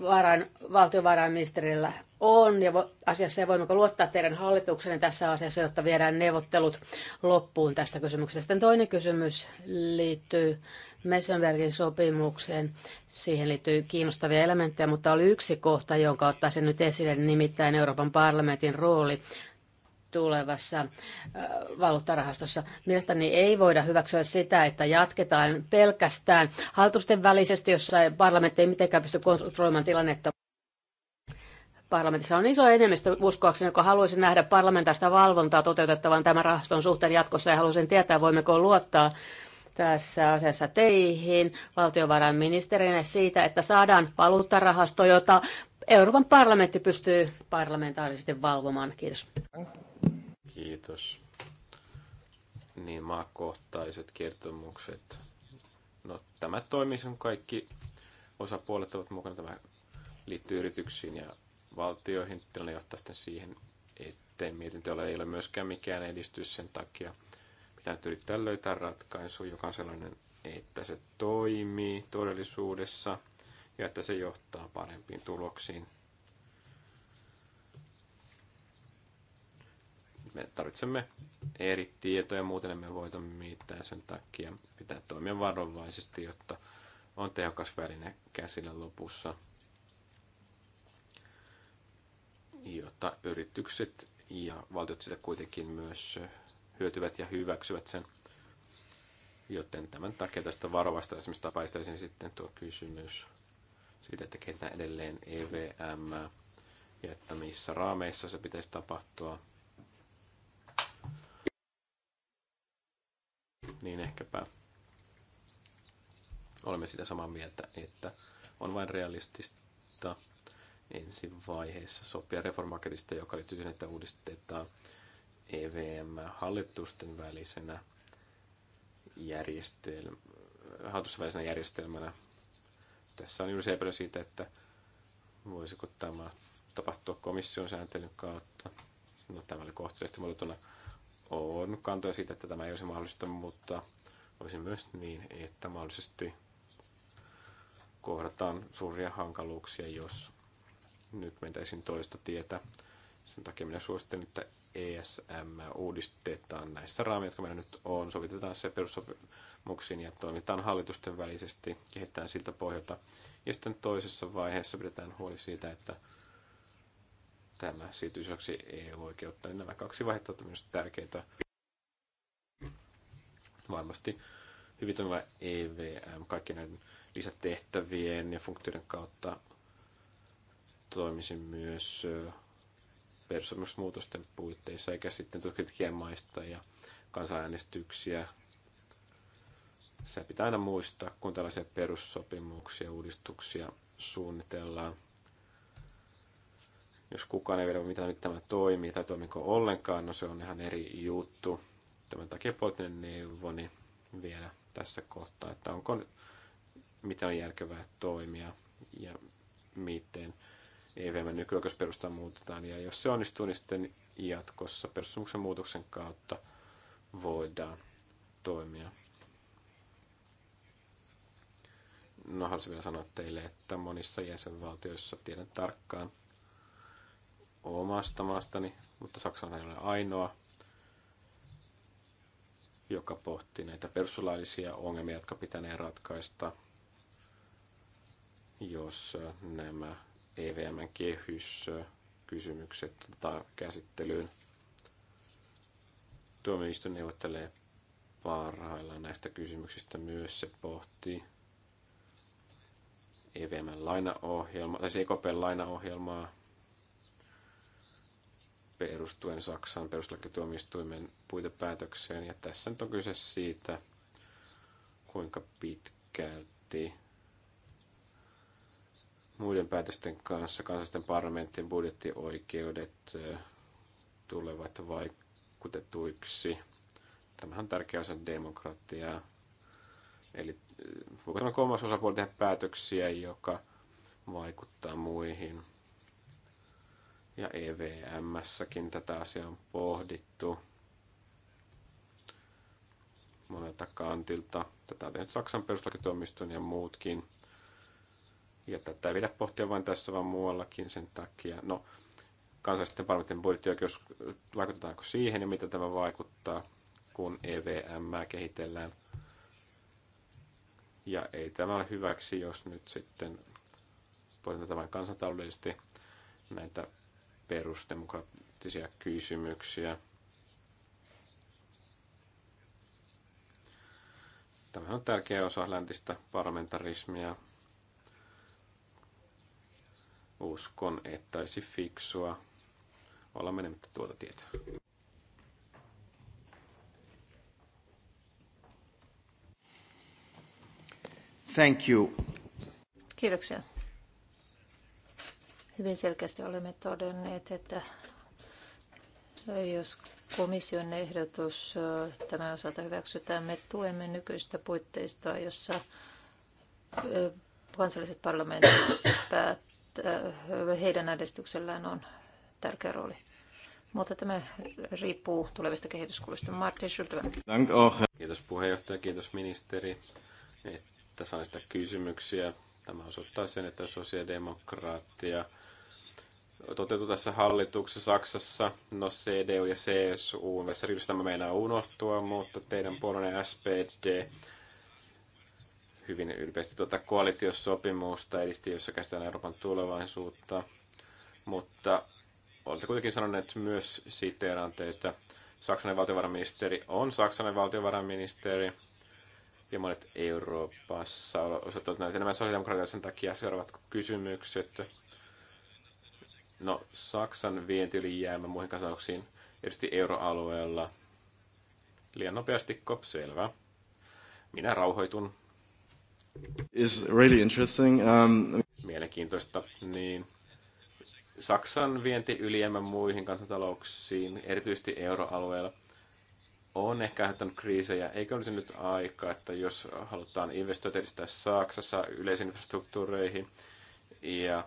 varain, valtiovarainministerillä on ja asiassa ja voimmeko luottaa teidän hallituksenne tässä asiassa, jotta viedään neuvottelut loppuun tästä kysymyksestä. Sitten toinen kysymys liittyy Messenbergin sopimukseen. Siihen liittyy kiinnostavia elementtejä, mutta oli yksi kohta, jonka ottaisin nyt esille, nimittäin Euroopan parlamentin rooli tulevassa valuuttarahastossa. Mielestäni ei voida hyväksyä sitä, että jatketaan pelkästään hallitusten välisesti, jossa parlamentti ei mitenkään pysty kontrolloimaan tilannetta. Parlamentissa on iso enemmistö uskoakseni, joka haluaisi nähdä parlamentaista valvontaa toteutettavan tämän rahaston suhteen jatkossa ja haluaisin tietää, voimmeko luottaa tässä asiassa teihin valtiovarainministerinä siitä, että saadaan valuuttarahasto, jota Euroopan parlamentti pystyy parlamentaarisesti valvomaan. Kiitos. Kiitos. Niin maakohtaiset kertomukset. No tämä toimii, kun kaikki osapuolet ovat mukana. Tämä liittyy yrityksiin ja valtioihin. Tilanne johtaa sitten siihen, ettei ole ei ole myöskään mikään edistys sen takia. Pitää nyt yrittää löytää ratkaisu, joka on sellainen, että se toimii todellisuudessa ja että se johtaa parempiin tuloksiin. Me tarvitsemme eri tietoja, muuten emme voita mitään sen takia. Pitää toimia varovaisesti, jotta on tehokas väline käsillä lopussa, jotta yritykset ja valtiot sitä kuitenkin myös hyötyvät ja hyväksyvät sen. Joten tämän takia tästä varovasta esimerkiksi tapaistaisin sitten tuo kysymys siitä, että kehitetään edelleen EVM ja että missä raameissa se pitäisi tapahtua. niin ehkäpä olemme sitä samaa mieltä, että on vain realistista ensi vaiheessa sopia reformakerista, joka liittyy siihen, että uudistetaan EVM-hallitusten välisenä järjestelmä, hallitusvälisenä järjestelmänä. Tässä on juuri se epäily siitä, että voisiko tämä tapahtua komission sääntelyn kautta. No, tämä oli kohtalaisesti muotoiltuna on kantoja siitä, että tämä ei olisi mahdollista, mutta olisi myös niin, että mahdollisesti kohdataan suuria hankaluuksia, jos nyt mentäisiin toista tietä. Sen takia minä suosittelen, että ESM uudistetaan näissä raameissa, jotka meillä nyt on, sovitetaan se perussopimuksiin ja toimitaan hallitusten välisesti, kehitetään siltä pohjalta. Ja sitten toisessa vaiheessa pidetään huoli siitä, että tämä siirtyisi osaksi EU-oikeutta. Nämä kaksi vaihetta ovat myös tärkeitä. Varmasti hyvin toimiva EVM kaikkien näiden lisätehtävien ja funktioiden kautta toimisi myös perussopimusmuutosten puitteissa, eikä sitten tutkitkia maista ja kansanäänestyksiä. Se pitää aina muistaa, kun tällaisia perussopimuksia, uudistuksia suunnitellaan. Jos kukaan ei vielä, mitä nyt tämä toimii tai toimiko ollenkaan, no se on ihan eri juttu. Tämän takia poliittinen niin vielä tässä kohtaa, että onko, mitä on järkevää toimia ja miten EVM nykyoikeusperustaa muutetaan. Ja jos se onnistuu, niin sitten jatkossa perussopimuksen muutoksen kautta voidaan toimia. No haluaisin vielä sanoa teille, että monissa jäsenvaltioissa tiedän tarkkaan, omasta maastani, mutta Saksan ei ole ainoa, joka pohti näitä perustuslaillisia ongelmia, jotka pitänee ratkaista, jos äh, nämä EVMn kehyskysymykset otetaan käsittelyyn. Tuomioistuin neuvottelee parhaillaan näistä kysymyksistä myös. Se pohti EVMn lainaohjelmaa, tai ekp lainaohjelmaa, perustuen Saksan perustuslakituomioistuimen puitepäätökseen. Ja tässä nyt on kyse siitä, kuinka pitkälti muiden päätösten kanssa kansallisten parlamenttien budjettioikeudet tulevat vaikutetuiksi. Tämähän on tärkeä osa demokratiaa. Eli voiko tämä kolmas osapuoli tehdä päätöksiä, joka vaikuttaa muihin ja EVMssäkin tätä asiaa on pohdittu monelta kantilta. Tätä on tehnyt Saksan perustuslakituomioistuin ja muutkin. Ja tätä ei pidä pohtia vain tässä, vaan muuallakin sen takia. No, kansallisten parlamentin budjettioikeus, vaikutetaanko siihen ja mitä tämä vaikuttaa, kun EVM kehitellään. Ja ei tämä ole hyväksi, jos nyt sitten pohditaan tämän kansantaloudellisesti näitä perusdemokraattisia kysymyksiä. Tämä on tärkeä osa läntistä parlamentarismia. Uskon, että olisi fiksua olla menemättä tuota tietä. Thank you. Kiitoksia hyvin selkeästi olemme todenneet, että jos komission ehdotus tämän osalta hyväksytään, me tuemme nykyistä puitteistoa, jossa kansalliset parlamentit päättää, heidän äänestyksellään on tärkeä rooli. Mutta tämä riippuu tulevista kehityskuluista. Martin Schultman. Kiitos puheenjohtaja, kiitos ministeri, että sain sitä kysymyksiä. Tämä osoittaa sen, että sosiaalidemokraattia toteutu tässä hallituksessa Saksassa. No CDU ja CSU, tässä rivissä tämä meinaa unohtua, mutta teidän puolueen SPD hyvin ylpeästi tuota koalitiosopimusta edisti, jossa käsitään Euroopan tulevaisuutta. Mutta olette kuitenkin sanoneet myös siteeran teitä, Saksan valtiovarainministeri on Saksan valtiovarainministeri, ja monet Euroopassa osoittavat näitä enemmän sosiaalidemokraatia sen takia seuraavat kysymykset No, Saksan vientiylijäämä muihin kasauksiin, erityisesti euroalueella. Liian nopeasti, kop, selvä. Minä rauhoitun. Is really interesting. Um... Mielenkiintoista, niin. Saksan ylijäämä muihin kansantalouksiin, erityisesti euroalueella, on ehkä aiheuttanut kriisejä. Eikö olisi nyt aika, että jos halutaan investoida Saksassa yleisinfrastruktuureihin ja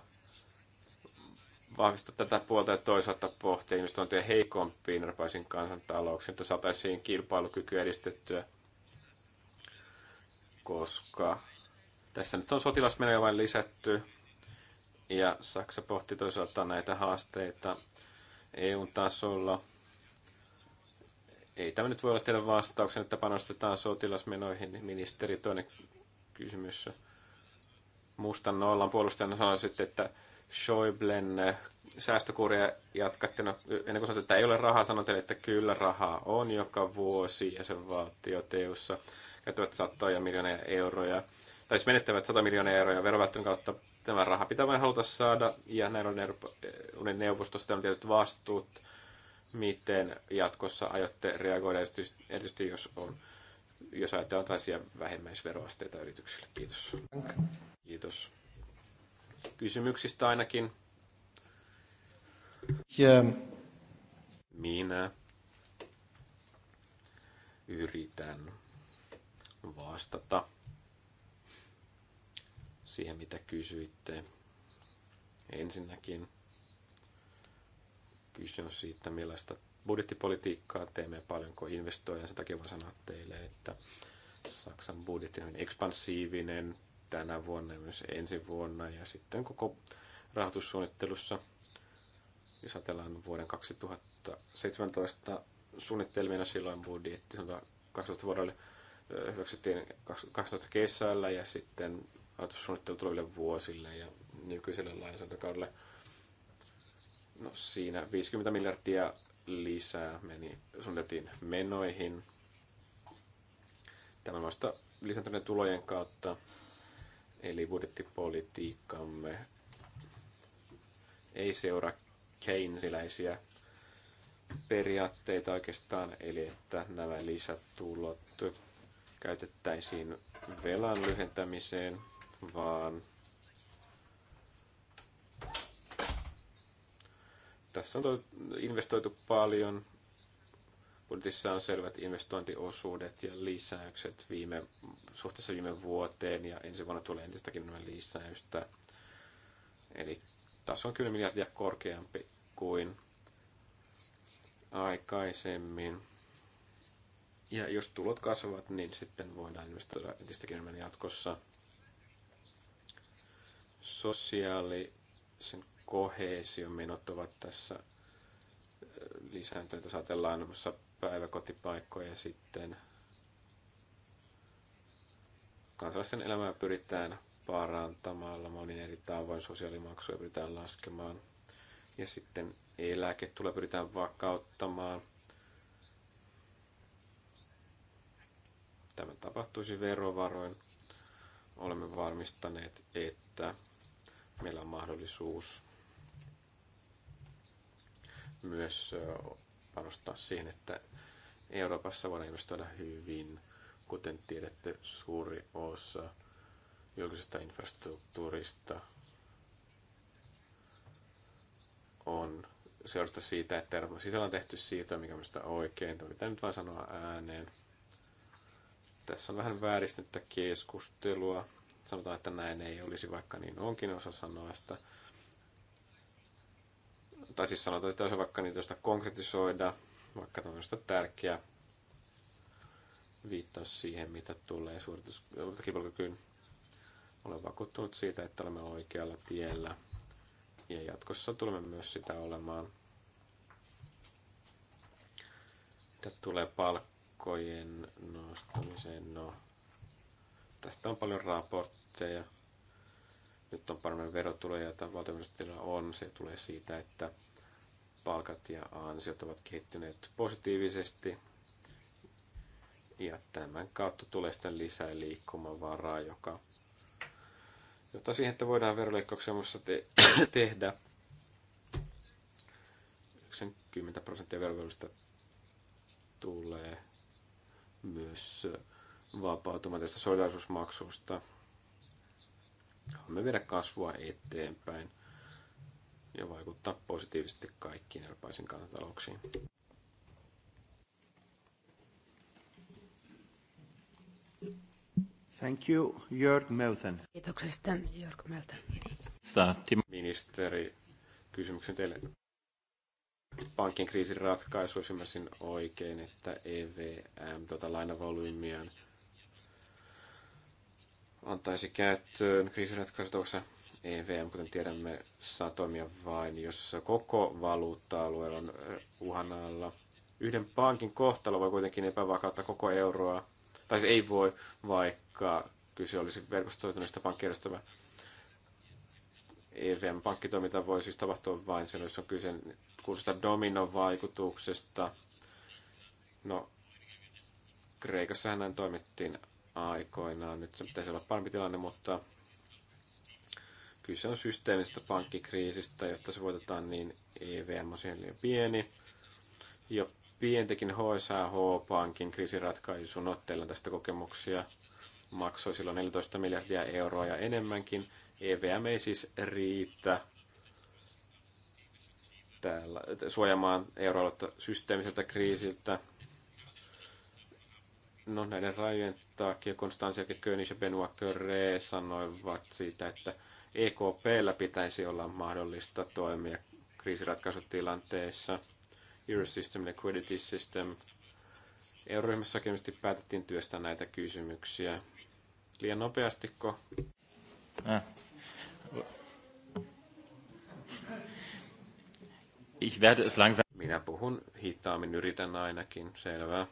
vahvistaa tätä puolta ja toisaalta pohtia investointeja heikompiin rapaisiin kansantalouksiin, että saataisiin kilpailukykyä edistettyä, koska tässä nyt on sotilasmenoja vain lisätty ja Saksa pohti toisaalta näitä haasteita eu tasolla. Ei tämä nyt voi olla teidän vastauksen, että panostetaan sotilasmenoihin, ministeri, toinen kysymys. Mustan nollan puolustajana sanoi sitten, että Schäublen eh, säästökuuria jatkatte, no, ennen kuin sanoit, että ei ole rahaa, sanoit, että kyllä rahaa on joka vuosi jäsenvaltiot EU-ssa käyttävät satoja miljoonia euroja, tai siis menettävät 100 miljoonaa euroja verovälttelyn kautta. Tämä raha pitää vain haluta saada, ja näin on Euroopan eh, neuvostosta on tietyt vastuut, miten jatkossa aiotte reagoida, erityisesti jos on jos ajatellaan tällaisia vähemmäisveroasteita yrityksille. Kiitos. Kiitos kysymyksistä ainakin. Yeah. Minä yritän vastata siihen, mitä kysyitte. Ensinnäkin kyse on siitä, millaista budjettipolitiikkaa teemme paljonko investoidaan. Sen takia voin sanoa teille, että Saksan budjetti on ekspansiivinen, tänä vuonna ja myös ensi vuonna ja sitten koko rahoitussuunnittelussa, jos ajatellaan vuoden 2017 suunnittelmina silloin budjetti, sanotaan 12 vuodelle hyväksyttiin 2000 kesällä ja sitten rahoitussuunnittelu tuleville vuosille ja nykyiselle lainsäädäntökaudelle. No siinä 50 miljardia lisää meni, suunniteltiin menoihin. Tämän vasta lisääntyneiden tulojen kautta Eli budjettipolitiikkamme ei seuraa keinsiläisiä periaatteita oikeastaan, eli että nämä lisätulot käytettäisiin velan lyhentämiseen, vaan tässä on investoitu paljon Budjetissa on selvät investointiosuudet ja lisäykset viime, suhteessa viime vuoteen ja ensi vuonna tulee entistäkin enemmän lisäystä. Eli taso on 10 miljardia korkeampi kuin aikaisemmin. Ja jos tulot kasvavat, niin sitten voidaan investoida entistäkin enemmän jatkossa. Sosiaalisen kohesion menot ovat tässä lisääntyneet, jos ajatellaan päiväkotipaikkoja sitten kansalaisten elämää pyritään parantamalla monin eri tavoin, sosiaalimaksuja pyritään laskemaan ja sitten eläketulo pyritään vakauttamaan. Tämä tapahtuisi verovaroin. Olemme varmistaneet, että meillä on mahdollisuus myös panostaa siihen, että Euroopassa voidaan investoida hyvin. Kuten tiedätte, suuri osa julkisesta infrastruktuurista on seurasta siitä, että Euroopan sisällä on tehty siirto, mikä on oikein. Tämä pitää nyt vain sanoa ääneen. Tässä on vähän vääristynyttä keskustelua. Sanotaan, että näin ei olisi, vaikka niin onkin osa sitä tai siis sanotaan, että jos vaikka niitä josta konkretisoida, vaikka tämmöistä tärkeä viittaus siihen, mitä tulee suoritus, kilpailukykyyn. Olen vakuuttunut siitä, että olemme oikealla tiellä ja jatkossa tulemme myös sitä olemaan. Mitä tulee palkkojen nostamiseen, no tästä on paljon raportteja. Nyt on paremmin verotuloja, joita valtiovarainministeriöllä on. Se tulee siitä, että palkat ja ansiot ovat kehittyneet positiivisesti. Ja tämän kautta tulee sitten lisää liikkumavaraa, joka jotta siihen, että voidaan veroleikkauksia te- tehdä. 90 prosenttia verovelvollista tulee myös vapautumaan tästä solidaarisuusmaksusta. Haluamme viedä kasvua eteenpäin ja vaikuttaa positiivisesti kaikkiin eurooppalaisiin kansantalouksiin. Thank you, Jörg Melten. Kiitoksesta, Jörg Melten. Ministeri, kysymyksen teille. Pankin kriisin ratkaisu, ymmärsin oikein, että EVM tuota lainavolyymiaan antaisi käyttöön kriisiratkaisutoksessa EVM, kuten tiedämme, saa toimia vain, jos koko valuutta-alue on uhan alla. Yhden pankin kohtalo voi kuitenkin epävakauttaa koko euroa, tai se ei voi, vaikka kyse olisi verkostoituneista pankkijärjestelmä. EVM-pankkitoiminta voi siis tapahtua vain sen, jos on kyse kuulostaa dominovaikutuksesta. No, Kreikassahan näin toimittiin aikoinaan. Nyt se pitäisi olla parempi tilanne, mutta Kyse on systeemisestä pankkikriisistä, jotta se voitetaan, niin EVM on siihen liian pieni. Jo pientekin HSH-pankin kriisiratkaisun otteella tästä kokemuksia maksoi silloin 14 miljardia euroa ja enemmänkin. EVM ei siis riitä täällä, suojamaan euroaluetta systeemiseltä kriisiltä. No näiden rajojen takia Konstantia Könis ja Benoit Curé sanoivat siitä, että EKPllä pitäisi olla mahdollista toimia kriisiratkaisutilanteessa. Eurosystem Liquidity System. Euroryhmässäkin päätettiin työstää näitä kysymyksiä. Liian nopeastiko? Äh. Ich werde es langsam. Minä puhun hitaammin, yritän ainakin, selvä.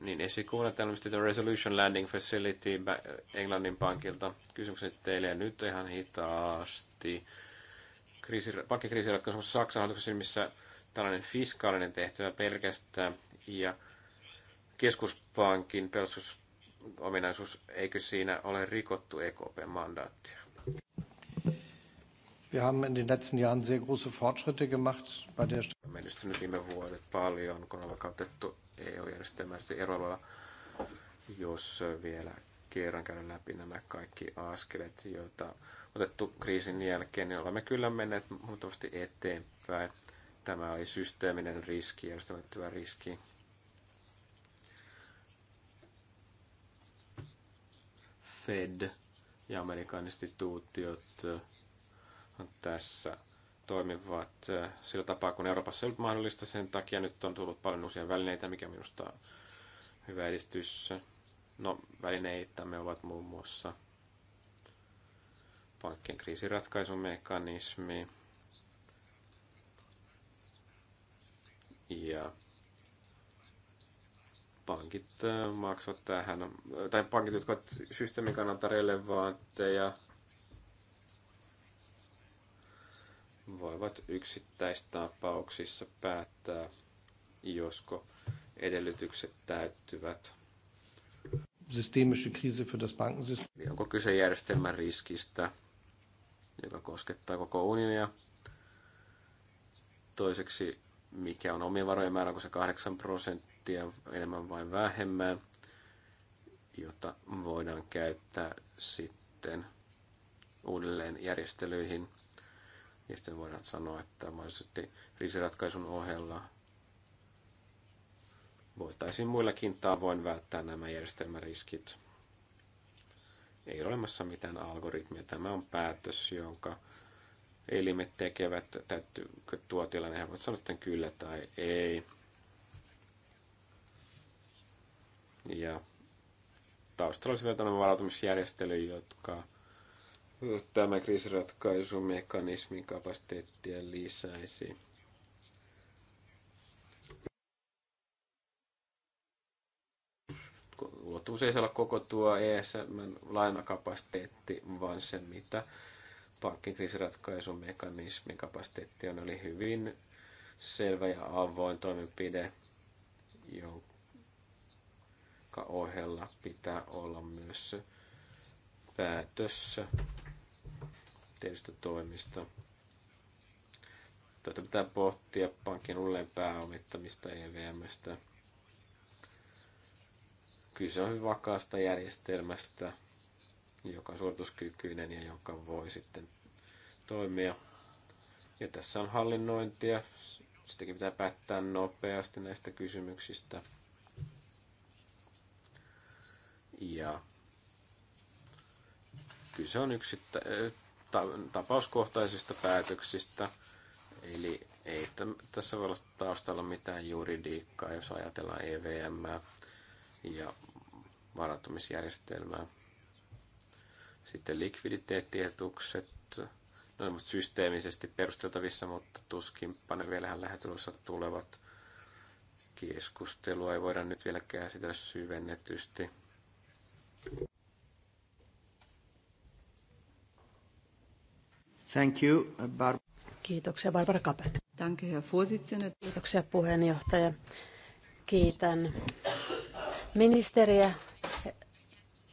Niin, esikuulla tällaista Resolution Landing Facility Englannin pankilta. Kysymykset teille nyt ihan hitaasti. Kriisi, pankkikriisiratkaisu Saksan hallituksen missä tällainen fiskaalinen tehtävä pelkästään ja keskuspankin pelastusominaisuus, eikö siinä ole rikottu EKP-mandaattia? Wir haben in den letzten Jahren sehr große Fortschritte gemacht bei der Menestynyt viime vuodet paljon, kun on vakautettu EU-järjestelmässä erolla, jos vielä kerran käydään läpi nämä kaikki askeleet, joita otettu kriisin jälkeen, niin olemme kyllä menneet huomattavasti eteenpäin. Tämä oli systeeminen riski, järjestelmättyvä riski. Fed ja Amerikan instituutiot on tässä toimivat sillä tapaa, kun Euroopassa ei ollut mahdollista. Sen takia nyt on tullut paljon uusia välineitä, mikä minusta on hyvä edistys. No, välineitämme ovat muun muassa pankkien kriisiratkaisumekanismi ja pankit maksavat tähän, tai pankit, jotka ovat systeemin kannalta relevantteja, voivat yksittäistapauksissa päättää, josko edellytykset täyttyvät. Systeemische Krise für das Bankensystem. Onko kyse järjestelmän riskistä, joka koskettaa koko unionia? Toiseksi, mikä on omien varojen määrä, onko se 8 prosenttia enemmän vai vähemmän, jota voidaan käyttää sitten uudelleen järjestelyihin – ja sitten voidaan sanoa, että mahdollisesti kriisiratkaisun ohella voitaisiin muillakin tavoin välttää nämä järjestelmäriskit. Ei ole olemassa mitään algoritmia. Tämä on päätös, jonka elimet tekevät, täytyykö tuo tilanne, he voivat sanoa sitten kyllä tai ei. Ja taustalla olisi vielä varautumisjärjestely, jotka tämä kriisiratkaisumekanismin kapasiteettia lisäisi. Ulottuvuus ei saa olla koko tuo ESM-lainakapasiteetti, vaan se, mitä pankin kriisiratkaisumekanismin kapasiteetti on, oli hyvin selvä ja avoin toimenpide, jonka ohella pitää olla myös päätössä tietystä toimista. Tätä pitää pohtia pankin uudelleen pääomittamista EVMstä. Kyse on hyvin vakaasta järjestelmästä, joka on suorituskykyinen ja joka voi sitten toimia. Ja tässä on hallinnointia. Sitäkin pitää päättää nopeasti näistä kysymyksistä. Ja Kyse on yksittä, ta, tapauskohtaisista päätöksistä, eli ei tässä voi olla taustalla mitään juridiikkaa, jos ajatellaan EVM ja varautumisjärjestelmää. Sitten likviditeettietukset, ne ovat systeemisesti perusteltavissa, mutta tuskinpa ne vielä lähetulossa tulevat. Keskustelua ei voida nyt vielä käsitellä syvennetysti. Thank you, Kiitoksia, Barbara Kape. Danke, Herr Kiitoksia, puheenjohtaja. Kiitän ministeriä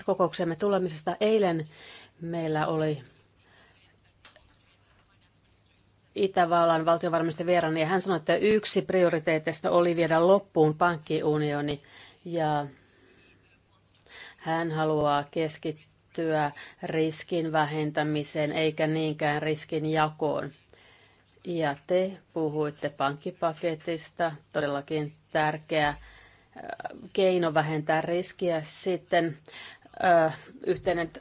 kokouksemme tulemisesta. Eilen meillä oli Itävallan valtiovarainministeri vieraani ja hän sanoi, että yksi prioriteeteista oli viedä loppuun pankkiunioni ja hän haluaa keskittyä keskittyä riskin vähentämiseen eikä niinkään riskin jakoon. Ja te puhuitte pankkipaketista, todellakin tärkeä äh, keino vähentää riskiä. Sitten äh, yhteinen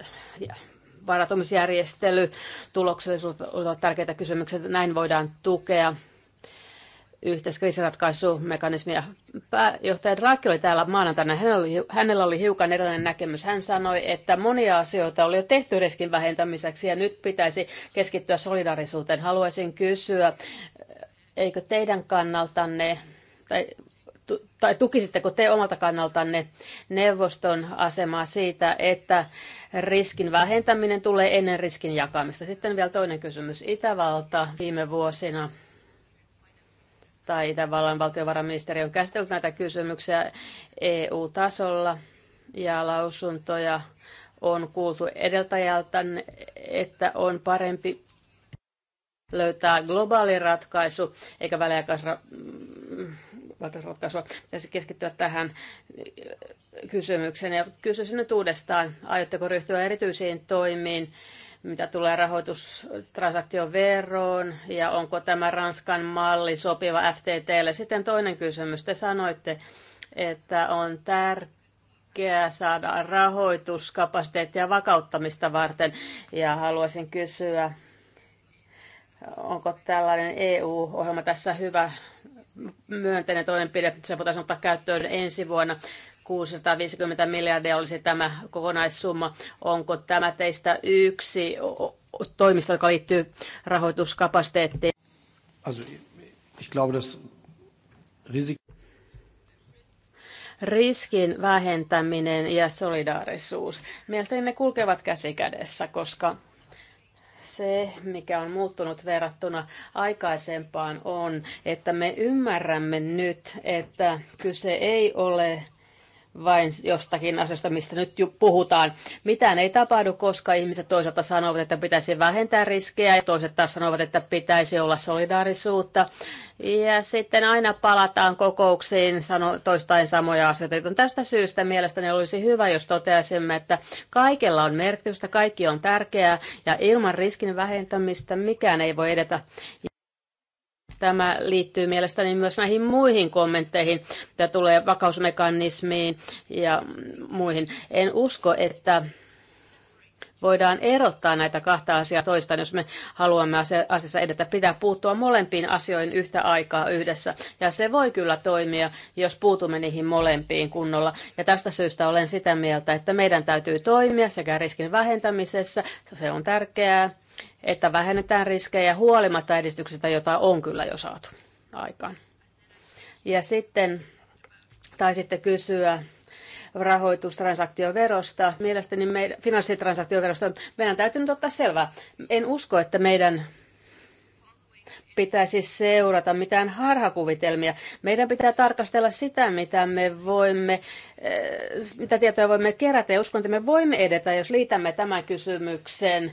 varautumisjärjestely, tuloksellisuus ovat tärkeitä kysymyksiä. Näin voidaan tukea yhteiskriisiratkaisumekanismia. Pääjohtaja Draghi oli täällä maanantaina. Hänellä oli, hänellä oli hiukan erilainen näkemys. Hän sanoi, että monia asioita oli jo tehty riskin vähentämiseksi ja nyt pitäisi keskittyä solidarisuuteen. Haluaisin kysyä, eikö teidän kannaltanne tai tai tukisitteko te omalta kannaltanne neuvoston asemaa siitä, että riskin vähentäminen tulee ennen riskin jakamista? Sitten vielä toinen kysymys. Itävalta viime vuosina tai tavallaan valtiovarainministeri on käsitellyt näitä kysymyksiä EU-tasolla ja lausuntoja on kuultu edeltäjältä, että on parempi löytää globaali ratkaisu, eikä väliaikaisratkaisua. Mm, Pitäisi keskittyä tähän kysymykseen. Ja kysyisin nyt uudestaan, aiotteko ryhtyä erityisiin toimiin mitä tulee veroon ja onko tämä Ranskan malli sopiva FTTlle. Sitten toinen kysymys. Te sanoitte, että on tärkeää saada rahoituskapasiteettia vakauttamista varten ja haluaisin kysyä, onko tällainen EU-ohjelma tässä hyvä myönteinen toimenpide, että se voitaisiin ottaa käyttöön ensi vuonna. 650 miljardia olisi tämä kokonaissumma. Onko tämä teistä yksi toimista, joka liittyy rahoituskapasiteettiin? Also, ich glaube, das Risik riskin vähentäminen ja solidaarisuus. Mielestäni ne kulkevat käsi kädessä, koska se, mikä on muuttunut verrattuna aikaisempaan, on, että me ymmärrämme nyt, että kyse ei ole vain jostakin asiasta, mistä nyt puhutaan. Mitään ei tapahdu, koska ihmiset toisaalta sanovat, että pitäisi vähentää riskejä ja toiset taas sanovat, että pitäisi olla solidaarisuutta. Ja sitten aina palataan kokouksiin sano, toistain samoja asioita. Joten tästä syystä mielestäni olisi hyvä, jos toteaisimme, että kaikella on merkitystä, kaikki on tärkeää ja ilman riskin vähentämistä mikään ei voi edetä. Tämä liittyy mielestäni myös näihin muihin kommentteihin, mitä tulee vakausmekanismiin ja muihin. En usko, että voidaan erottaa näitä kahta asiaa toistaan, jos me haluamme asiassa edetä. Pitää puuttua molempiin asioihin yhtä aikaa yhdessä. Ja se voi kyllä toimia, jos puutumme niihin molempiin kunnolla. Ja tästä syystä olen sitä mieltä, että meidän täytyy toimia sekä riskin vähentämisessä, se on tärkeää, että vähennetään riskejä huolimatta edistyksestä, jota on kyllä jo saatu aikaan. Ja sitten taisitte kysyä rahoitustransaktioverosta. Mielestäni meidän, finanssitransaktioverosta meidän täytyy nyt ottaa selvää. En usko, että meidän pitäisi seurata mitään harhakuvitelmia. Meidän pitää tarkastella sitä, mitä me voimme, eh, mitä tietoja voimme kerätä ja uskon, että me voimme edetä, jos liitämme tämän kysymyksen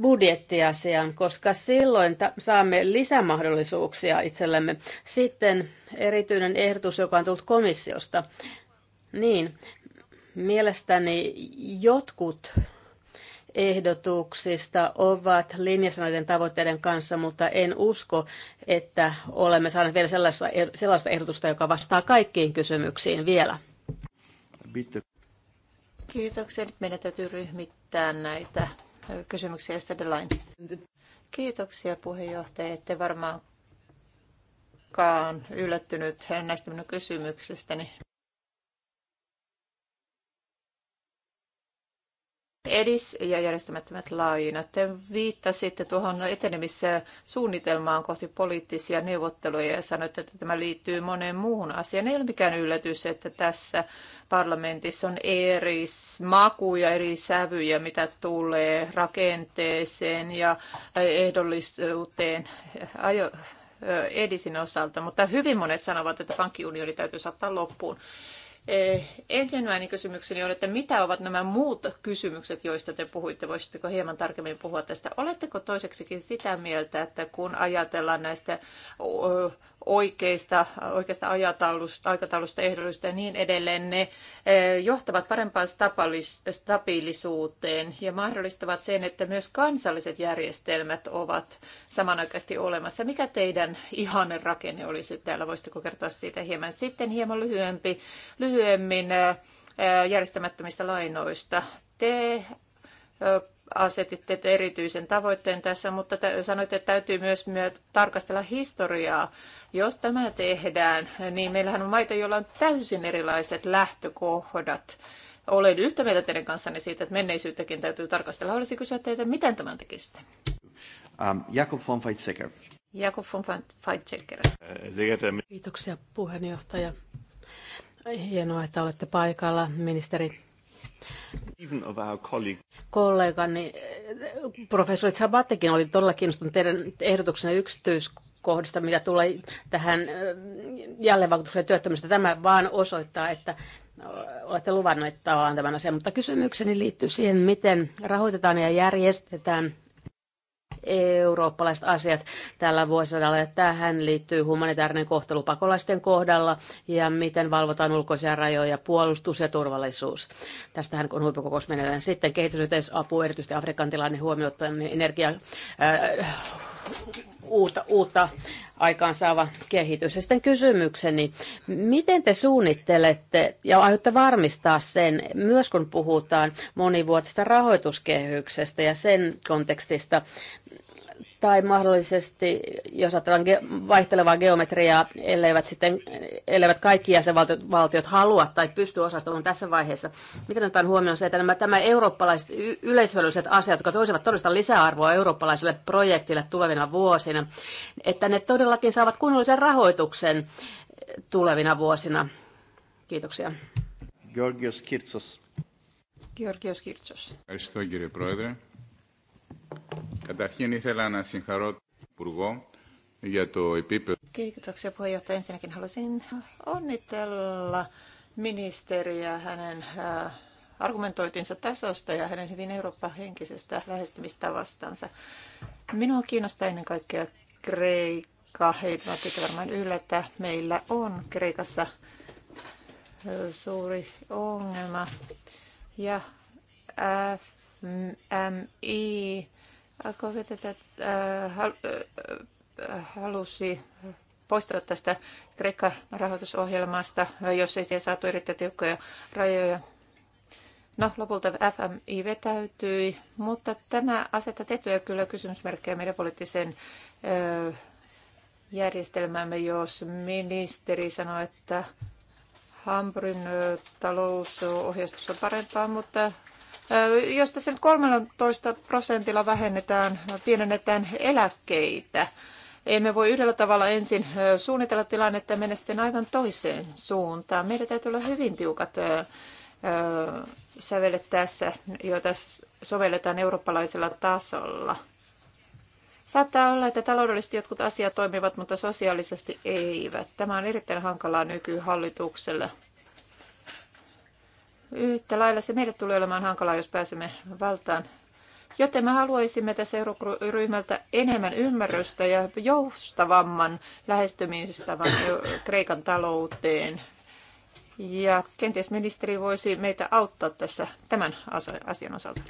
budjettiasian, koska silloin saamme lisämahdollisuuksia itsellemme. Sitten erityinen ehdotus, joka on tullut komissiosta. Niin, mielestäni jotkut ehdotuksista ovat linjassa näiden tavoitteiden kanssa, mutta en usko, että olemme saaneet vielä sellaista, eh-, sellaista ehdotusta, joka vastaa kaikkiin kysymyksiin vielä. Kiitoksia. Nyt meidän täytyy ryhmittää näitä kysymyksiä Estadelain. Kiitoksia puheenjohtaja. Ette varmaankaan yllättynyt näistä minun kysymyksestäni. Niin EDIS ja järjestämättömät lainat. Te viittasitte tuohon suunnitelmaan kohti poliittisia neuvotteluja ja sanoitte, että tämä liittyy moneen muuhun asiaan. Ei ole mikään yllätys, että tässä parlamentissa on eri makuja, eri sävyjä, mitä tulee rakenteeseen ja ehdollisuuteen ajo, Edisin osalta, mutta hyvin monet sanovat, että pankkiunioni täytyy saattaa loppuun. Eh, ensimmäinen kysymykseni on, että mitä ovat nämä muut kysymykset, joista te puhuitte? Voisitteko hieman tarkemmin puhua tästä? Oletteko toiseksikin sitä mieltä, että kun ajatellaan näistä oikeista, oikeasta ajataulusta, aikataulusta, ehdollista ja niin edelleen, ne johtavat parempaan stabiilisuuteen ja mahdollistavat sen, että myös kansalliset järjestelmät ovat samanaikaisesti olemassa. Mikä teidän ihanen rakenne olisi täällä? Voisitteko kertoa siitä hieman sitten hieman lyhyempi, lyhyempi lyhyemmin järjestämättömistä lainoista. Te asetitte erityisen tavoitteen tässä, mutta sanoitte, että täytyy myös, tarkastella historiaa. Jos tämä tehdään, niin meillähän on maita, joilla on täysin erilaiset lähtökohdat. Olen yhtä mieltä teidän kanssanne siitä, että menneisyyttäkin täytyy tarkastella. Haluaisin kysyä teitä, miten tämän tekisitte? Um, Jakob von Weizsäcker. Jakob von Weizsäcker. Kiitoksia puheenjohtaja. Hienoa, että olette paikalla, ministeri. Kollegani eh, professori Sabattekin oli todella kiinnostunut teidän ehdotuksenne yksityiskohdista, mitä tulee tähän eh, jälleenvakuutuksen ja työttömyystä. Tämä vaan osoittaa, että eh, olette luvanneet tavallaan tämän asian, mutta kysymykseni liittyy siihen, miten rahoitetaan ja järjestetään eurooppalaiset asiat tällä vuosisadalla. Ja tähän liittyy humanitaarinen kohtelu pakolaisten kohdalla ja miten valvotaan ulkoisia rajoja, puolustus ja turvallisuus. Tästähän on huippukokous menetään Sitten kehitysyhteisapu, erityisesti Afrikan tilanne huomioon niin energia, äh, uutta, uutta aikaansaava kehitys. Ja sitten kysymykseni, miten te suunnittelette ja aiotte varmistaa sen, myös kun puhutaan monivuotisesta rahoituskehyksestä ja sen kontekstista, tai mahdollisesti, jos ajatellaan ge- vaihtelevaa geometriaa, elleivät, sitten, elleivät kaikki jäsenvaltiot valtiot halua tai pysty osastamaan tässä vaiheessa. Miten otetaan huomioon se, että nämä tämä eurooppalaiset y- asiat, jotka toisivat todellista lisäarvoa eurooppalaiselle projektille tulevina vuosina, että ne todellakin saavat kunnollisen rahoituksen tulevina vuosina. Kiitoksia. Georgios Kirtsos. Georgios Kirtsos. Ευχαριστώ Καταρχήν ήθελα να συγχαρώ τον Υπουργό για το επίπεδο. Kiitoksia puheenjohtaja. Ensinnäkin haluaisin onnitella ministeriä hänen argumentoitinsa tasosta ja hänen hyvin henkisestä lähestymistavastansa. Minua kiinnostaa ennen kaikkea Kreikka. Heitä varmaan yllätä. Meillä on Kreikassa suuri ongelma. Ja F MI alkoi tätä, äh, äh, halusi poistua tästä Kreikan rahoitusohjelmasta, jos ei siihen saatu erittäin tiukkoja rajoja. No, lopulta FMI vetäytyi, mutta tämä asettaa tehtyjä kyllä kysymysmerkkejä meidän poliittiseen äh, järjestelmäämme, jos ministeri sanoi, että Hampurin talousohjeistus on parempaa, mutta jos tässä nyt 13 prosentilla vähennetään, no, pienennetään eläkkeitä, emme voi yhdellä tavalla ensin suunnitella tilannetta ja mennä sitten aivan toiseen suuntaan. Meidän täytyy olla hyvin tiukat sävelet tässä, joita sovelletaan eurooppalaisella tasolla. Saattaa olla, että taloudellisesti jotkut asiat toimivat, mutta sosiaalisesti eivät. Tämä on erittäin hankalaa nykyhallitukselle. Yhtä lailla se meille tulee olemaan hankalaa, jos pääsemme valtaan. Joten me haluaisimme tässä euroryhmältä enemmän ymmärrystä ja joustavamman lähestymisestä Kreikan talouteen. Ja kenties ministeri voisi meitä auttaa tässä tämän asian osalta.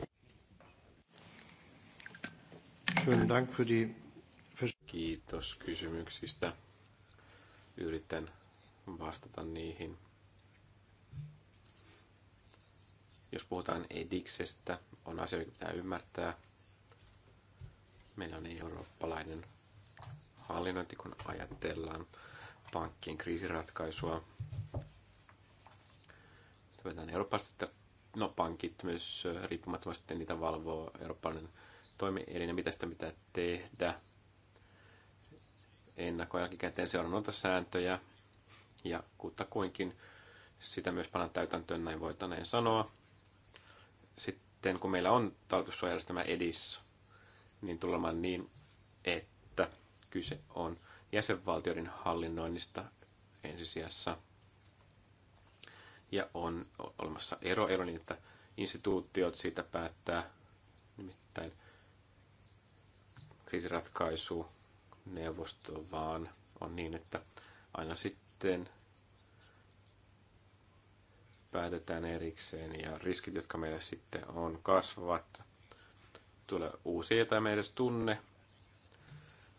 Kiitos kysymyksistä. Yritän vastata niihin. Jos puhutaan ediksestä, on asia, joka pitää ymmärtää. Meillä on eurooppalainen hallinnointi, kun ajatellaan pankkien kriisiratkaisua. Sitten vedetään eurooppalaisesti, että no, pankit myös riippumattomasti niitä valvoo eurooppalainen toimielin mitä sitä pitää tehdä. Ennakko jälkikäteen seurannolta sääntöjä ja kutakuinkin sitä myös panna täytäntöön, näin voitaneen sanoa sitten kun meillä on talletussuojajärjestelmä EDIS, niin tulemaan niin, että kyse on jäsenvaltioiden hallinnoinnista ensisijassa. Ja on olemassa ero, ero niin, että instituutiot siitä päättää nimittäin kriisiratkaisu neuvosto, vaan on niin, että aina sitten päätetään erikseen ja riskit, jotka meillä sitten on, kasvavat. Tulee uusia, joita me edes tunne.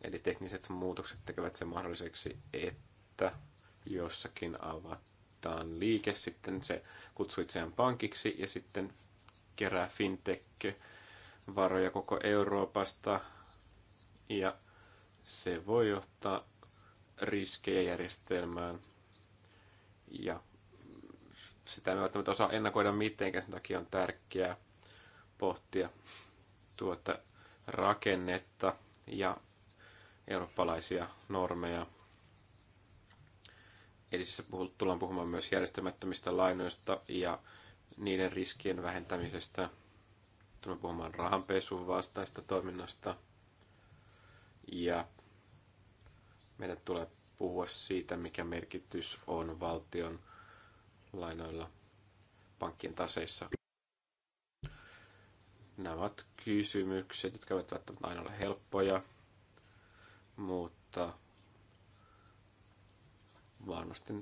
Eli tekniset muutokset tekevät sen mahdolliseksi, että jossakin avataan liike, sitten se kutsuu itseään pankiksi ja sitten kerää fintech varoja koko Euroopasta ja se voi johtaa riskejä järjestelmään ja sitä ei välttämättä osaa ennakoida mitenkään, sen takia on tärkeää pohtia tuota rakennetta ja eurooppalaisia normeja. Edessä tullaan puhumaan myös järjestämättömistä lainoista ja niiden riskien vähentämisestä. Tullaan puhumaan rahanpesun vastaista toiminnasta. Ja meidän tulee puhua siitä, mikä merkitys on valtion lainoilla pankkien taseissa. Nämä ovat kysymykset, jotka eivät välttämättä aina ole helppoja, mutta varmasti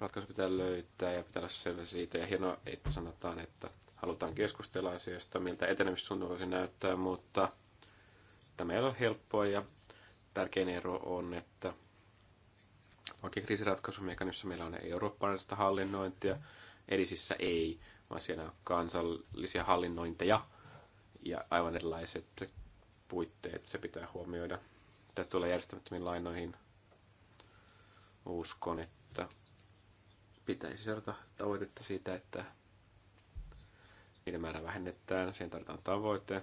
ratkaisu pitää löytää ja pitää olla selvä siitä. Ja hienoa, että sanotaan, että halutaan keskustella asioista, miltä etenemissuunta voisi näyttää, mutta tämä ei ole helppoa ja tärkein ero on, että Oikein kriisiratkaisumekanismissa meillä on eurooppalaista hallinnointia, edisissä ei, vaan siellä on kansallisia hallinnointeja ja aivan erilaiset puitteet, se pitää huomioida. Tämä tulee järjestämättömiin lainoihin. Uskon, että pitäisi seurata tavoitetta siitä, että niiden määrä vähennetään, siihen tarvitaan tavoite,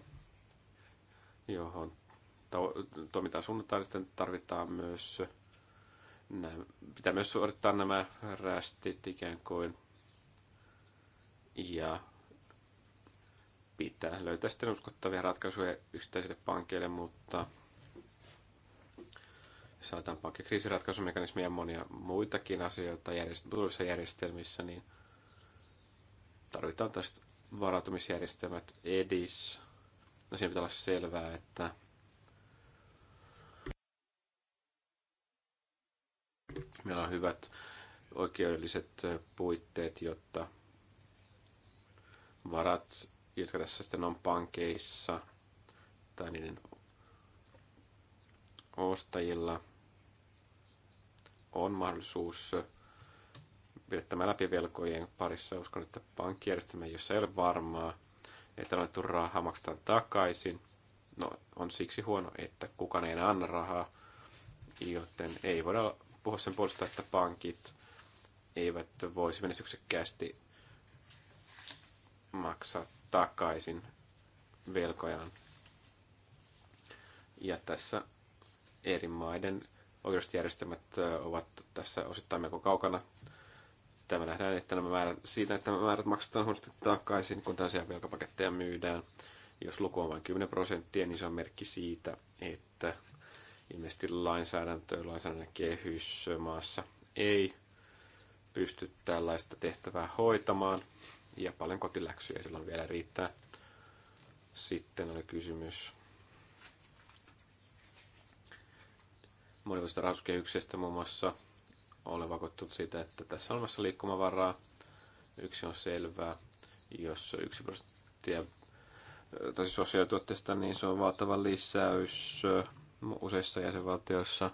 johon to- toimintaa suunnataan, sitten tarvitaan myös Nämä, pitää myös suorittaa nämä rästit ikään kuin. Ja pitää löytää sitten uskottavia ratkaisuja yksittäisille pankeille, mutta saatan pankkikriisiratkaisumekanismia ja monia muitakin asioita järjest- tulevissa järjestelmissä, niin tarvitaan tästä varautumisjärjestelmät EDIS. No siinä pitää olla selvää, että Meillä on hyvät oikeudelliset puitteet, jotta varat, jotka tässä sitten on pankeissa tai niiden ostajilla, on mahdollisuus pidettämään läpi velkojen parissa. Uskon, että pankkijärjestelmä, jossa ei ole varmaa, että annettu rahaa maksetaan takaisin, no on siksi huono, että kukaan ei enää anna rahaa, joten ei voida puhua sen puolesta, että pankit eivät voisi menestyksekkäästi maksaa takaisin velkojaan. Ja tässä eri maiden oikeusjärjestelmät ovat tässä osittain melko kaukana. Tämä nähdään, että nämä määrät, siitä, että nämä määrät maksetaan huonosti takaisin, kun tällaisia velkapaketteja myydään. Jos luku on vain 10 prosenttia, niin se on merkki siitä, että Ilmeisesti lainsäädäntö, lainsäädännön kehys maassa ei pysty tällaista tehtävää hoitamaan. Ja paljon kotiläksyjä silloin vielä riittää. Sitten oli kysymys monivuotisesta rahoituskehyksestä muun muassa. Olen vakuuttunut siitä, että tässä on olemassa liikkumavaraa. Yksi on selvää. Jos yksi prosenttia tai sosiaalituotteista, siis niin se on valtava lisäys useissa jäsenvaltioissa.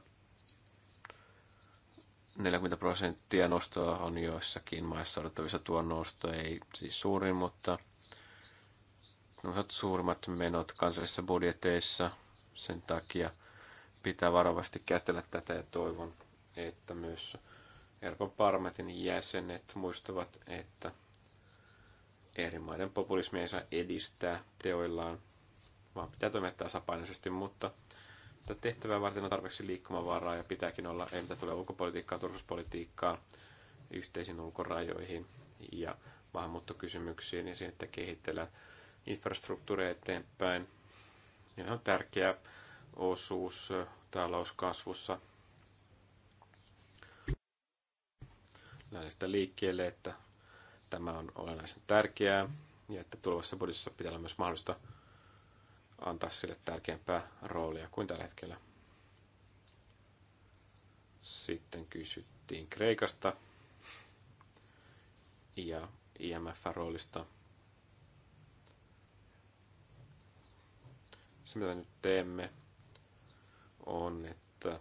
40 prosenttia nostoa on joissakin maissa odottavissa. Tuo nosto ei siis suurin, mutta ovat suurimmat menot kansallisissa budjeteissa. Sen takia pitää varovasti käsitellä tätä ja toivon, että myös Euroopan parlamentin jäsenet muistavat, että eri maiden populismia ei saa edistää teoillaan, vaan pitää toimia tasapainoisesti, mutta Tätä tehtävää varten on tarpeeksi liikkumavaraa ja pitääkin olla, ei mitä tulee ulkopolitiikkaan, turvallisuuspolitiikkaan, yhteisiin ulkorajoihin ja maahanmuuttokysymyksiin ja siihen, että kehitellään infrastruktuuria eteenpäin. Ja on tärkeä osuus talouskasvussa. Lännestä liikkeelle, että tämä on olennaisen tärkeää ja että tulevassa budjetissa pitää olla myös mahdollista antaa sille tärkeämpää roolia kuin tällä hetkellä. Sitten kysyttiin Kreikasta ja IMF-roolista. Se mitä nyt teemme on, että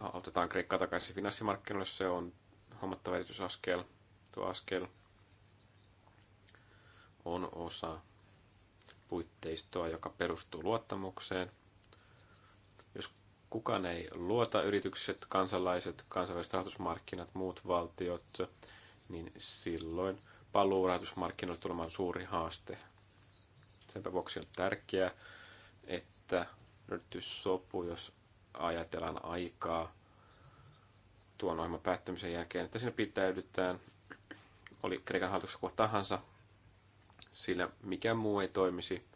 otetaan Kreikka takaisin finanssimarkkinoille. Se on hommattava erityisaskel. Tuo askel on osa puitteistoa, joka perustuu luottamukseen. Jos kukaan ei luota, yritykset, kansalaiset, kansainväliset rahoitusmarkkinat, muut valtiot, niin silloin paluu rahoitusmarkkinoille tulemaan suuri haaste. Sen vuoksi on tärkeää, että löytyy sopu, jos ajatellaan aikaa tuon ohjelman päättymisen jälkeen, että siinä pitäydytään, oli Kreikan hallituksessa kuka tahansa, sillä mikä muu ei toimisi.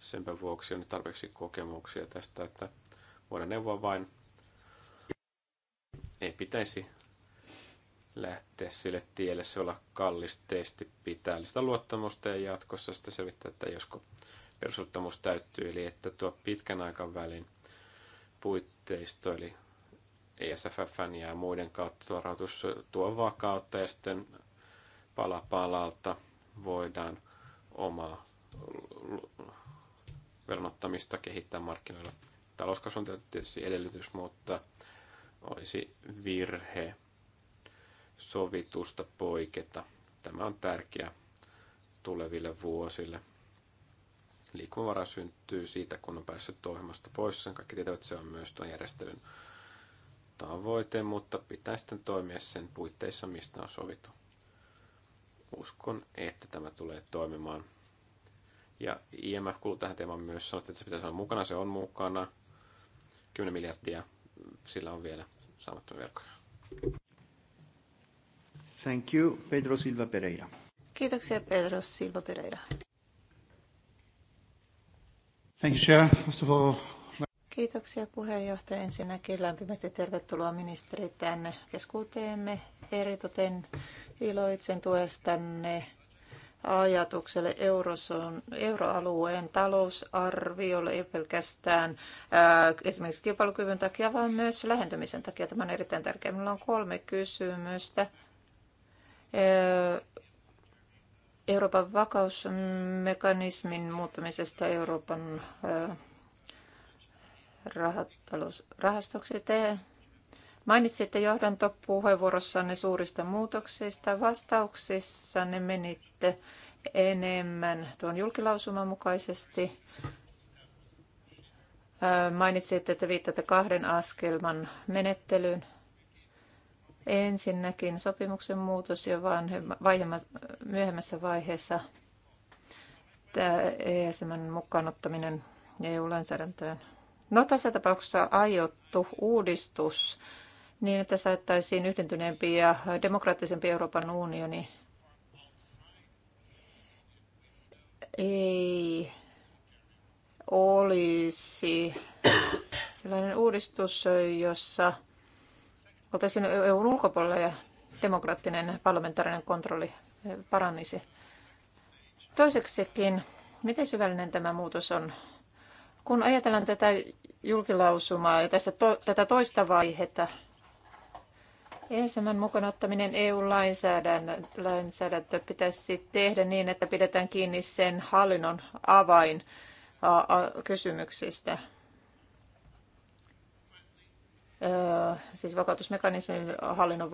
Senpä vuoksi on tarpeeksi kokemuksia tästä, että voidaan neuvoa vain. Ei pitäisi lähteä sille tielle, se olla kallis testi, pitää sitä luottamusta ja jatkossa sitten selvittää, että josko perusluottamus täyttyy, eli että tuo pitkän aikavälin puitteisto, eli ESFFn ja muiden kautta tuo rahoitus tuo vakautta ja sitten pala palalta voidaan omaa veronottamista kehittää markkinoilla. Talouskasvu on tietysti edellytys, mutta olisi virhe sovitusta poiketa. Tämä on tärkeä tuleville vuosille. Liikkumavara syntyy siitä, kun on päässyt ohjelmasta pois. Sen kaikki tietävät, että se on myös tuon järjestelyn tavoite, mutta pitää sitten toimia sen puitteissa, mistä on sovittu. Uskon, että tämä tulee toimimaan. Ja IMF kuuluu tähän teemaan myös, sanottiin, että se pitäisi olla mukana, se on mukana. 10 miljardia, sillä on vielä saamattomia verkkoja. Thank you, Pedro Silva Pereira. Kiitoksia, Pedro Silva Pereira. Thank you, Chair. First of all, Kiitoksia puheenjohtaja. Ensinnäkin lämpimästi tervetuloa ministeri tänne keskuuteemme. Eritoten Iloitsen tuestanne ajatukselle eurozon, euroalueen talousarviolle, ei pelkästään ää, äh, esimerkiksi kilpailukyvyn takia, vaan myös lähentymisen takia. Tämä on erittäin tärkeä. Minulla on kolme kysymystä. Äh, Euroopan vakausmekanismin muuttamisesta Euroopan ää, äh, rahastoksi. Te Mainitsitte johdantopuheenvuorossanne suurista muutoksista. Vastauksissanne menitte enemmän tuon julkilausuman mukaisesti. Mainitsitte, että viittaatte kahden askelman menettelyyn. Ensinnäkin sopimuksen muutos ja myöhemmässä vaiheessa tämä ESMn mukaanottaminen EU-lainsäädäntöön. No tässä tapauksessa aiottu uudistus niin, että saattaisiin yhdentyneempi ja demokraattisempi Euroopan unioni. Ei olisi sellainen uudistus, jossa oltaisiin EUn ulkopuolella ja demokraattinen parlamentaarinen kontrolli parannisi. Toiseksikin, miten syvällinen tämä muutos on? Kun ajatellaan tätä julkilausumaa ja tässä to, tätä toista vaihetta, ESMn mukaan ottaminen EU-lainsäädäntö pitäisi tehdä niin, että pidetään kiinni sen hallinnon avain kysymyksistä. Siis vakautusmekanismin hallinnon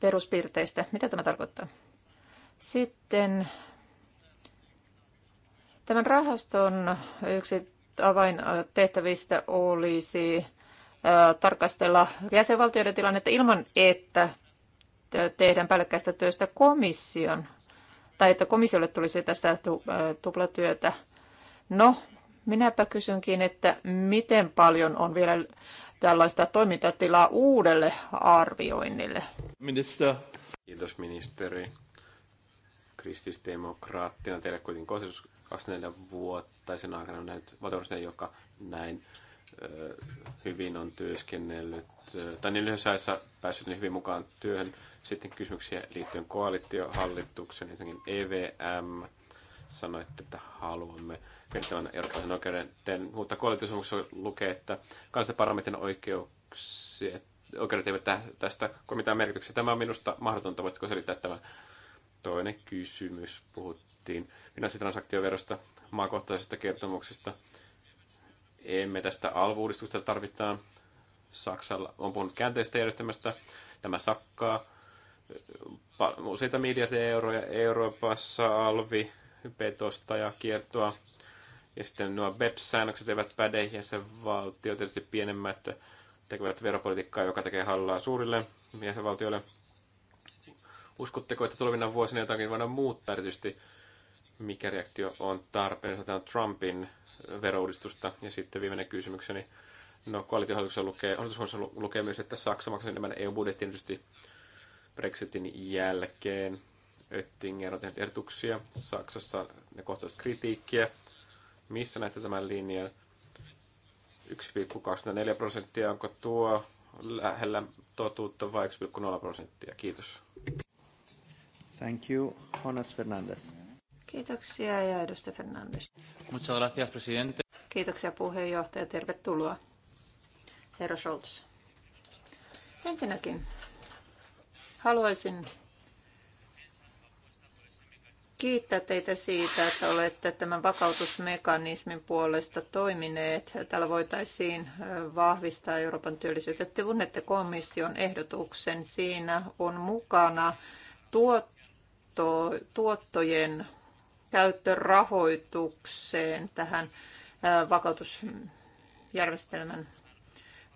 peruspiirteistä. Mitä tämä tarkoittaa? Sitten tämän rahaston yksi avaintehtävistä olisi tarkastella jäsenvaltioiden tilannetta ilman, että tehdään päällekkäistä työstä komission, tai että komissiolle tulisi tässä tuplatyötä. No, minäpä kysynkin, että miten paljon on vielä tällaista toimintatilaa uudelle arvioinnille? Minister. Kiitos ministeri. Kristisdemokraattina teille kuitenkin 24 vuotta, tai sen aikana on näin joka näin hyvin on työskennellyt, tai niin lyhyessä ajassa päässyt niin hyvin mukaan työhön. Sitten kysymyksiä liittyen koalitiohallituksen, ensinnäkin EVM sanoi, että haluamme kertovan eurooppalaisen oikeuden. Tein, mutta koalitiosomuksessa lukee, että kansallisten parlamentin oikeuksia, oikeudet eivät tästä komitaan merkityksiä. Tämä on minusta mahdotonta. Voitko selittää tämä Toinen kysymys. Puhuttiin finanssitransaktioverosta, maakohtaisesta kertomuksesta emme tästä alvuudistusta tarvitaan. Saksalla on puhunut käänteistä järjestelmästä. Tämä sakkaa useita miljardia euroja Euroopassa alvi, petosta ja kiertoa. Ja sitten nuo BEPS-säännökset eivät päde ja se valtio tietysti pienemmät tekevät veropolitiikkaa, joka tekee hallaa suurille jäsenvaltioille. Uskotteko, että tulevina vuosina jotakin voidaan muuttaa erityisesti, mikä reaktio on tarpeen, jos Trumpin verouudistusta. Ja sitten viimeinen kysymykseni. No, koalitiohallituksessa lukee, hallitusohjelmassa lukee myös, että Saksa maksaa enemmän eu budjettia tietysti Brexitin jälkeen. Oettinger on tehnyt ehdotuksia. Saksassa ne kohtavat kritiikkiä. Missä näette tämän linjan? 1,24 prosenttia, onko tuo lähellä totuutta vai 1,0 prosenttia? Kiitos. Thank you, Jonas Fernandez. Kiitoksia ja edustaja Fernandes. Muchas gracias, presidente. Kiitoksia puheenjohtaja. Tervetuloa. Herra Scholz. Ensinnäkin haluaisin kiittää teitä siitä, että olette tämän vakautusmekanismin puolesta toimineet. Tällä voitaisiin vahvistaa Euroopan työllisyyttä. Te tunnette komission ehdotuksen. Siinä on mukana tuotto, tuottojen käyttörahoitukseen tähän vakautusjärjestelmän.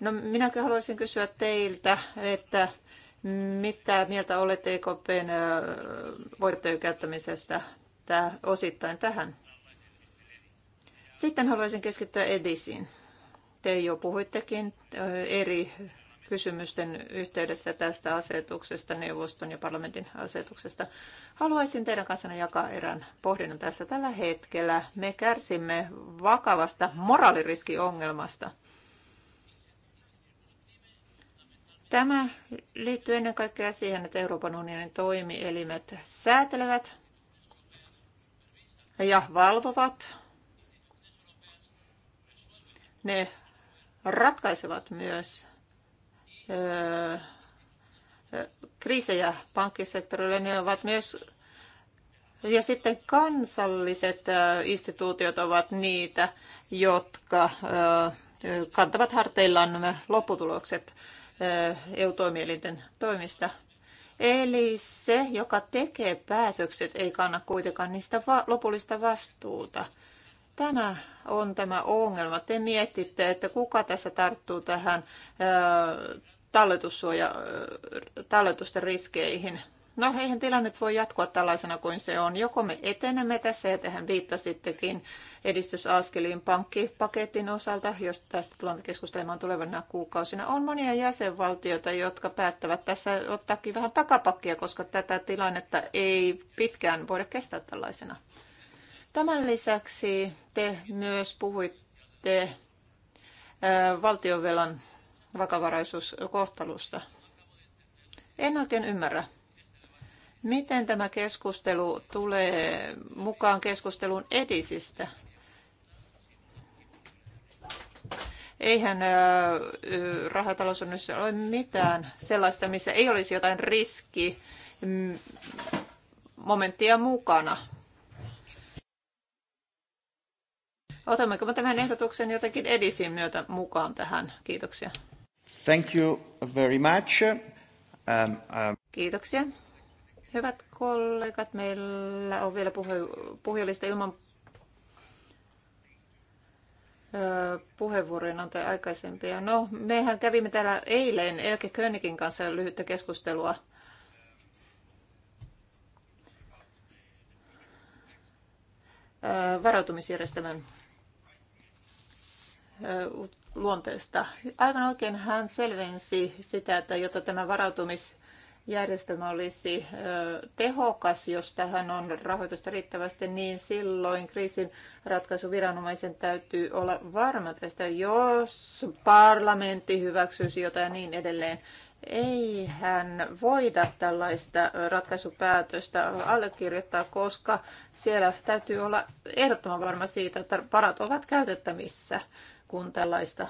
No minäkin haluaisin kysyä teiltä, että mitä mieltä olette EKPn voittojen käyttämisestä osittain tähän? Sitten haluaisin keskittyä Edisiin. Te jo puhuittekin eri kysymysten yhteydessä tästä asetuksesta, neuvoston ja parlamentin asetuksesta. Haluaisin teidän kanssanne jakaa erään pohdinnan tässä. Tällä hetkellä me kärsimme vakavasta moraaliriskiongelmasta. Tämä liittyy ennen kaikkea siihen, että Euroopan unionin toimielimet säätelevät ja valvovat. Ne ratkaisevat myös kriisejä pankkisektorille, niin ovat myös ja sitten kansalliset instituutiot ovat niitä, jotka kantavat harteillaan nämä lopputulokset EU-toimielinten toimista. Eli se, joka tekee päätökset, ei kanna kuitenkaan niistä va- lopullista vastuuta. Tämä on tämä ongelma. Te mietitte, että kuka tässä tarttuu tähän talletussuoja, talletusten riskeihin. No, eihän tilanne voi jatkua tällaisena kuin se on. Joko me etenemme tässä, ja tähän viittasittekin edistysaskeliin pankkipaketin osalta, jos tästä tullaan keskustelemaan tulevana kuukausina. On monia jäsenvaltioita, jotka päättävät tässä ottaakin vähän takapakkia, koska tätä tilannetta ei pitkään voida kestää tällaisena. Tämän lisäksi te myös puhuitte valtionvelan vakavaraisuuskohtelusta. En oikein ymmärrä, miten tämä keskustelu tulee mukaan keskustelun edisistä. Eihän rahatalousonnisessa ole mitään sellaista, missä ei olisi jotain riski mm, momenttia mukana. Otammeko tämän ehdotuksen jotenkin edisin myötä mukaan tähän? Kiitoksia. Thank you very much. Um, um. Kiitoksia. Hyvät kollegat, meillä on vielä puhe- puhujalista ilman puheenvuorojen antoja aikaisempia. No, mehän kävimme täällä eilen Elke Könikin kanssa lyhyttä keskustelua. varautumisjärjestelmän luonteesta. Aivan oikein hän selvensi sitä, että jotta tämä varautumisjärjestelmä olisi tehokas, jos tähän on rahoitusta riittävästi, niin silloin kriisin ratkaisuviranomaisen täytyy olla varma tästä, jos parlamentti hyväksyisi jotain ja niin edelleen. Ei hän voida tällaista ratkaisupäätöstä allekirjoittaa, koska siellä täytyy olla ehdottoman varma siitä, että parat ovat käytettävissä kun tällaista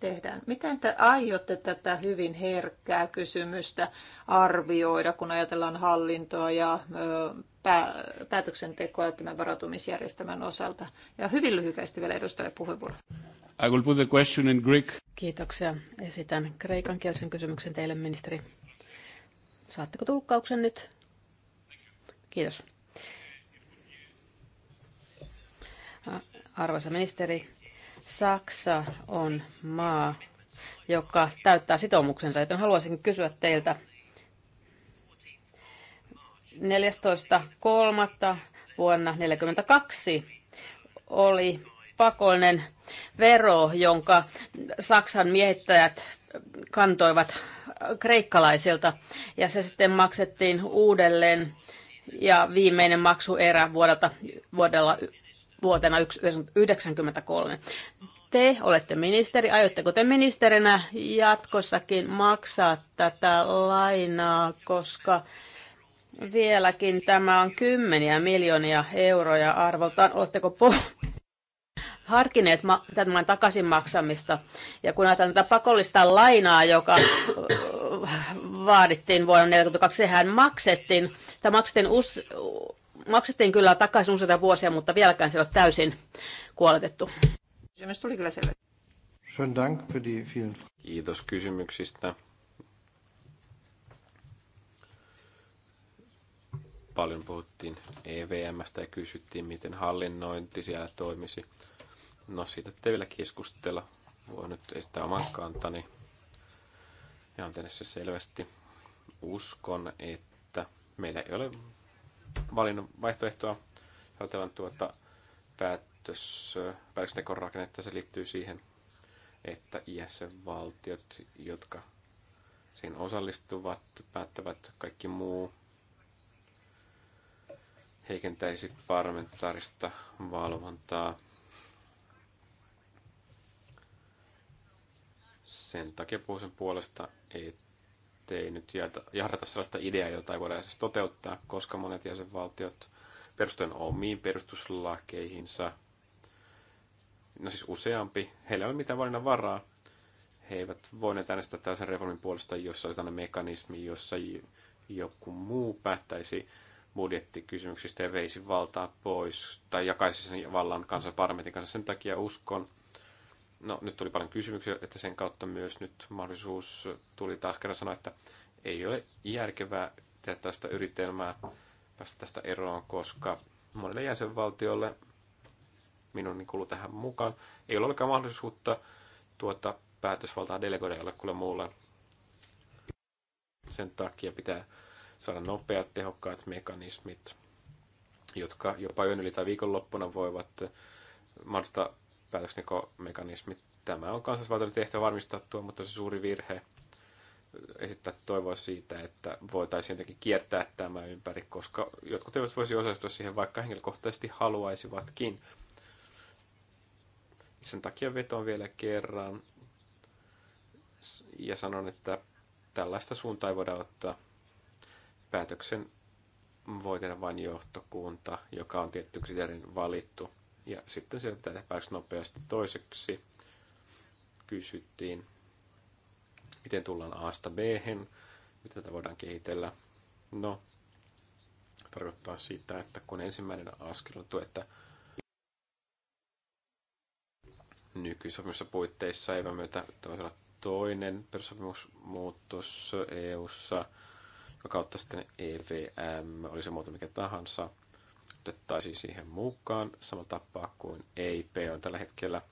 tehdään. Miten te aiotte tätä hyvin herkkää kysymystä arvioida, kun ajatellaan hallintoa ja päätöksentekoa tämän varautumisjärjestelmän osalta? Ja hyvin lyhykäisesti vielä edustajalle puheenvuoro. I will put the question in Greek. Kiitoksia. Esitän kreikan kielisen kysymyksen teille, ministeri. Saatteko tulkkauksen nyt? Kiitos. Arvoisa ministeri, Saksa on maa, joka täyttää sitoumuksensa, joten haluaisin kysyä teiltä 14.3. vuonna 1942 oli pakollinen vero, jonka Saksan miehittäjät kantoivat kreikkalaisilta ja se sitten maksettiin uudelleen ja viimeinen maksuerä vuodelta, vuodella, vuotena 1993. Te olette ministeri, aiotteko te ministerinä jatkossakin maksaa tätä lainaa, koska vieläkin tämä on kymmeniä miljoonia euroja arvoltaan. Oletteko po- harkineet ma- tämän takaisin maksamista. Ja kun ajatellaan tätä pakollista lainaa, joka vaadittiin vuonna 1942, sehän maksettiin, tai maksettiin us- maksettiin kyllä takaisin useita vuosia, mutta vieläkään se ei ole täysin kuoletettu. Kysymys tuli kyllä selvä. Kiitos kysymyksistä. Paljon puhuttiin EVMstä ja kysyttiin, miten hallinnointi siellä toimisi. No siitä pitää vielä keskustella. Voin nyt estää oman kantani. Ja on se selvästi. Uskon, että meillä ei ole valinnut vaihtoehtoa. Ajatellaan tuota päätös, äh, että se liittyy siihen, että jäsenvaltiot, jotka siihen osallistuvat, päättävät kaikki muu heikentäisi parlamentaarista valvontaa. Sen takia puhun sen puolesta, että ettei nyt jahdata sellaista ideaa, jota ei voida edes toteuttaa, koska monet jäsenvaltiot perustuen omiin perustuslakeihinsa, no siis useampi, heillä ei ole mitään valinnan varaa. He eivät voineet äänestää tällaisen reformin puolesta, jossa olisi tällainen mekanismi, jossa joku muu päättäisi budjettikysymyksistä ja veisi valtaa pois tai jakaisi sen vallan parlamentin kanssa. Sen takia uskon, No, nyt tuli paljon kysymyksiä, että sen kautta myös nyt mahdollisuus tuli taas kerran sanoa, että ei ole järkevää tehdä tästä yritelmää, päästä tästä eroon, koska monelle jäsenvaltiolle, minun niin kuuluu tähän mukaan, ei ole olekaan mahdollisuutta tuota päätösvaltaa delegoida jollekulle muulle. Sen takia pitää saada nopeat, tehokkaat mekanismit, jotka jopa yön yli tai viikonloppuna voivat mahdollistaa päätöksentekomekanismi. Tämä on kansallisvaltioiden tehtävä varmistaa tuo, mutta se suuri virhe esittää toivoa siitä, että voitaisiin jotenkin kiertää tämä ympäri, koska jotkut eivät voisi osallistua siihen, vaikka henkilökohtaisesti haluaisivatkin. Sen takia vetoan vielä kerran ja sanon, että tällaista suuntaa ei voida ottaa. Päätöksen voi tehdä vain johtokunta, joka on tietty kriteerin valittu. Ja sitten sieltä pääsi nopeasti. Toiseksi kysyttiin, miten tullaan Asta b miten tätä voidaan kehitellä. No, tarkoittaa sitä, että kun ensimmäinen askel on tuo, että nykysopimuksessa puitteissa ei myötä olla toinen perussopimusmuutos EU-ssa, joka kautta sitten EVM, oli se muoto mikä tahansa, otettaisiin siihen mukaan samalla tapaa kuin EIP on tällä hetkellä.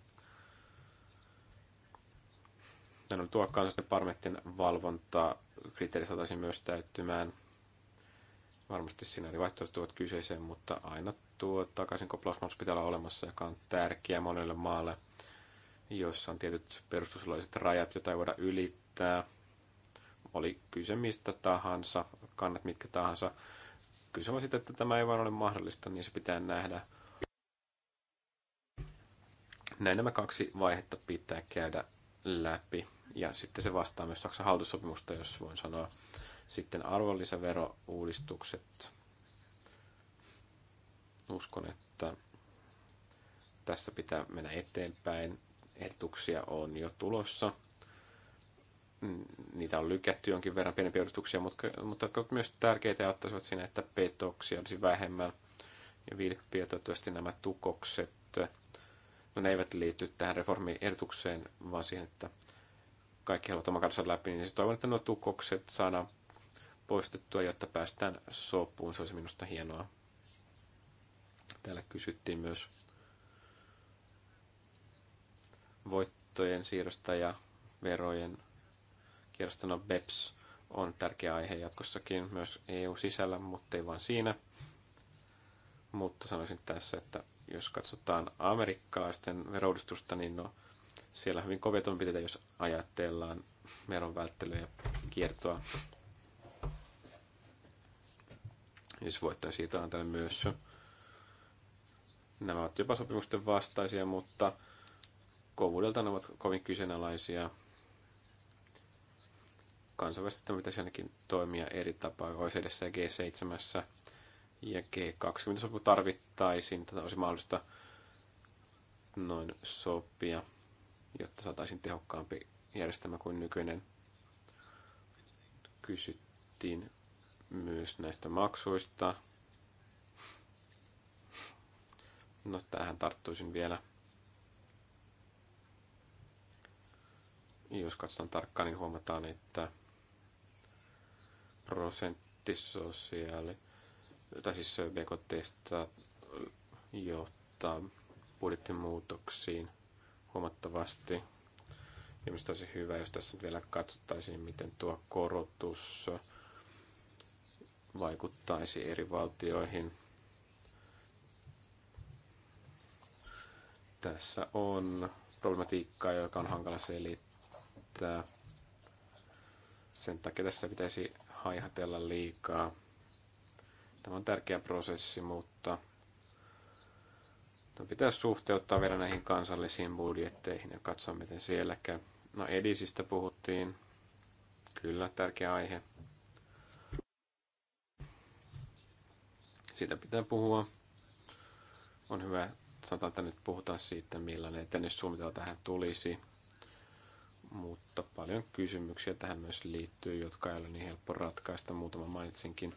Näin on tuo kansallisten parlamenttien valvonta kriteeri saataisiin myös täyttymään. Varmasti siinä eri vaihtoehtoja tuot kyseeseen, mutta aina tuo takaisin koplausmahdollisuus pitää olla olemassa, joka on tärkeä monelle maalle, jossa on tietyt perustuslailliset rajat, joita ei voida ylittää. Oli kyse mistä tahansa, kannat mitkä tahansa se on sitä, että tämä ei vaan ole mahdollista, niin se pitää nähdä. Näin nämä kaksi vaihetta pitää käydä läpi. Ja sitten se vastaa myös Saksan hallitussopimusta, jos voin sanoa. Sitten arvonlisäverouudistukset. Uskon, että tässä pitää mennä eteenpäin. Ehdotuksia on jo tulossa niitä on lykätty jonkin verran pienempiä uudistuksia, mutta, mutta jotka ovat myös tärkeitä ja ottaisivat siinä, että petoksia olisi vähemmän ja vilppiä. Toivottavasti nämä tukokset, no ne eivät liity tähän reformiehdotukseen, vaan siihen, että kaikki haluavat oman kanssa läpi, niin toivon, että nuo tukokset saadaan poistettua, jotta päästään sopuun. Se olisi minusta hienoa. Täällä kysyttiin myös voittojen siirrosta ja verojen kirjastona BEPS on tärkeä aihe jatkossakin myös EU-sisällä, mutta ei vain siinä. Mutta sanoisin tässä, että jos katsotaan amerikkalaisten verouudistusta, niin no, siellä hyvin kovia toimenpiteitä, jos ajatellaan veron välttelyä ja kiertoa. Jos siis voittoja siitä on tälle myös. Nämä ovat jopa sopimusten vastaisia, mutta kovuudeltaan ne ovat kovin kyseenalaisia – kansainvälisesti tämä pitäisi ainakin toimia eri tapaa OECD ja G7 ja G20-sopu tarvittaisiin. Tätä olisi mahdollista noin sopia, jotta saataisiin tehokkaampi järjestelmä kuin nykyinen. Kysyttiin myös näistä maksuista. No, tähän tarttuisin vielä. Jos katsotaan tarkkaan, niin huomataan, että prosentti sosiaali, tai siis BKTstä johtaa budjettimuutoksiin huomattavasti. Ja minusta olisi hyvä, jos tässä vielä katsottaisiin, miten tuo korotus vaikuttaisi eri valtioihin. Tässä on problematiikkaa, joka on hankala selittää. Sen takia tässä pitäisi haihatella liikaa. Tämä on tärkeä prosessi, mutta tämä pitää suhteuttaa vielä näihin kansallisiin budjetteihin ja katsoa, miten siellä käy. No Edisistä puhuttiin. Kyllä, tärkeä aihe. Siitä pitää puhua. On hyvä, sanotaan, että nyt puhutaan siitä, millainen etenemissuunnitelma tähän tulisi mutta paljon kysymyksiä tähän myös liittyy, jotka ei ole niin helppo ratkaista. Muutama mainitsinkin.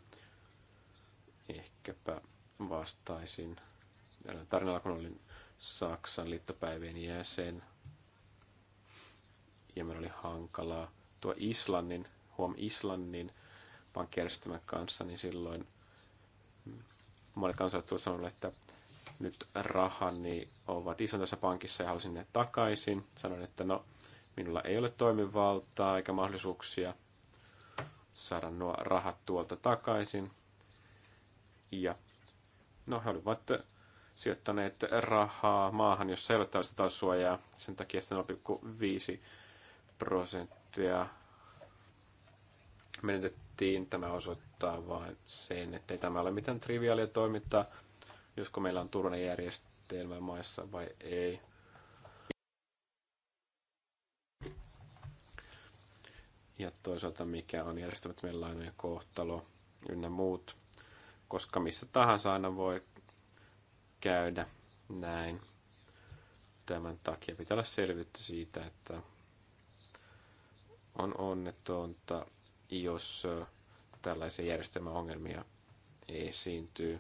Ehkäpä vastaisin tarinalla, kun olin Saksan liittopäivien jäsen. Ja meillä oli hankalaa tuo Islannin, huom Islannin pankkijärjestelmän kanssa, niin silloin monet kansalaiset sanoivat, että nyt rahani ovat Islannissa pankissa ja halusin ne takaisin. Sanoin, että no Minulla ei ole toimivaltaa eikä mahdollisuuksia saada nuo rahat tuolta takaisin. Ja no he olivat sijoittaneet rahaa maahan, jossa ei ole tällaista tasosuojaa. Sen takia 0,5 prosenttia menetettiin. Tämä osoittaa vain sen, että ei tämä ole mitään triviaalia toimintaa, josko meillä on turvallinen järjestelmä maissa vai ei. ja toisaalta mikä on järjestämättömien lainojen kohtalo ynnä muut, koska missä tahansa aina voi käydä näin. Tämän takia pitää olla selvyyttä siitä, että on onnetonta, jos tällaisia järjestelmäongelmia esiintyy.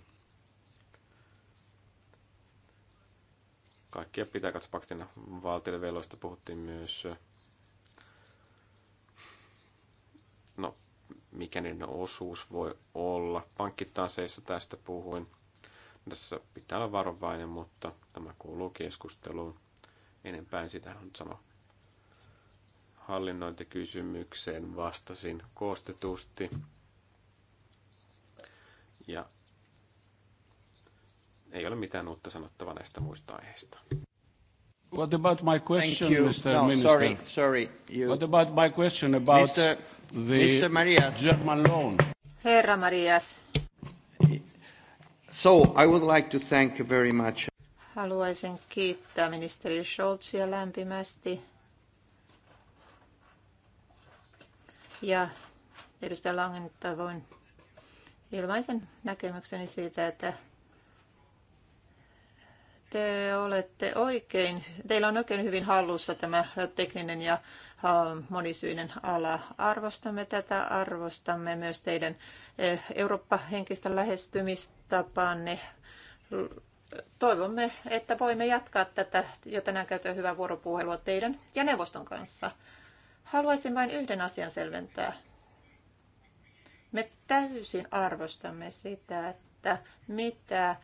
Kaikkia pitää katsoa paktina. Valtioiden veloista puhuttiin myös mikä niiden osuus voi olla. Pankkitaseissa tästä puhuin. Tässä pitää olla varovainen, mutta tämä kuuluu keskusteluun. Enempää sitä on sama hallinnointikysymykseen vastasin koostetusti. Ja ei ole mitään uutta sanottavaa näistä muista aiheista. What about my question, Mr. No, Minister? Sorry, sorry. You... What about my question about Mr the Marias. German loan. Herra Marias. So, I would like to thank you very much. Haluaisin kiittää ministeri Scholzia lämpimästi. Ja edustaja Langen tavoin ilmaisen näkemykseni siitä, että te olette oikein, teillä on oikein hyvin hallussa tämä tekninen ja monisyinen ala. Arvostamme tätä, arvostamme myös teidän eh, Eurooppa-henkistä lähestymistapaanne. Toivomme, että voimme jatkaa tätä jo tänään käytyä hyvää vuoropuhelua teidän ja neuvoston kanssa. Haluaisin vain yhden asian selventää. Me täysin arvostamme sitä, että mitä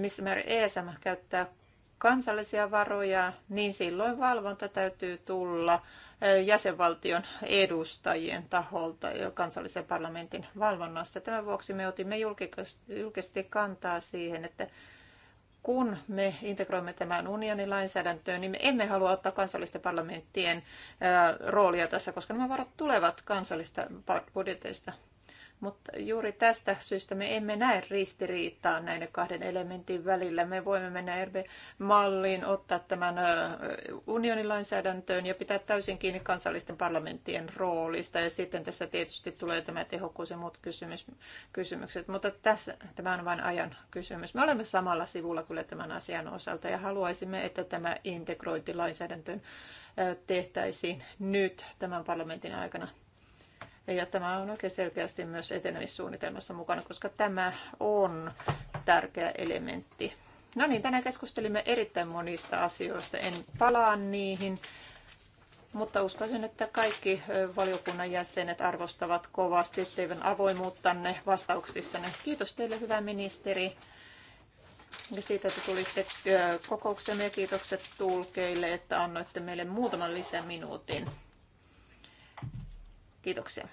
missä määrin ESM käyttää kansallisia varoja, niin silloin valvonta täytyy tulla jäsenvaltion edustajien taholta kansallisen parlamentin valvonnassa. Tämän vuoksi me otimme julkisesti kantaa siihen, että kun me integroimme tämän unionin lainsäädäntöön, niin me emme halua ottaa kansallisten parlamenttien roolia tässä, koska nämä varat tulevat kansallista budjeteista. Mutta juuri tästä syystä me emme näe ristiriitaa näiden kahden elementin välillä. Me voimme mennä ERBE-malliin, ottaa tämän unionin ja pitää täysin kiinni kansallisten parlamenttien roolista. Ja sitten tässä tietysti tulee tämä tehokkuus ja muut kysymys, kysymykset, mutta tässä, tämä on vain ajan kysymys. Me olemme samalla sivulla kyllä tämän asian osalta ja haluaisimme, että tämä integrointi lainsäädäntöön tehtäisiin nyt tämän parlamentin aikana. Ja tämä on oikein selkeästi myös etenemissuunnitelmassa mukana, koska tämä on tärkeä elementti. No niin, tänään keskustelimme erittäin monista asioista. En palaa niihin, mutta uskoisin, että kaikki valiokunnan jäsenet arvostavat kovasti teidän avoimuuttanne vastauksissanne. Kiitos teille, hyvä ministeri. Ja siitä, että tulitte kokoukseen ja kiitokset tulkeille, että annoitte meille muutaman lisäminuutin. Kiitoksia.